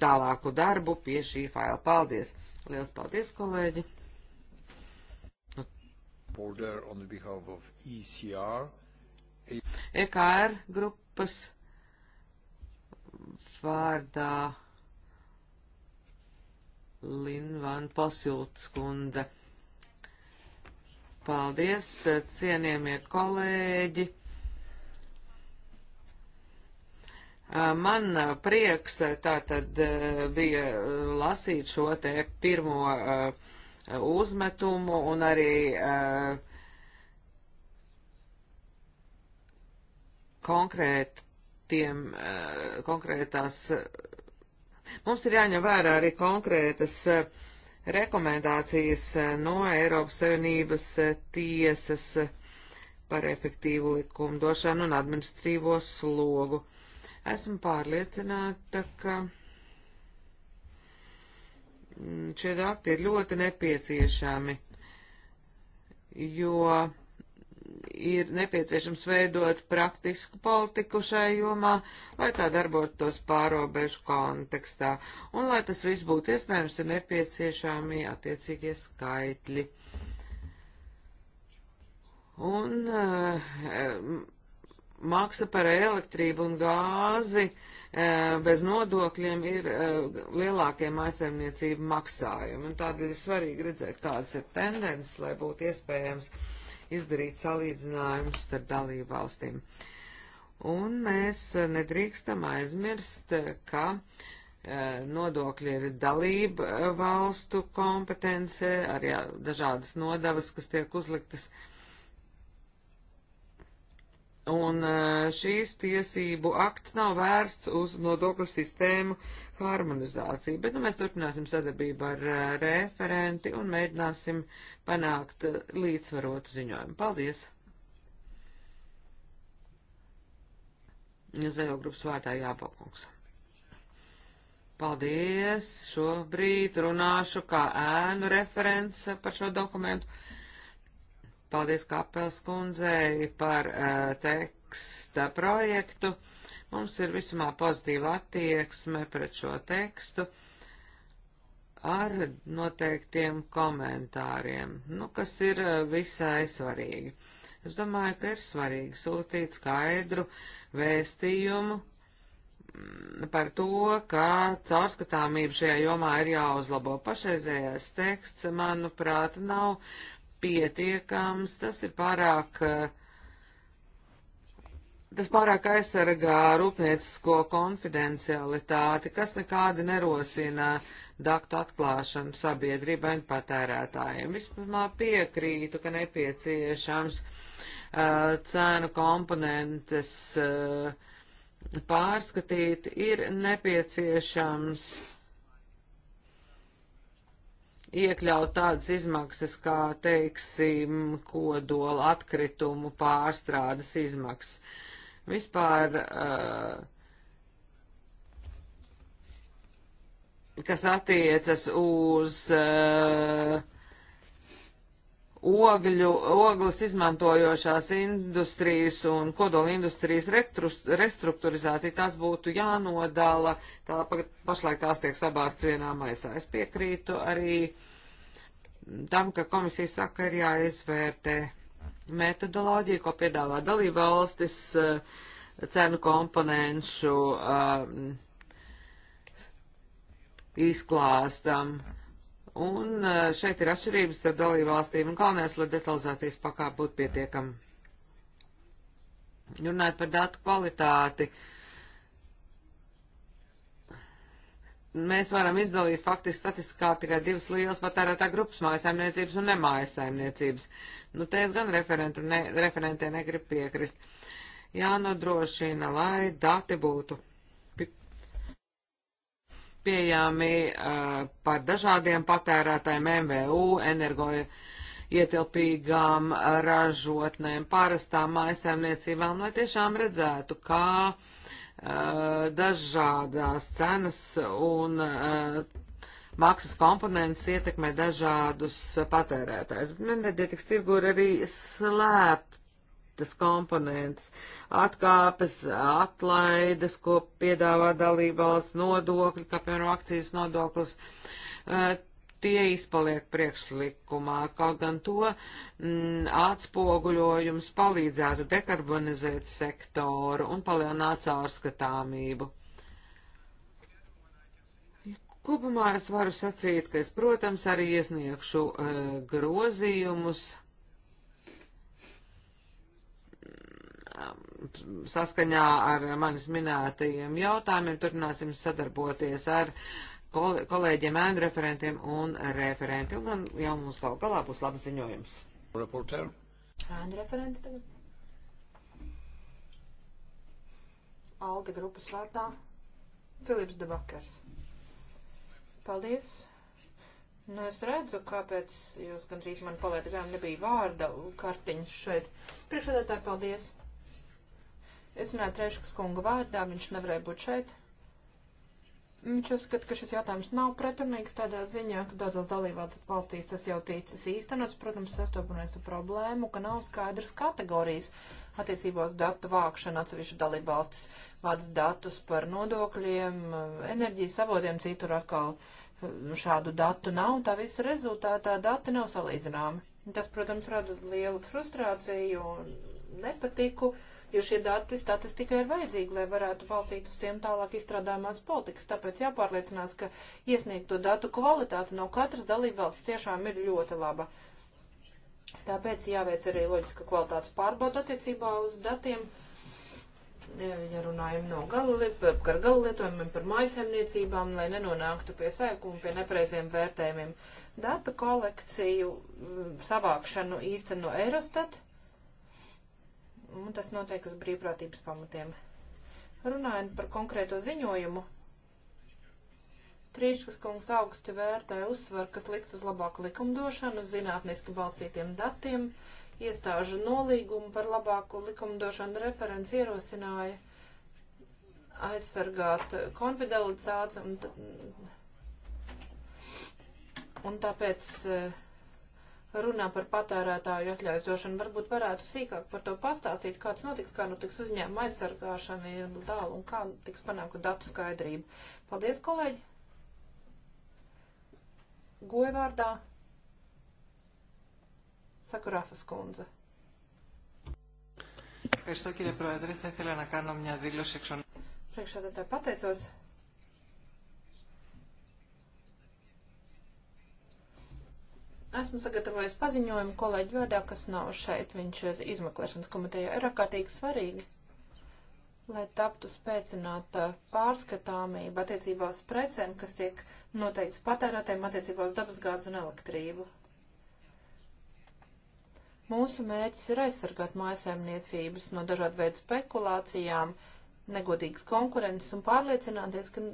tālāku darbu pie šī faila. Paldies! Liels paldies, kolēģi! Nu, EKR e e grupas vārdā Linvan Pasilts kundze. Paldies, cienījamie kolēģi! Man prieks tātad bija lasīt šo te pirmo uzmetumu un arī konkrētiem, konkrētās, mums ir jāņem vērā arī konkrētas rekomendācijas no Eiropas Savienības tiesas par efektīvu likumdošanu un administrīvo slogu. Esmu pārliecināta, ka mm, šie dati ir ļoti nepieciešami, jo ir nepieciešams veidot praktisku politiku šai jomā, lai tā darbotos pārobežu kontekstā, un lai tas viss būtu iespējams, ir nepieciešami attiecīgie skaitļi. Un eh, maksa par elektrību un gāzi e, bez nodokļiem ir e, lielākie maisaimniecību maksājumi. Un tādēļ ir svarīgi redzēt, kādas ir tendences, lai būtu iespējams izdarīt salīdzinājumus starp dalību valstīm. Un mēs e, nedrīkstam aizmirst, ka nodokļi ir dalība valstu kompetence, arī dažādas nodavas, kas tiek uzliktas uh, Un eh, šīs tiesību akts nav vērsts uz nodokļu sistēmu harmonizāciju, bet nu, mēs turpināsim sadarbību ar uh, referenti un mēģināsim panākt uh, līdzsvarotu ziņojumu. Paldies! Zaļo grupas vārdā jāpakungs. Paldies! Šobrīd runāšu kā ēnu referents par šo dokumentu. Uh, Paldies Kapels kundzei par uh, teksta projektu. Mums ir visumā pozitīva attieksme pret šo tekstu ar noteiktiem komentāriem, nu, kas ir eh, visai svarīgi. Es domāju, ka ir svarīgi sūtīt skaidru vēstījumu mm, par to, ka caurskatāmība šajā jomā ir jāuzlabo. Pašreizējais teksts, manuprāt, nav pietiekams, tas ir pārāk, eh, tas pārāk aizsargā rūpniecisko konfidencialitāti, kas nekādi nerosina daktu atklāšanu sabiedrībai un patērētājiem. Vispār piekrītu, ka nepieciešams uh, cēnu komponentes uh, pārskatīt ir nepieciešams uh, iekļaut tādas izmaksas kā, teiksim, kodola atkritumu pārstrādes izmaksas. Vispār, eh, kas attiecas uz uh, ogļu, ogles izmantojošās industrijas un kodola industrijas restruktūrizācija, tās būtu jānodala, tā pašlaik tās tiek sabāsts vienā maisā. Es piekrītu arī tam, ka komisija saka, ir jāizvērtē metodoloģija, ko piedāvā dalība valstis eh, cenu komponenšu um, izklāstam. Um, Un šeit ir atšķirības starp dalībvalstīm, un galvenais, lai detalizācijas pakāp būtu pietiekama. Runājot par datu kvalitāti, mēs varam izdalīt faktiski statistiskā tikai divas lielas patērētā grupas - mājasaimniecības un nemājasaimniecības. Nu, te es gan referentu, ne, referentē negribu piekrist. Jānodrošina, lai dati būtu pieejami eh, par dažādiem patērētājiem, MVU, energo ietilpīgām eh, ražotnēm, pārastām mājasēmniecībām, lai tiešām redzētu, kā eh, dažādās cenas un maksas komponents ietekmē dažādus patērētājus. Enerģetikas tirgu ir arī slēp citas komponentes - atkāpes, atlaides, ko piedāvā dalībvalsts nodokļi, kā piemēram akcijas nodoklis. E, tie izpaliek priekšlikumā, kaut gan to m, mm, atspoguļojums palīdzētu dekarbonizēt sektoru un palielināt caurskatāmību. Kopumā es varu sacīt, ka es, protams, arī iesniegšu e, grozījumus saskaņā ar manis minētajiem jautājumiem turpināsim sadarboties ar kol kolēģiem, ēnu referentiem un referenti. Un jau mums gal galā būs labs ziņojums. Reporter. Ēnu referenti tagad. Alde grupas vārdā. Filips Debakers. Paldies. Nu, es redzu, kāpēc jūs gandrīz man paliekat, nebija vārda kartiņas šeit. Priekšādātāji, paldies. Es runāju Treškas kunga vārdā, viņš nevarēja būt šeit. Viņš uzskata, ka šis jautājums nav pretrunīgs tādā ziņā, ka daudzās dalībvalstīs valstīs tas jau ticis īstenots. Protams, sastopamies ar problēmu, ka nav skaidrs kategorijas attiecībā uz datu vākšanu atsevišķu dalībvalstis vāc datus par nodokļiem, enerģijas avodiem, citur atkal hm, šādu datu nav. Tā visa rezultātā dati nav salīdzināmi. Tas, protams, rada lielu frustrāciju un nepatiku. Uh, jo šie dati statistika ir vajadzīgi, lai varētu balstīt uz tiem tālāk izstrādājumās politikas. Tāpēc jāpārliecinās, ka iesniegto datu kvalitāte no katras dalībvalsts tiešām ir ļoti laba. Tāpēc jāveic arī loģiska kvalitātes pārbauda attiecībā uz datiem ja runājam no galili, par galilietojumiem, par mājasemniecībām, lai nenonāktu pie sēkuma, pie nepreiziem vērtējumiem. Datu kolekciju mm, savākšanu īsteno Eurostat, un tas notiek uz brīvprātības pamatiem. Runājot par konkrēto ziņojumu, Trīškas kungs augsti vērtē uzsvaru, kas liks uz labāku likumdošanu, zinātniski balstītiem datiem, iestāžu nolīgumu par labāku likumdošanu referents ierosināja aizsargāt konfidelicāciju un, un tāpēc uh, runā par patērētāju atļaujošanu. Varbūt varētu sīkāk par to pastāstīt, kāds notiks, kā notiks nu uzņēmuma aizsargāšana un tālu, un kā tiks panākta datu skaidrība. Paldies, kolēģi! Gojvārdā saka Rafas kundze. Ευχαριστώ κύριε Πρόεδρε. Θα ήθελα να κάνω μια δήλωση εξ ονόματος. Priekšsēdētāji pateicos Esmu sagatavojis paziņojumu kolēģi vārdā, kas nav šeit. Viņš ir izmeklēšanas komitejā. Ir ārkārtīgi svarīgi, lai taptu spēcināta pārskatāmība attiecībā uz precēm, kas tiek noteikts patērētēm attiecībā uz dabasgāzu un elektrību. Mūsu mērķis ir aizsargāt mājasēmniecības no dažādu veidu spekulācijām, negodīgas konkurences un pārliecināties, ka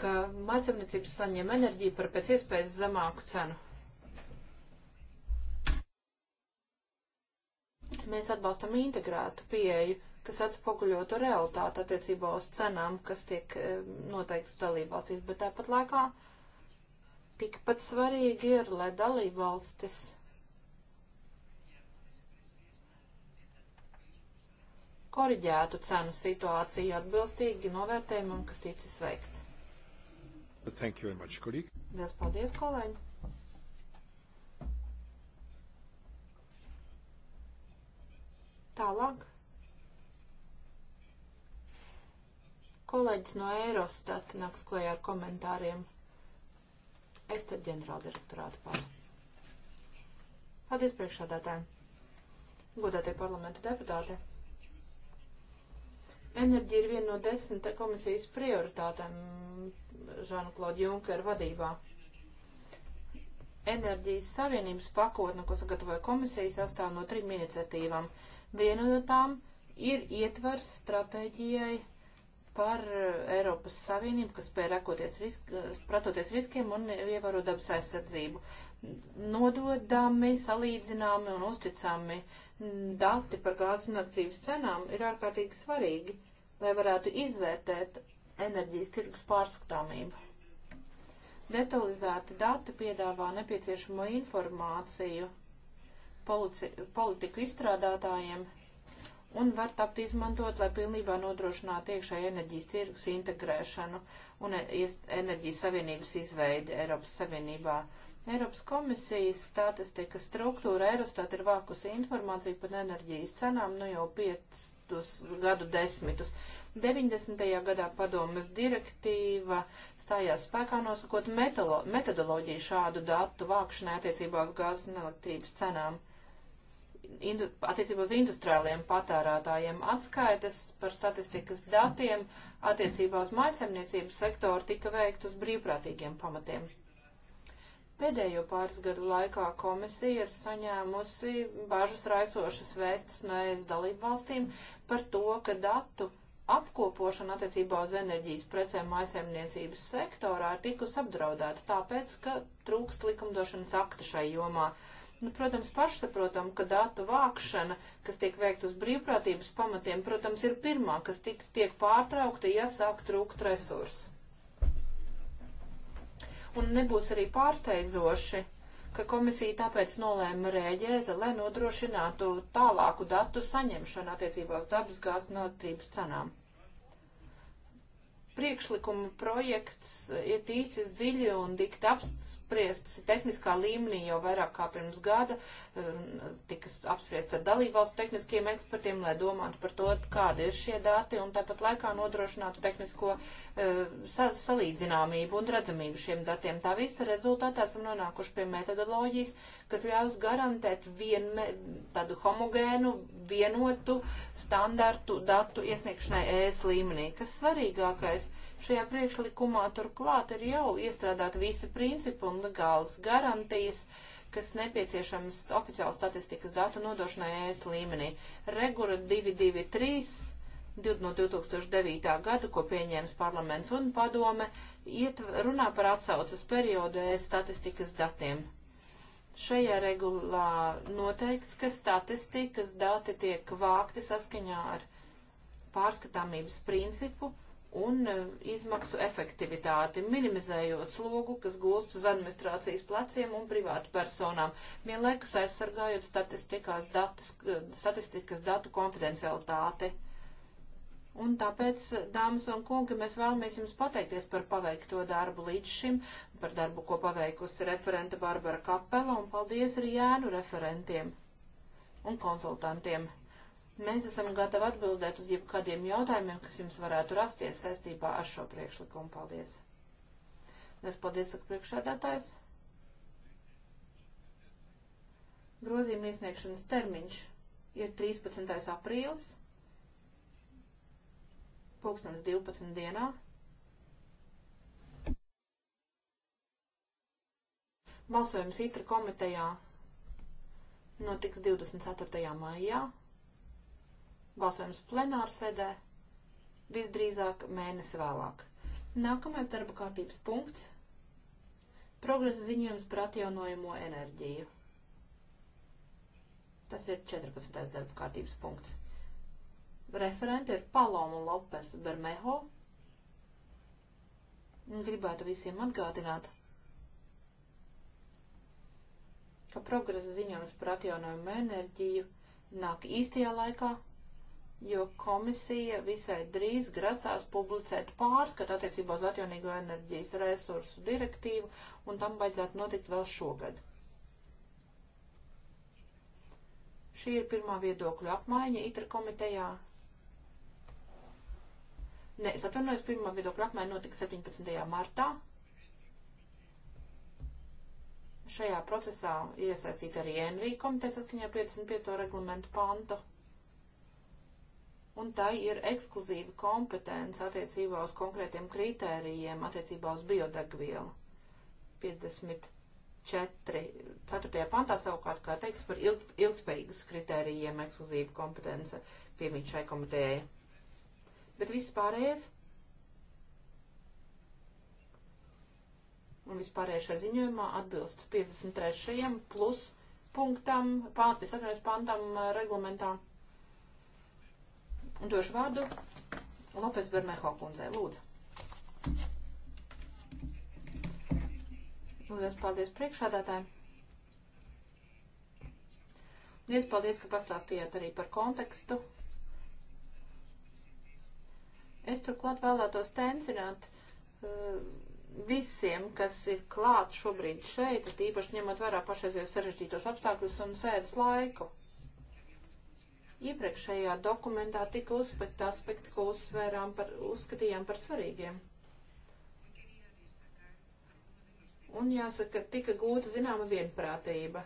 ka mazumniecības saņem enerģiju par pēc iespējas zemāku cenu. Mēs atbalstam integrētu pieeju, kas atspoguļotu realitāti attiecībā uz cenām, kas tiek eh, noteikts dalībvalstīs, bet tāpat laikā tikpat svarīgi ir, lai dalībvalstis koriģētu cenu situāciju atbilstīgi novērtējumam, kas ticis veikts. Thank you very much, kolēģi. Liels paldies, kolēģi. Tālāk. Kolēģis no Eirostat nāks klajā ar komentāriem. Es tad ģenerāldirektorātu pārstāvu. Paldies priekšādātājiem. Godātie parlamenta deputāti. Enerģija ir viena no desmit komisijas prioritātēm Žana-Klauda Junkera vadībā. Enerģijas savienības pakotne, ko sagatavoja komisija, sastāv no trim iniciatīvām. Viena no tām ir ietvers stratēģijai par eh, Eiropas Savienību, kas spēj rakoties risk, eh, pratoties riskiem un ievēro dabas aizsardzību nododami, salīdzināmi un uzticami dati par gāzes un elektrības cenām ir ārkārtīgi svarīgi, lai varētu izvērtēt enerģijas tirgus pārskatāmību. Detalizēti dati piedāvā nepieciešamo informāciju polici, politiku izstrādātājiem un var tapt izmantot, lai pilnībā nodrošinātu iekšēju enerģijas tirgus integrēšanu un e-, enerģijas savienības izveidi Eiropas Savienībā. Eiropas komisijas statistikas struktūra Eurostat ir vākusi informāciju par enerģijas cenām nu jau 5 gadu desmitus. 90. gadā padomas direktīva stājās spēkā nosakot metolo, metodoloģiju šādu datu vākšanai attiecībā uz gāzes un elektrības cenām. Indu, attiecībā uz industriāliem patērētājiem atskaitas par statistikas datiem attiecībā uz maisemniecības sektoru tika veikt uz brīvprātīgiem pamatiem. Pēdējo pāris gadu laikā komisija ir saņēmusi bažas raisošas vēstas no ES dalību valstīm par to, ka datu apkopošana attiecībā uz enerģijas precēm mājasemniecības sektorā ir tikus apdraudēta, tāpēc, ka trūkst likumdošanas akta šai jomā. Nu, protams, pašsaprotam, ka datu vākšana, kas tiek veikt uz brīvprātības pamatiem, protams, ir pirmā, kas tik, tiek pārtraukta, ja sāk trūkt resursi tālāk un nebūs arī pārsteidzoši, ka komisija tāpēc nolēma rēģēt, lai nodrošinātu tālāku datu saņemšanu attiecībā uz dabas gāzes un elektrības cenām. Priekšlikuma projekts ir tīcis dziļi un dikti apstrādāts apspriestas tehniskā līmenī jau vairāk kā pirms gada, uh, tika apspriestas ar dalībvalstu tehniskiem ekspertiem, lai domātu par to, kādi ir šie dati un tāpat laikā nodrošinātu tehnisko uh, salīdzināmību un redzamību šiem datiem. Tā visa rezultātā esam nonākuši pie metodoloģijas, kas ļaus garantēt vien, tādu homogēnu, vienotu standartu datu iesniegšanai ES līmenī. Kas svarīgākais? Šajā priekšlikumā turklāt ir jau iestrādāt visi principi un legālas garantijas, kas nepieciešams oficiāla statistikas datu nodošanai ES līmenī. Regula 223 no 2009. gada, ko pieņēmis parlaments un padome, iet, runā par atsaucas periodu ES statistikas datiem. Šajā regulā noteikts, ka statistikas dati tiek vākti saskaņā ar pārskatāmības principu un eh, izmaksu efektivitāti, minimizējot slogu, kas gulst uz administrācijas pleciem un privātu personām, vienlaikus aizsargājot statistikas, datas, eh, statistikas datu konfidencialitāti. Un tāpēc, eh, dāmas un kungi, mēs vēlamies jums pateikties par paveikto darbu līdz šim, par darbu, ko paveikusi referenta Barbara Kapela, un paldies arī Jēnu referentiem un konsultantiem. Mēs esam gatavi atbildēt uz jebkādiem jautājumiem, kas jums varētu rasties saistībā ar šo priekšlikumu. Paldies! Es paldies, saka priekšādātājs. Grozījuma iesniegšanas termiņš ir 13. aprīls, pulkstens 12. dienā. Balsojums ITRA komitejā notiks 24. maijā. Balsojums plenārsēdē visdrīzāk mēnesi vēlāk. Nākamais darba kārtības punkts - progresa ziņojums par atjaunojamo enerģiju. Tas ir 14. darba kārtības punkts. Referenti ir Paloma Lopes Bermeho. Gribētu visiem atgādināt, ka progresa ziņojums par atjaunojumu enerģiju nāk īstajā laikā jo komisija visai drīz grasās publicēt pārskatu attiecībā uz atjaunīgo enerģijas resursu direktīvu, un tam vajadzētu notikt vēl šogad. Šī ir pirmā viedokļu apmaiņa ITRA komitejā. Nē, es atvainojos, pirmā viedokļa apmaiņa notika 17. martā. Šajā procesā iesaistīt arī NV komiteja saskaņā 55. reglamentu pantu un tai ir ekskluzīva kompetence attiecībā uz konkrētiem kritērijiem attiecībā uz biodegvielu. 54. 4. pantā savukārt, kā teiks, par ilg, ilgspējīgas kritērijiem ekskluzīva kompetence piemīt šai komitējai. Bet viss pārējais. Un vispārējais ziņojumā atbilst 53. plus punktam, pānt, es atvainojos pantam eh, reglamentā. Un došu vārdu Lopes Bermeho kundzei. Lūdzu. Lielas paldies priekšādātājiem. Lielas paldies, ka pastāstījāt arī par kontekstu. Es turklāt vēlētos tencināt uh, visiem, kas ir klāt šobrīd šeit, tīpaši ņemot vērā pašreizējos sarežģītos apstākļus un sēdes laiku. Iepriekšējā dokumentā tika uzspekta aspekti, ko uzsvērām par, uzskatījām par svarīgiem. Un jāsaka, tika gūta zināma vienprātība.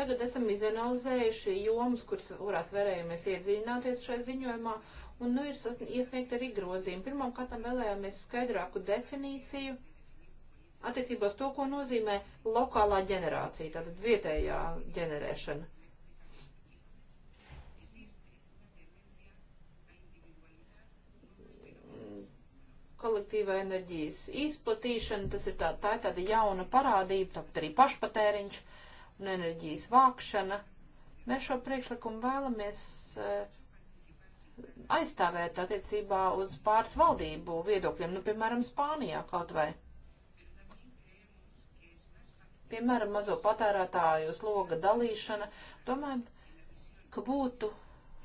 Tagad esam izanalizējuši jomas, kuras, kurās varējāmies iedziļināties šai ziņojumā, un nu ir iesniegt arī grozījumi. Pirmām kārtām vēlējāmies skaidrāku definīciju attiecībā uz to, ko nozīmē lokālā ģenerācija, tātad vietējā ģenerēšana. kolektīvai enerģijas izplatīšana, tas ir tā, tā ir tāda jauna parādība, tāpat arī pašpatēriņš un enerģijas vākšana. Mēs šo priekšlikumu vēlamies eh, aizstāvēt attiecībā uz pāris valdību viedokļiem, nu, piemēram, Spānijā kaut vai. Piemēram, mazo patērētāju sloga dalīšana. Domājam, ka būtu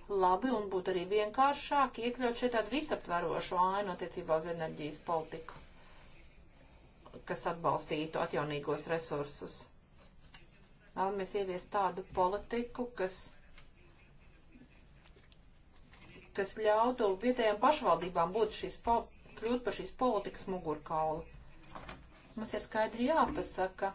labi un būtu arī vienkāršāk iekļaut šeit tādu visaptverošu ainu attiecībā uz enerģijas politiku, kas atbalstītu atjaunīgos resursus. Vēlamies ieviest tādu politiku, kas kas ļautu vietējām pašvaldībām būt šīs, kļūt par šīs politikas mugurkaulu. Mums ir skaidri jāpasaka,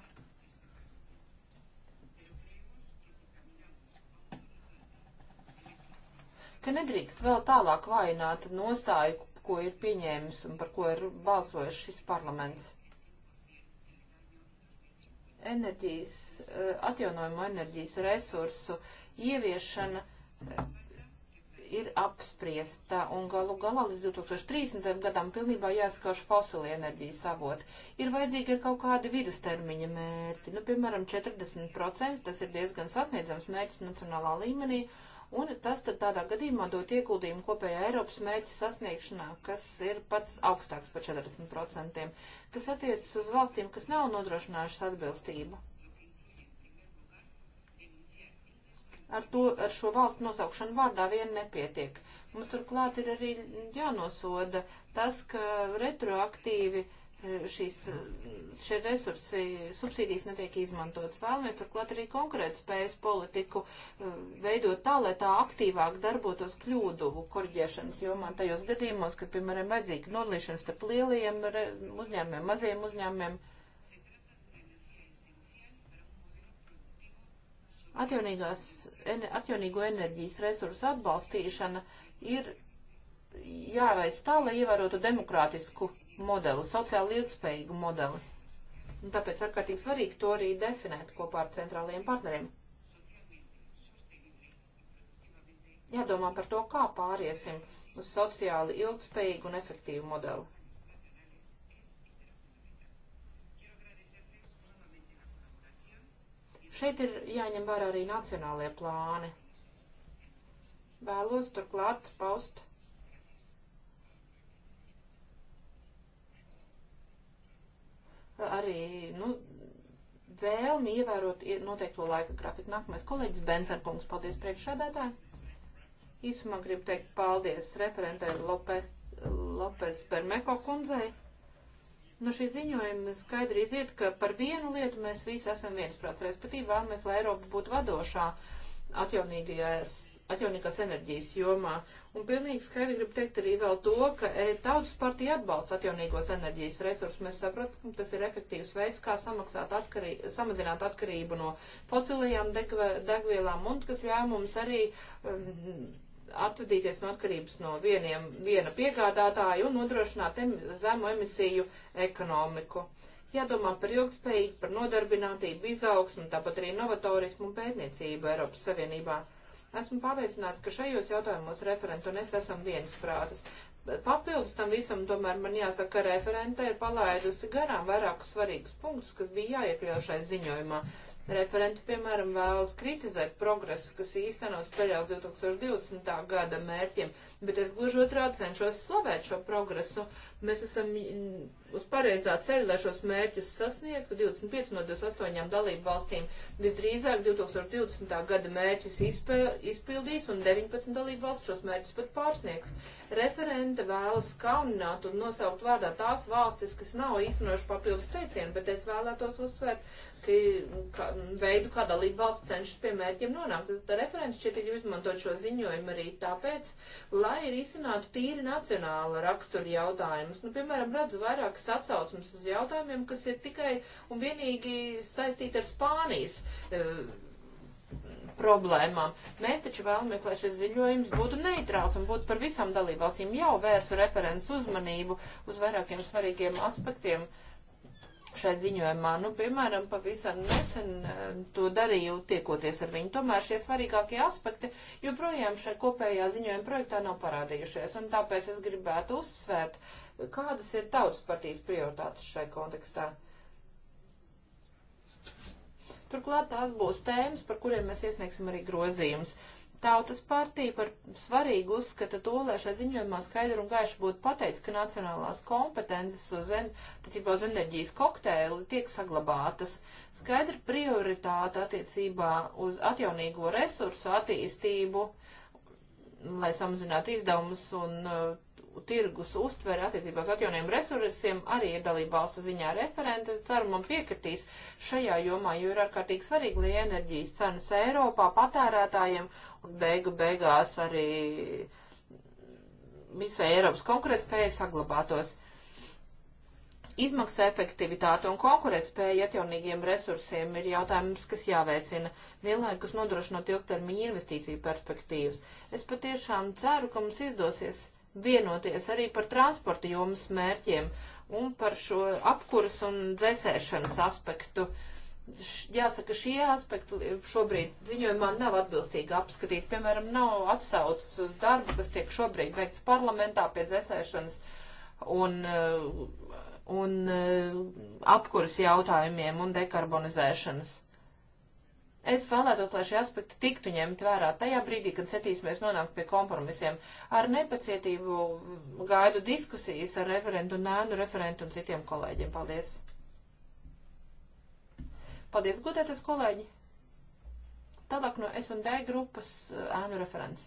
ka nedrīkst vēl tālāk vājināt nostāju, ko ir pieņēmis un par ko ir balsojis šis parlaments. Enerģijas, eh, atjaunojumu enerģijas resursu ieviešana eh, ir apspriesta un galu galā līdz 2030. gadam pilnībā jāskauž fosili enerģijas avoti. Ir vajadzīgi ir kaut kādi vidustermiņa mērķi, nu, piemēram, 40%, tas ir diezgan sasniedzams mērķis nacionālā līmenī, un tas tad tādā gadījumā dot ieguldījumu kopējā Eiropas mēķa sasniegšanā, kas ir pats augstāks par 40%, kas attiecas uz valstīm, kas nav nodrošinājušas atbilstību. Ar, to, ar šo valstu nosaukšanu vārdā vien nepietiek. Mums turklāt ir arī jānosoda tas, ka retroaktīvi uh, šīs šie resursi, subsīdijas netiek izmantotas. Vēlamies turklāt arī konkrēt spējas politiku eh, veidot tā, lai tā aktīvāk darbotos kļūdu korģēšanas jomā tajos gadījumos, kad, piemēram, vajadzīga nodalīšana starp lielajiem uzņēmumiem, mazajiem uzņēmumiem. Atjaunīgās, atjaunīgo enerģijas resursu atbalstīšana ir jāveic tā, lai ievērotu demokrātisku modeli, sociāli ilgspējīgu modeli. Un tāpēc ārkārtīgi svarīgi to arī definēt kopā ar centrālajiem partneriem. Jādomā par to, kā pāriesim uz sociāli ilgspējīgu un efektīvu modeli. Šeit ir jāņem vērā arī nacionālie plāni. Vēlos turklāt paust arī, nu, vēlmi ievērot noteikto laika grafiku. Nākamais kolēģis Bensenkungs, paldies priekšsēdētāji. Īsumā gribu teikt paldies referentē Lope, Lopes Bermeko kundzei. No nu, šī ziņojuma skaidri iziet, ka par vienu lietu mēs visi esam viensprāts, respektīvi vēlamies, lai Eiropa būtu vadošā atjaunīgās enerģijas jomā. Un pilnīgi skaidri gribu teikt arī vēl to, ka e, Tautas partija atbalsta atjaunīgos enerģijas resursus. Mēs saprotam, ka tas ir efektīvs veids, kā samaksāt atkarī, samazināt atkarību no fosilajām degvē, degvielām un kas ļauj mums arī um, atvadīties no atkarības no vieniem, viena piegādātāja un nodrošināt em, zemu emisiju ekonomiku. Uh, Jādomā par ilgspējību, par nodarbinātību, izaugsmu, tāpat arī novatorismu un pētniecību Eiropas Savienībā. Esmu pārliecināts, ka šajos jautājumos referenta un es esam vienas prātas. Papildus tam visam, tomēr man jāsaka, ka referenta ir palaidusi garām vairākus svarīgus punktus, kas bija jāiekļaušais ziņojumā. Referenti, piemēram, vēlas kritizēt progresu, kas īstenots ceļā uz 2020. gada mērķiem, bet es gluži otrādi cenšos slavēt šo progresu. Mēs esam mm, uz pareizā ceļa, lai šos mērķus sasniegtu. 25 no 28 dalību valstīm visdrīzāk 2020. gada mērķus izpildīs un 19 dalību valsts šos mērķus pat pārsniegs. Referente vēlas kaunināt un nosaukt vārdā tās valstis, kas nav īstenojuši papildus teicienu, bet es vēlētos uzsvērt, noteikti ka, veidu, kā dalība valsts cenšas pie mērķiem nonākt. Tad referents šeit ir izmantot šo ziņojumu arī tāpēc, lai risinātu tīri nacionāla rakstura jautājumus. Nu, piemēram, redzu vairākas atsaucums uz jautājumiem, kas ir tikai un vienīgi saistīti ar Spānijas. Uh, problēmām. Mēs taču vēlamies, lai šis ziņojums būtu neitrāls un būtu par visām dalībvalstīm. Jau vērsu referents uzmanību uz vairākiem svarīgiem aspektiem. Uh, šai ziņojumā. Nu, piemēram, pavisam nesen eh, to darīju, tiekoties ar viņu. Tomēr šie svarīgākie aspekti joprojām šai kopējā ziņojuma projektā nav parādījušies, un tāpēc es gribētu uzsvērt, kādas ir tautas partijas prioritātes šai kontekstā. Turklāt tās būs tēmas, par kuriem mēs iesniegsim arī grozījumus. Tautas partija par svarīgu uzskata to, lai šai ziņojumā skaidri un gaiši būtu pateicis, ka nacionālās kompetences uz, en, uz enerģijas kokteili tiek saglabātas. Skaidra prioritāte attiecībā uz atjaunīgo resursu attīstību, lai samazinātu izdevumus un uh, tirgus uztvere attiecībā uz atjauniem resursiem arī ir dalība valstu ziņā referente. Ceru, man piekritīs šajā jomā, jo ir ārkārtīgi svarīgi, lai enerģijas cenas Eiropā patērētājiem un beigu beigās arī visai Eiropas konkurētspēja saglabātos. Izmaksa efektivitāte un konkurētspēja atjaunīgiem resursiem ir jautājums, kas jāveicina, vienlaikus nodrošinot ilgtermiņa investīciju perspektīvas. Es patiešām ceru, ka mums izdosies vienoties arī par transporta jomas mērķiem un par šo apkuras un dzēsēšanas aspektu. Jāsaka, šie aspekti šobrīd ziņojumā nav atbilstīgi apskatīti. Piemēram, nav atsaucas uz darbu, kas tiek šobrīd veikts parlamentā pie dzēsēšanas un, uh, un uh, apkuras jautājumiem un dekarbonizēšanas. Es vēlētos, lai šie aspekti tiktu ņemti vērā tajā brīdī, kad centīsimies nonākt pie kompromisiem. Ar nepacietību gaidu diskusijas ar referentu, nēnu referentu un citiem kolēģiem. Paldies! Paldies, gudētas kolēģi! Tālāk no S&D grupas eh, ēnu referents.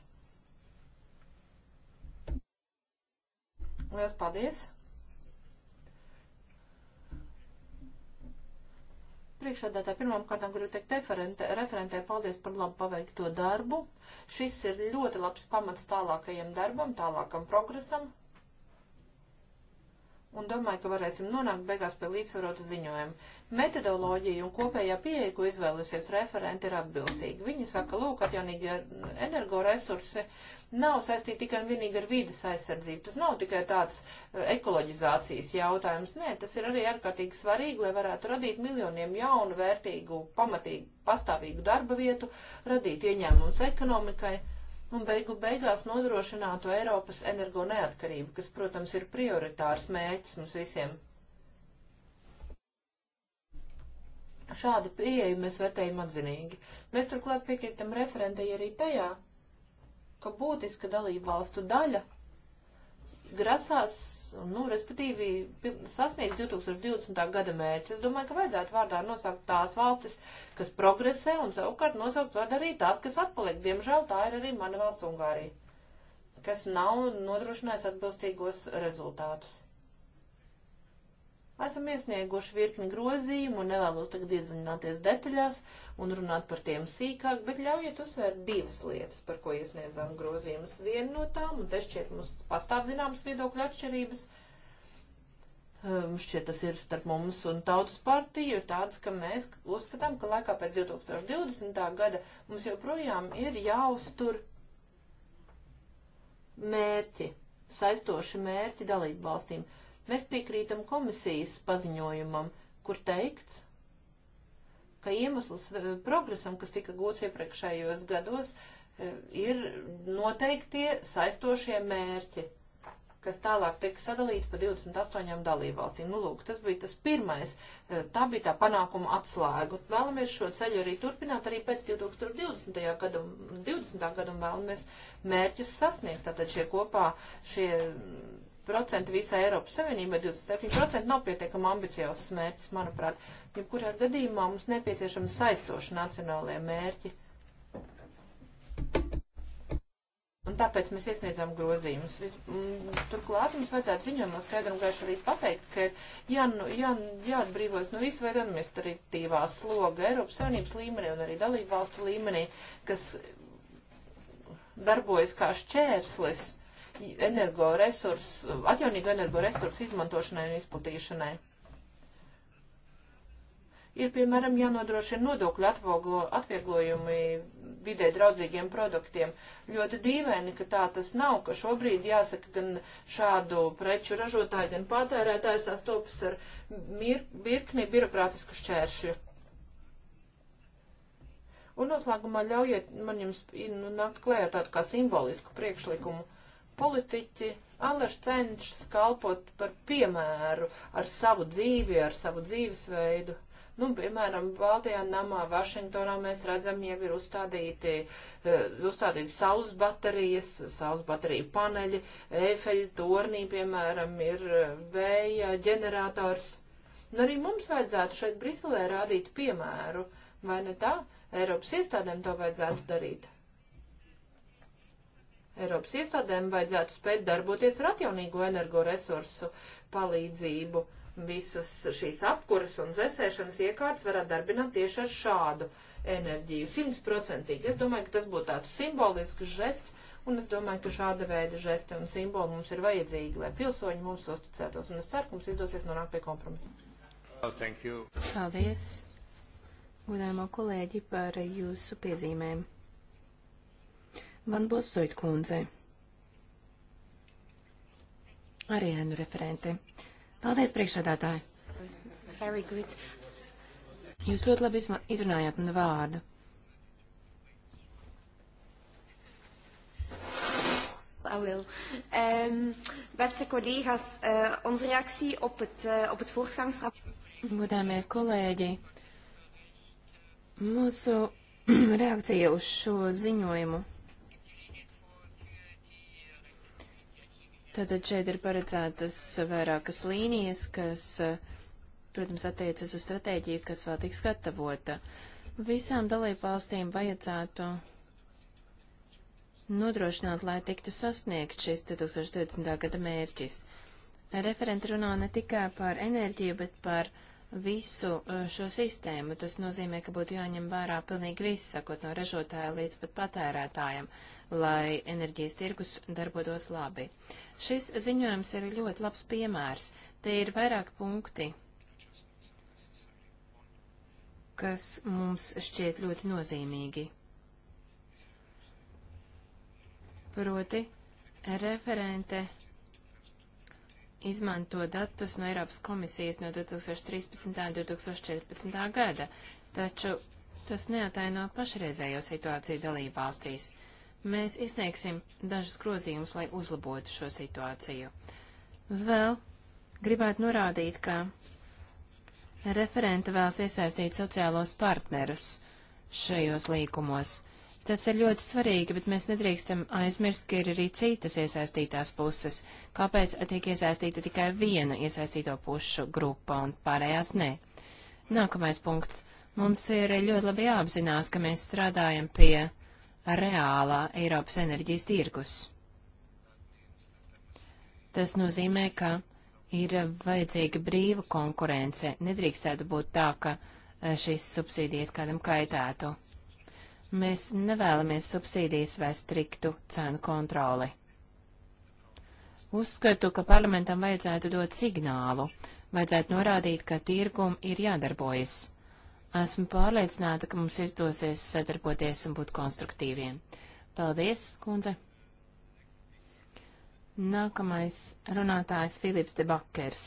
Lielas paldies! Priekšādātā pirmām kārtām gribu teikt referentē, referentē paldies par labu paveikto darbu. Šis ir ļoti labs pamats tālākajam darbam, tālākam progresam. Un domāju, ka varēsim nonākt beigās pie līdzsvarotu ziņojumu. Metodoloģija un kopējā pieeja, ko izvēlusies referenti, ir atbilstīga. Viņi saka, lūk, atjaunīgi energoresursi nav saistīta tikai un vienīgi ar vidas aizsardzību. Tas nav tikai tāds e, ekoloģizācijas jautājums. Nē, tas ir arī ārkārtīgi svarīgi, lai varētu radīt miljoniem jaunu, vērtīgu, pamatīgu, pastāvīgu darba vietu, radīt ieņēmumus ekonomikai un beigu beigās nodrošinātu Eiropas energo neatkarību, kas, protams, ir prioritārs mēķis mums visiem. Šādu pieeju mēs vērtējam atzinīgi. Mēs turklāt piekrītam referentei arī tajā, ka būtiska dalību valstu daļa grasās, nu, respektīvi, sasniegs 2020. gada mērķi. Es domāju, ka vajadzētu vārdā nosaukt tās valstis, kas progresē, un savukārt nosaukt vārdā arī tās, kas atpaliek. Diemžēl tā ir arī mana valsts Ungārija, kas nav nodrošinājusi atbilstīgos rezultātus. Esam iesnieguši virkni grozījumu un nevēlos tagad iedziļināties detaļās. Uh, un runāt par tiem sīkāk, bet ļaujiet uzsvērt divas lietas, par ko iesniedzām grozījumus. Viena no tām, un te šķiet mums pastāv zināmas viedokļu atšķirības, um, šķiet tas ir starp mums un tautas partiju, ir tāds, ka mēs uzskatām, ka laikā pēc 2020. gada mums joprojām ir jāuztur mērķi, saistoši mērķi dalību valstīm. Mēs piekrītam komisijas paziņojumam, kur teikts, ka iemesls eh, progresam, kas tika gūts iepriekšējos gados, eh, ir noteiktie saistošie mērķi, kas tālāk tiek sadalīti pa 28 dalībvalstīm. Nu, lūk, tas bija tas pirmais, eh, tā bija tā panākuma atslēga. Vēlamies šo ceļu arī turpināt arī pēc 2020. gadu, 20. gadu un vēlamies mērķus sasniegt. Tātad šie kopā, šie 20% visā Eiropas Savienībā, 27% nav pietiekami ambiciozs mērķis, manuprāt. Jebkurā gadījumā mums nepieciešama saistoša nacionālajie mērķi. Un tāpēc mēs iesniedzām grozījumus. Vis, m, mm, turklāt mums vajadzētu ziņojumā skaidram gaiši arī pateikt, ka jā, nu, jā, nu, jāatbrīvojas no visu veidu administratīvā sloga Eiropas Savienības līmenī un arī dalību valstu līmenī, kas darbojas kā šķērslis energoresursu, atjaunīgu energoresursu izmantošanai un izplatīšanai. Ir, piemēram, jānodrošina nodokļu atvieglojumi vidē draudzīgiem produktiem. Ļoti dīvaini, ka tā tas nav, ka šobrīd jāsaka, gan šādu preču ražotāji, gan patērētāji sastopas ar virkni birokrātisku šķēršļu. Un noslēgumā ļaujiet man jums nu, nākt klējā tādu kā simbolisku priekšlikumu Politiķi Alaž cenšas kalpot par piemēru ar savu dzīvi, ar savu dzīvesveidu. Nu, piemēram, Baltijā namā Vašingtonā mēs redzam, jau ir uzstādīti, eh, uzstādīti saules baterijas, saules bateriju paneļi, eifeļu tornī, piemēram, ir eh, vēja ģenerators. Nu, arī mums vajadzētu šeit Briselē rādīt piemēru, vai ne tā? Eiropas iestādēm to vajadzētu darīt. Eiropas iestādēm vajadzētu spēt darboties ar atjaunīgo energoresursu palīdzību. Visas šīs apkuras un dzēsēšanas iekārtas varētu darbināt tieši ar šādu enerģiju, simtprocentīgi. Es domāju, ka tas būtu tāds simbolisks žests, un es domāju, ka šāda veida žesti un simboli mums ir vajadzīgi, lai pilsoņi mums uzticētos, un es ceru, ka mums izdosies nonākt pie kompromisa. Paldies, gudāmo kolēģi, par jūsu piezīmēm. Van Bosoit kundzei. Arī ēnu referente. Paldies, priekšsādātāji. Jūs ļoti labi izrunājāt manu vārdu. I will. Um, beste collega's, uh, onze reactie op het, uh, op het voortgangsrapport. Godāmie kolēģi, mūsu reakcija uz šo ziņojumu Tātad šeit ir paredzētas vairākas līnijas, kas, protams, attiecas uz stratēģiju, kas vēl tiks gatavota. Visām dalībvalstīm vajadzētu nodrošināt, lai tiktu sasniegt šis 2020. gada mērķis. Referenti runā ne tikai par enerģiju, bet par uh, visu eh, šo sistēmu. Tas nozīmē, ka būtu jāņem vērā pilnīgi viss, sakot no ražotāja līdz pat patērētājiem, lai enerģijas tirgus darbotos labi. Šis ziņojums ir ļoti labs piemērs. Te ir vairāk punkti, kas mums šķiet ļoti nozīmīgi. Proti, referente izmanto datus no Eiropas komisijas no 2013. un 2014. gada, taču tas neataino pašreizējo situāciju dalībvalstīs. Mēs izsniegsim dažus grozījumus, lai uzlabotu šo situāciju. Vēl gribētu norādīt, ka referenta vēlas iesaistīt sociālos partnerus šajos līkumos. Tas ir ļoti svarīgi, bet mēs nedrīkstam aizmirst, ka ir arī citas iesaistītās puses. Kāpēc tiek iesaistīta tikai viena iesaistīto pušu grupa un pārējās nē? Nākamais punkts. Mums ir ļoti labi jāapzinās, ka mēs strādājam pie reālā Eiropas enerģijas tirgus. Tas nozīmē, ka ir vajadzīga brīva konkurence. Nedrīkstētu būt tā, ka eh, šīs subsīdijas kādam kaitētu. Mēs nevēlamies subsīdijas vai striktu cenu kontroli. Uzskatu, ka parlamentam vajadzētu dot signālu, vajadzētu norādīt, ka tirgum ir jādarbojas. Esmu pārliecināta, ka mums izdosies sadarboties un būt konstruktīviem. Paldies, kundze! Nākamais runātājs Filips de Bakers.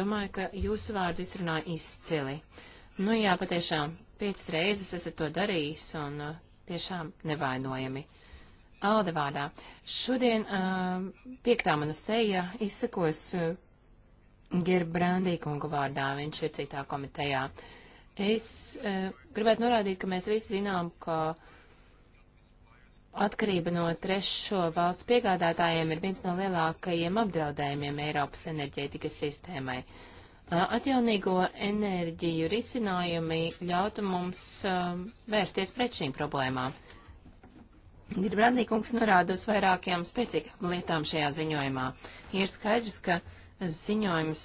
Domāju, ka jūsu vārdu izrunāja izcili. Nu jā, patiešām, Piecas reizes esat to darījis un uh, tiešām nevainojami. Alde vārdā. Šodien uh, piektā mana seja izsakos uh, Gerbrandī kunga vārdā, viņš ir citā komitejā. Es uh, gribētu norādīt, ka mēs visi zinām, ka atkarība no trešo valstu piegādātājiem ir viens no lielākajiem apdraudējumiem Eiropas enerģētikas sistēmai. Uh, Atjaunīgo enerģiju risinājumi ļautu mums vērsties pret šīm problēmām. Gribradīkungs norāda uz vairākajām spēcīgām lietām šajā ziņojumā. Ir skaidrs, ka ziņojums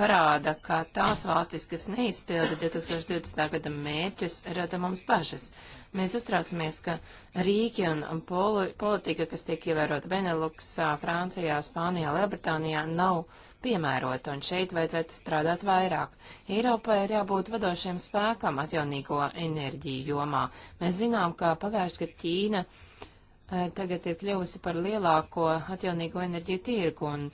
parāda, ka tās valstis, kas neizpilda 2020. gada mērķus, rada mums bažas. Mēs uztraucamies, ka rīki un poli politika, kas tiek ievērota Beneluksā, Francijā, Spānijā, Lielbritānijā, nav piemērota, un šeit vajadzētu strādāt vairāk. Eiropai ir jābūt vadošiem spēkam atjaunīgo enerģiju jomā. Mēs zinām, ka pagājušajā gadā Ķīna e, tagad ir kļuvusi par lielāko atjaunīgo enerģiju tirgu, un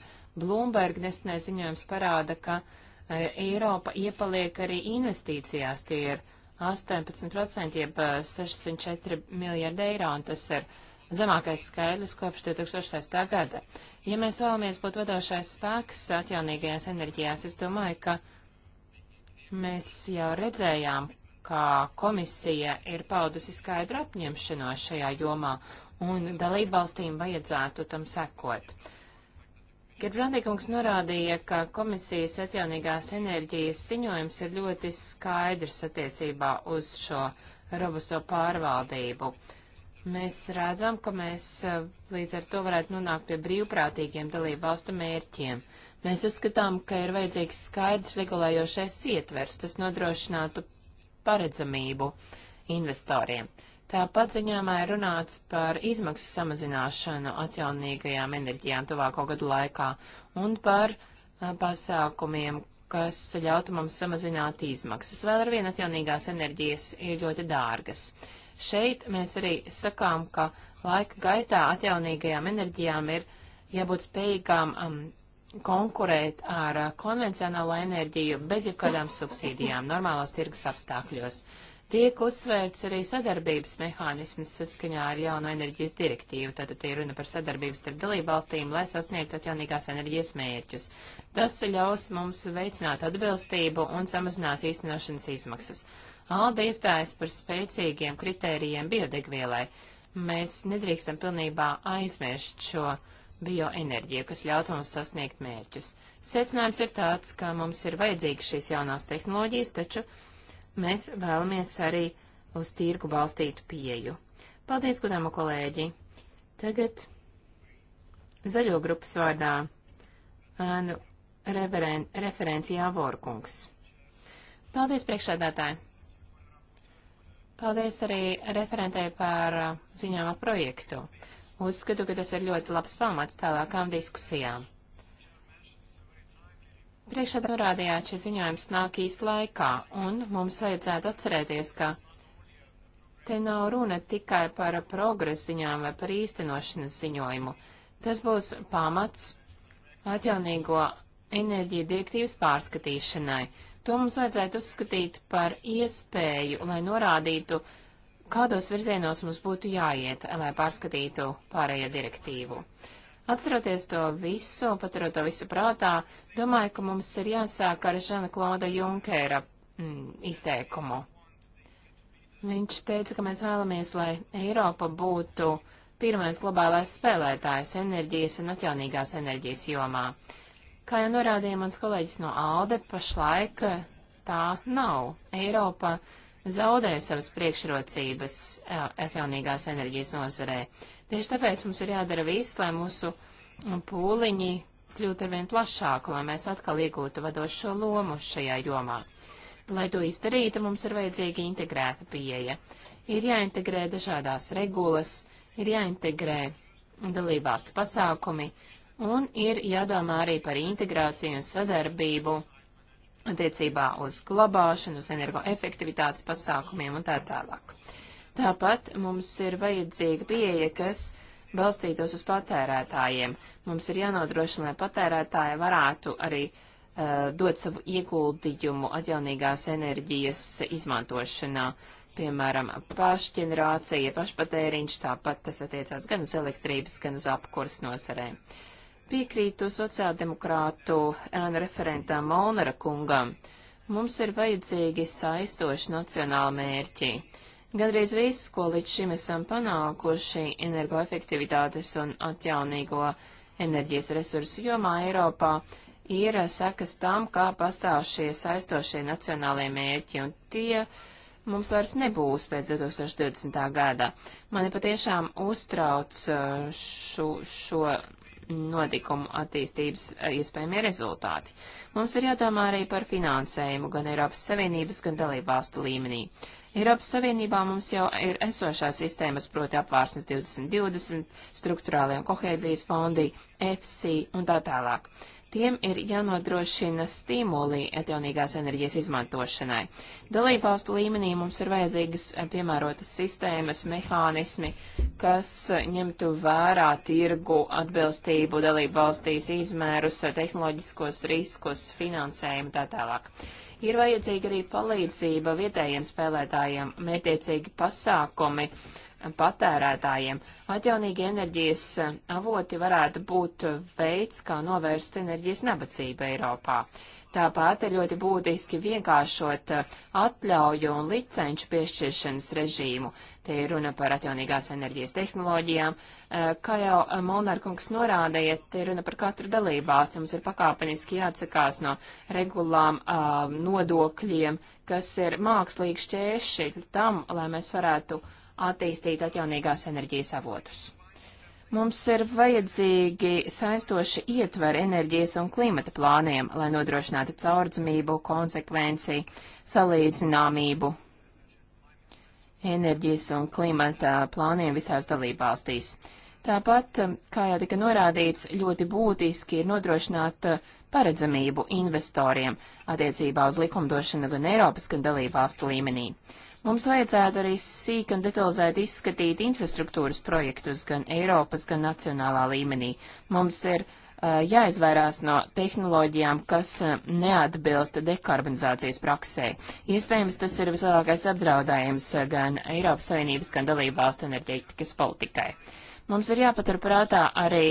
Bloomberg nesenais ziņojums parāda, ka e, Eiropa iepaliek arī investīcijās. Tie ir 18%, jeb 604 eh, miljardi eiro, un tas ir zemākais skaidrs kopš 2006. gada. Ja mēs vēlamies būt vadošais spēks atjaunīgajās enerģijās, es domāju, ka mēs jau redzējām, kā komisija ir paudusi skaidru apņemšanos šajā jomā, un dalībvalstīm vajadzētu tam sekot. Gerbrandīkungs norādīja, ka komisijas atjaunīgās enerģijas ziņojums ir ļoti skaidrs attiecībā uz šo robusto pārvaldību. Mēs redzam, ka mēs e, līdz ar to varētu nonākt pie brīvprātīgiem dalību valstu mērķiem. Mēs uzskatām, ka ir vajadzīgs skaidrs regulējošais ietvers, tas nodrošinātu paredzamību investoriem. Tāpat ziņāmā ir runāts par izmaksu samazināšanu atjaunīgajām enerģijām tuvāko gadu laikā un par e, pasākumiem, kas ļautu mums samazināt izmaksas. Vēl ar vienu atjaunīgās enerģijas ir ļoti dārgas. Uh, Šeit mēs arī sakām, ka laika gaitā atjaunīgajām enerģijām ir jābūt spējīgām um, konkurēt ar uh, konvencionālo enerģiju bez jebkādām subsīdijām normālos tirgus apstākļos. Tiek uzsvērts arī sadarbības mehānisms saskaņā ar jauno enerģijas direktīvu, tātad ir runa par sadarbību starp dalībvalstīm, lai sasniegtu atjaunīgās enerģijas mērķus. Tas ļaus mums veicināt atbilstību un samazinās īstenošanas izmaksas. Alde iestājas par spēcīgiem kritērijiem biodegvielai. Mēs nedrīkstam pilnībā aizmirst šo bioenerģiju, kas ļautu mums sasniegt mērķus. Secinājums ir tāds, ka mums ir vajadzīgas šīs jaunās tehnoloģijas, taču mēs vēlamies arī uz tirgu balstītu pieju. Paldies, godāma kolēģi! Tagad zaļo grupas vārdā nu, referen, referents Jāvorkungs. Paldies, priekšādātāji! Paldies arī referentei par uh, ziņām ar projektu. Uzskatu, ka tas ir ļoti labs pamats tālākām diskusijām. Priekšādā norādījāt, šis ziņojums nāk īsti laikā, un mums vajadzētu atcerēties, ka te nav runa tikai par progresu ziņām vai par īstenošanas ziņojumu. Tas būs pamats atjaunīgo enerģiju direktīvas pārskatīšanai, To mums vajadzētu uzskatīt par iespēju, lai norādītu, kādos virzienos mums būtu jāiet, lai pārskatītu pārējo direktīvu. Atceroties to visu, paturot to visu prātā, domāju, ka mums ir jāsāk ar Žana Klauda Junkera mm, izteikumu. Viņš teica, ka mēs vēlamies, lai Eiropa būtu pirmais globālais spēlētājs enerģijas un atjaunīgās enerģijas jomā. Kā jau norādīja mans kolēģis no ALDE, pašlaik eh, tā nav. Eiropa zaudē savas priekšrocības eh, atjaunīgās enerģijas nozarē. Tieši tāpēc mums ir jādara viss, lai mūsu mm, pūliņi kļūtu arvien plašāku, lai mēs atkal iegūtu vadošo lomu šajā jomā. Lai to izdarītu, mums ir vajadzīga integrēta pieeja. Ir jāintegrē dažādās regulas, ir jāintegrē dalībvalstu pasākumi, un ir jādomā arī par integrāciju un sadarbību attiecībā uz glabāšanu, uz energoefektivitātes pasākumiem un tā tālāk. Tāpat mums ir vajadzīga pieeja, kas balstītos uz patērētājiem. Mums ir jānodrošina, lai patērētāji varētu arī uh, dot savu ieguldījumu atjaunīgās enerģijas izmantošanā, piemēram, pašģenerācija, pašpatēriņš, tāpat tas attiecās gan uz elektrības, gan uz apkurs nozarēm. Uh, Piekrītu sociāldemokrātu referentam Molnara kungam. Mums ir vajadzīgi saistoši nacionāli mērķi. Gadrīz viss, ko līdz šim esam panākuši energoefektivitātes un atjaunīgo enerģijas resursu jomā Eiropā, ir sekas tam, kā pastāv šie saistošie nacionālie mērķi, un tie mums vairs nebūs pēc 2020. gada. Mani patiešām uztrauc eh, šo, šo notikumu attīstības eh, iespējamie rezultāti. Mums ir jādomā arī par finansējumu gan Eiropas Savienības, gan dalību valstu līmenī. Eiropas Savienībā mums jau ir esošās sistēmas, proti apvārsnes 2020, struktūrālie un kohēzijas fondi, EFSI un tā tālāk. Tiem ir jānodrošina stimuli atjaunīgās enerģijas izmantošanai. Dalībvalstu līmenī mums ir vajadzīgas eh, piemērotas sistēmas, mehānismi, kas ņemtu vērā tirgu atbilstību dalībvalstīs izmērus, eh, tehnoloģiskos riskus, finansējumu tā tālāk. Ir vajadzīga arī palīdzība vietējiem spēlētājiem, mētiecīgi pasākumi, uh, patērētājiem. Atjaunīgi enerģijas eh, avoti varētu būt eh, veids, kā novērst enerģijas nabadzību Eiropā. Tāpat ir ļoti būtiski vienkāršot eh, atļauju un licenču piešķiršanas režīmu. Te ir runa par atjaunīgās enerģijas tehnoloģijām. Kā jau Molnārkungs norādīja, te ir runa par katru dalībvalsti. Mums ir pakāpeniski jāatsakās no regulām, nodokļiem, kas ir mākslīgi šķēršļi tam, lai mēs varētu uh, attīstīt atjaunīgās enerģijas avotus. Mums ir vajadzīgi saistoši ietveri enerģijas un klimata plāniem, lai nodrošinātu caurdzmību, konsekvenci, salīdzināmību enerģijas un klimata plāniem visās dalībvalstīs. Tāpat, kā jau tika norādīts, ļoti būtiski ir nodrošināt paredzamību investoriem attiecībā uz likumdošanu gan Eiropas, gan dalībvalstu līmenī. Mums vajadzētu arī sīk un detalizēt izskatīt infrastruktūras projektus gan Eiropas, gan nacionālā līmenī. Mums ir uh, jāizvairās no tehnoloģijām, kas uh, neatbilst dekarbonizācijas praksē. Iespējams, tas ir vislielākais apdraudējums uh, gan Eiropas Savienības, gan dalību valstu enerģētikas politikai. Mums ir jāpaturprātā arī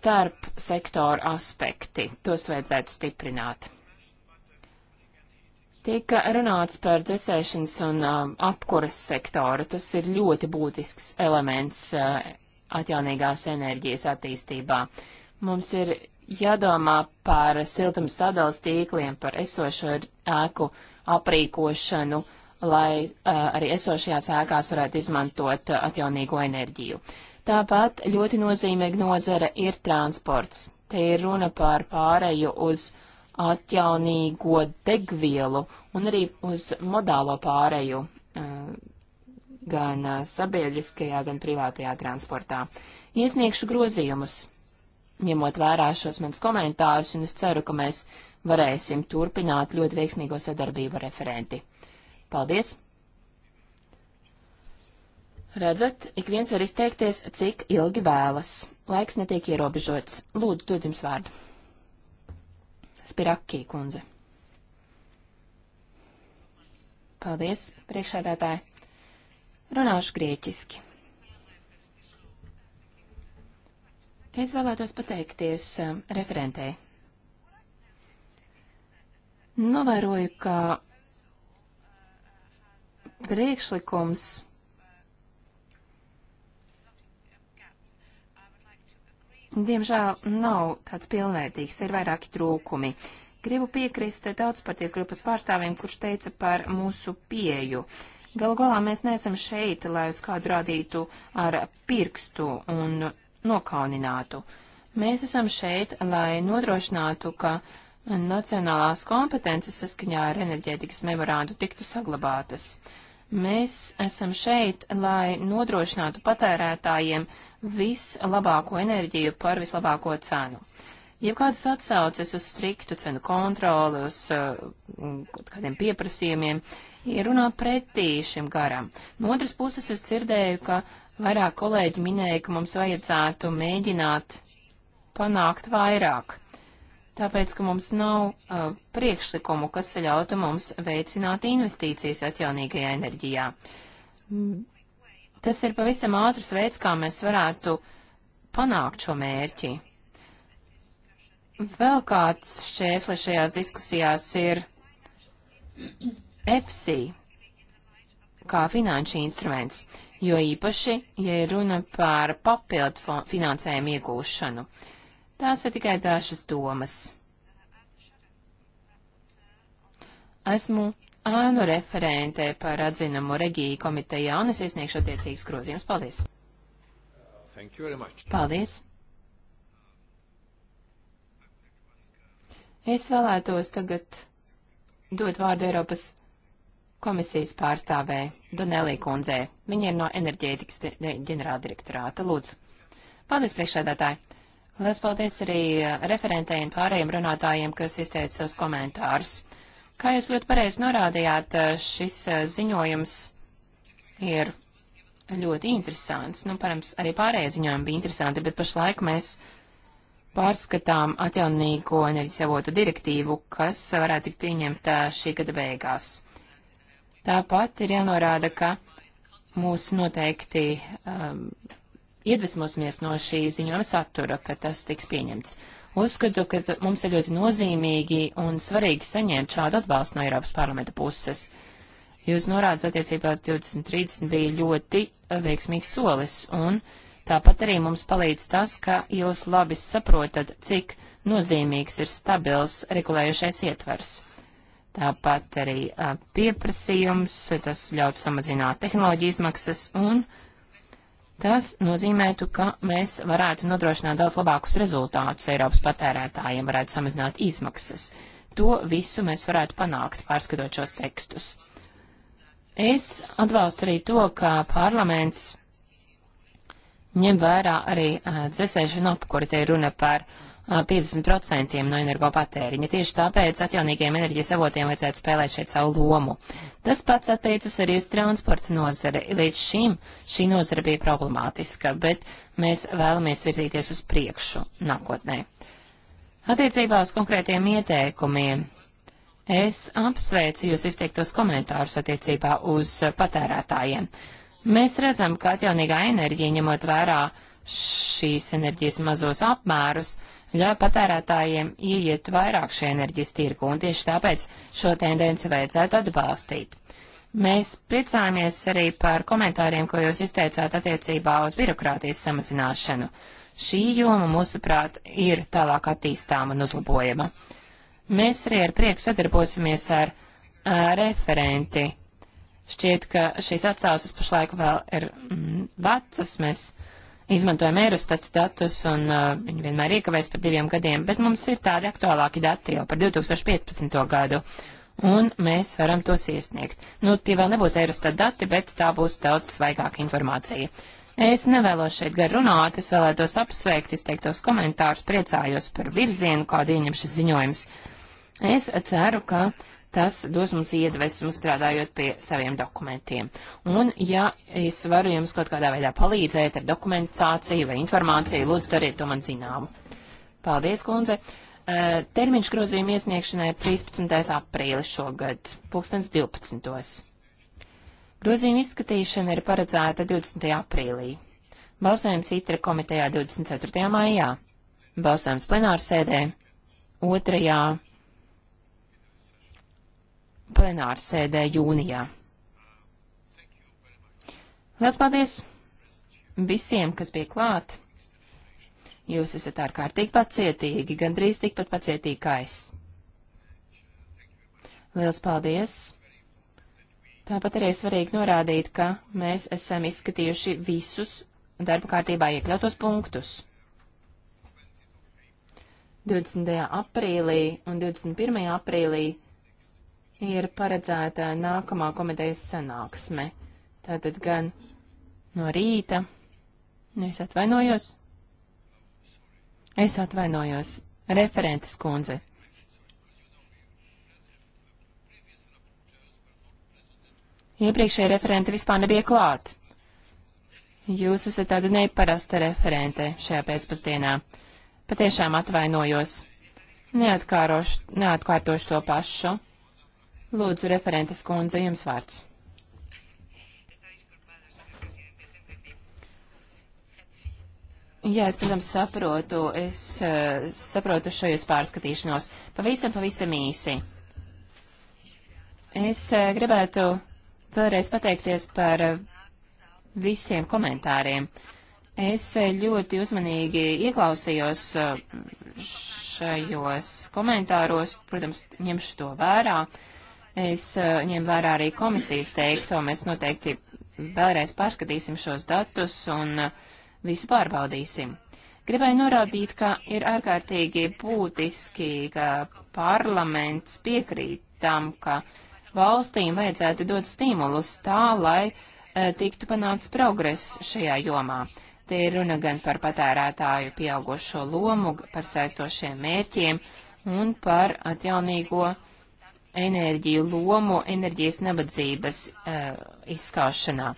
starp sektoru aspekti. Tos vajadzētu stiprināt. Tika runāts par dzesēšanas un um, apkuras sektoru. Tas ir ļoti būtisks elements uh, atjaunīgās enerģijas attīstībā. Mums ir jādomā par siltums sadalas tīkliem, par esošo ēku aprīkošanu, lai uh, arī esošajās ēkās varētu izmantot uh, atjaunīgo enerģiju. Tāpat ļoti nozīmīga nozara ir transports. Te ir runa par pāreju uz uh, atjaunīgo degvielu un arī uz modālo pāreju eh, gan eh, sabiedriskajā, gan privātajā transportā. Iesniegšu grozījumus, ņemot vērā šos manus komentārus, un es ceru, ka mēs varēsim turpināt ļoti veiksmīgo sadarbību ar referenti. Paldies! Redzat, ik viens var izteikties, cik ilgi vēlas. Laiks netiek ierobežots. Lūdzu, dod jums vārdu. Spirakī kundze. Paldies, priekšādātāji. Runāšu grieķiski. Es vēlētos pateikties um, referentei. Novēroju, ka priekšlikums diemžēl nav tāds pilnvērtīgs, ir vairāki trūkumi. Gribu piekrist daudzpartijas grupas pārstāvim, kurš teica par mūsu pieju. Galu galā mēs neesam šeit, lai uz kādu rādītu ar pirkstu un nokauninātu. Mēs esam šeit, lai nodrošinātu, ka nacionālās kompetences saskaņā ar enerģētikas memorāndu tiktu saglabātas. Uh, Mēs esam šeit, lai nodrošinātu patērētājiem vislabāko enerģiju par vislabāko cenu. Ja kādas atsaucas uz striktu cenu kontroli, uz uh, kādiem pieprasījumiem, ierunā pretī šim garam. No otras puses es dzirdēju, ka vairāk kolēģi minēja, ka mums vajadzētu mēģināt panākt vairāk tāpēc, ka mums nav uh, priekšlikumu, kas ļautu mums veicināt investīcijas atjaunīgajā enerģijā. Tas ir pavisam ātrs veids, kā mēs varētu panākt šo mērķi. Vēl kāds šķērslis šajās diskusijās ir EPSI kā finanšu instruments, jo īpaši, ja runa par papildu finansējumu iegūšanu. Uh, Tās ir tikai dažas domas. Esmu ānu referentē par atzinumu Regiju komitejā un es iesniegšu attiecīgas grozījumus. Paldies! Paldies! Es vēlētos tagad dot vārdu Eiropas komisijas pārstāvē Donelī kundzē. Viņa ir no enerģētikas ģenerāldirektorāta. Lūdzu. Paldies, priekšsēdētāji. Lielas paldies arī eh, referentējiem pārējiem runātājiem, kas izteica savus komentārus. Kā jūs ļoti pareizi norādījāt, eh, šis eh, ziņojums ir ļoti interesants. Nu, params, arī pārējie ziņojumi bija interesanti, bet pašlaik mēs pārskatām atjaunīgo enerģijas avotu direktīvu, kas varētu tikt pieņemta šī gada beigās. Tāpat ir jānorāda, ka mūs noteikti um, iedvesmosimies no šī ziņojuma satura, ka tas tiks pieņemts. Uzskatu, ka mums ir ļoti nozīmīgi un svarīgi saņemt šādu atbalstu no Eiropas parlamenta puses. Jūs norādes attiecībās 2030 bija ļoti uh, veiksmīgs solis, un tāpat arī mums palīdz tas, ka jūs labi saprotat, cik nozīmīgs ir stabils regulējušais ietvers. Tāpat arī a, uh, pieprasījums, tas ļautu samazināt tehnoloģiju izmaksas, un uh, Tas nozīmētu, ka mēs varētu nodrošināt daudz labākus rezultātus Eiropas patērētājiem, varētu samazināt izmaksas. To visu mēs varētu panākt, pārskatot šos tekstus. Es atbalstu arī to, ka parlaments ņem vērā arī uh, dzēsēšanu, kur te ir runa par uh, 50% no energopatēriņa. Tieši tāpēc atjaunīgiem enerģijas avotiem vajadzētu spēlēt šeit savu lomu. Tas pats attiecas arī uz transporta nozare. Līdz šim šī nozare bija problemātiska, bet mēs vēlamies virzīties uz priekšu nākotnē. Attiecībā uz konkrētiem ieteikumiem es apsveicu jūs izteiktos komentārus attiecībā uz patērētājiem. Mēs redzam, ka atjaunīgā enerģija, ņemot vērā šīs enerģijas mazos apmērus, uh, ļauj patērētājiem ieiet vairāk šajā enerģijas tirgu, un tieši tāpēc šo tendenci vajadzētu atbalstīt. Mēs priecāmies arī par komentāriem, ko jūs izteicāt attiecībā uz birokrātijas samazināšanu. Šī joma, mūsuprāt, ir tālāk attīstāma un uzlabojama. Mēs arī ar prieku sadarbosimies ar, ar referenti. Šķiet, ka šīs atsauces pašlaik vēl ir mm, vecas. Mēs uh, izmantojam Eurostat datus, un uh, viņi vienmēr iekavēs par diviem gadiem, bet mums ir tādi aktuālāki dati jau par 2015. gadu, un mēs varam tos iesniegt. Nu, tie vēl nebūs Eurostat dati, bet tā būs daudz svaigāka informācija. Es nevēlos šeit gar runāt, es vēlētos apsveikt, izteiktos komentārus, priecājos par virzienu, kādu ieņem šis ziņojums. Es ceru, ka uh, tas dos mums iedvesmu strādājot pie saviem dokumentiem. Un, ja es varu jums kaut kādā veidā palīdzēt ar dokumentāciju vai informāciju, lūdzu, dariet to man zināmu. Paldies, kundze! Eh, termiņš grozījuma iesniegšanai ir 13. aprīlis šogad, 2012. Grozījuma izskatīšana ir paredzēta 20. aprīlī. Balsojums ITRA komitejā 24. maijā. Balsojums plenārsēdē 2 plenārsēdē jūnijā. Lielas paldies visiem, kas bija klāt. Jūs esat ārkārtīgi pacietīgi, gandrīz tikpat pacietīgi kā es. Lielas paldies! Tāpat arī svarīgi norādīt, ka mēs esam izskatījuši visus darba kārtībā iekļautos punktus. 20. aprīlī un 21. aprīlī ir paredzēta nākamā komitejas sanāksme. Tātad gan no rīta. Es atvainojos. Es atvainojos. Referentes kundze. Iepriekšējie referenti vispār nebija klāt. Jūs esat tāda neparasta referente šajā pēcpusdienā. Patiešām atvainojos. Neatkārtošu to pašu. Lūdzu, referentes kundze, jums vārds. Jā, es, protams, saprotu. Es uh, saprotu šo jūs pārskatīšanos. Pavisam, pavisam īsi. Es uh, gribētu vēlreiz pateikties par uh, visiem komentāriem. Es uh, ļoti uzmanīgi ieklausījos uh, šajos komentāros, protams, ņemšu to vērā. Uh, Es eh, ņem vērā arī komisijas teikto, mēs noteikti vēlreiz pārskatīsim šos datus un eh, visu pārbaudīsim. Gribēju norādīt, ka ir ārkārtīgi būtiski, ka parlaments piekrīt tam, ka valstīm vajadzētu dot stimulus tā, lai e, tiktu panāts progress šajā jomā. Te ir runa gan par patērētāju pieaugošo lomu, par saistošiem mērķiem un par atjaunīgo uh, enerģiju lomu enerģijas nabadzības e, izskaušanā.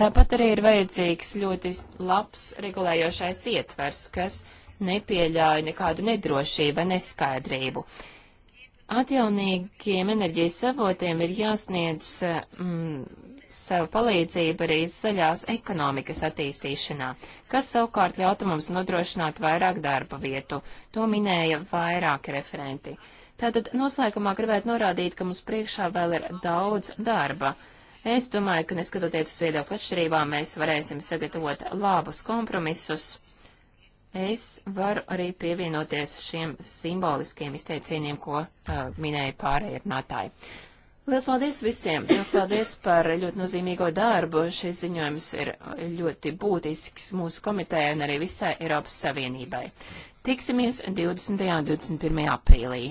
Tāpat arī ir vajadzīgs ļoti labs regulējošais ietvers, kas nepieļauj nekādu nedrošību vai neskaidrību. Atjaunīgiem enerģijas avotiem ir jāsniedz eh, mm, savu palīdzību arī zaļās ekonomikas attīstīšanā, kas savukārt ļautu mums nodrošināt vairāk darba vietu. To minēja vairāki referenti. Uh, Tātad noslēgumā gribētu norādīt, ka mums priekšā vēl ir daudz darba. Es domāju, ka neskatoties uz viedokļu atšķirībām, mēs varēsim sagatavot labus kompromisus. Es varu arī pievienoties šiem simboliskiem izteicieniem, ko uh, minēja pārējie runātāji. Lielas paldies visiem! Lielas paldies par ļoti nozīmīgo darbu. Šis ziņojums ir ļoti būtisks mūsu komitē un arī visai Eiropas Savienībai. Tiksimies 20. un 21. aprīlī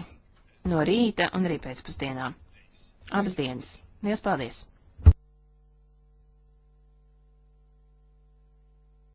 no rīta un arī pēcpusdienā. Abas dienas. Lielas paldies!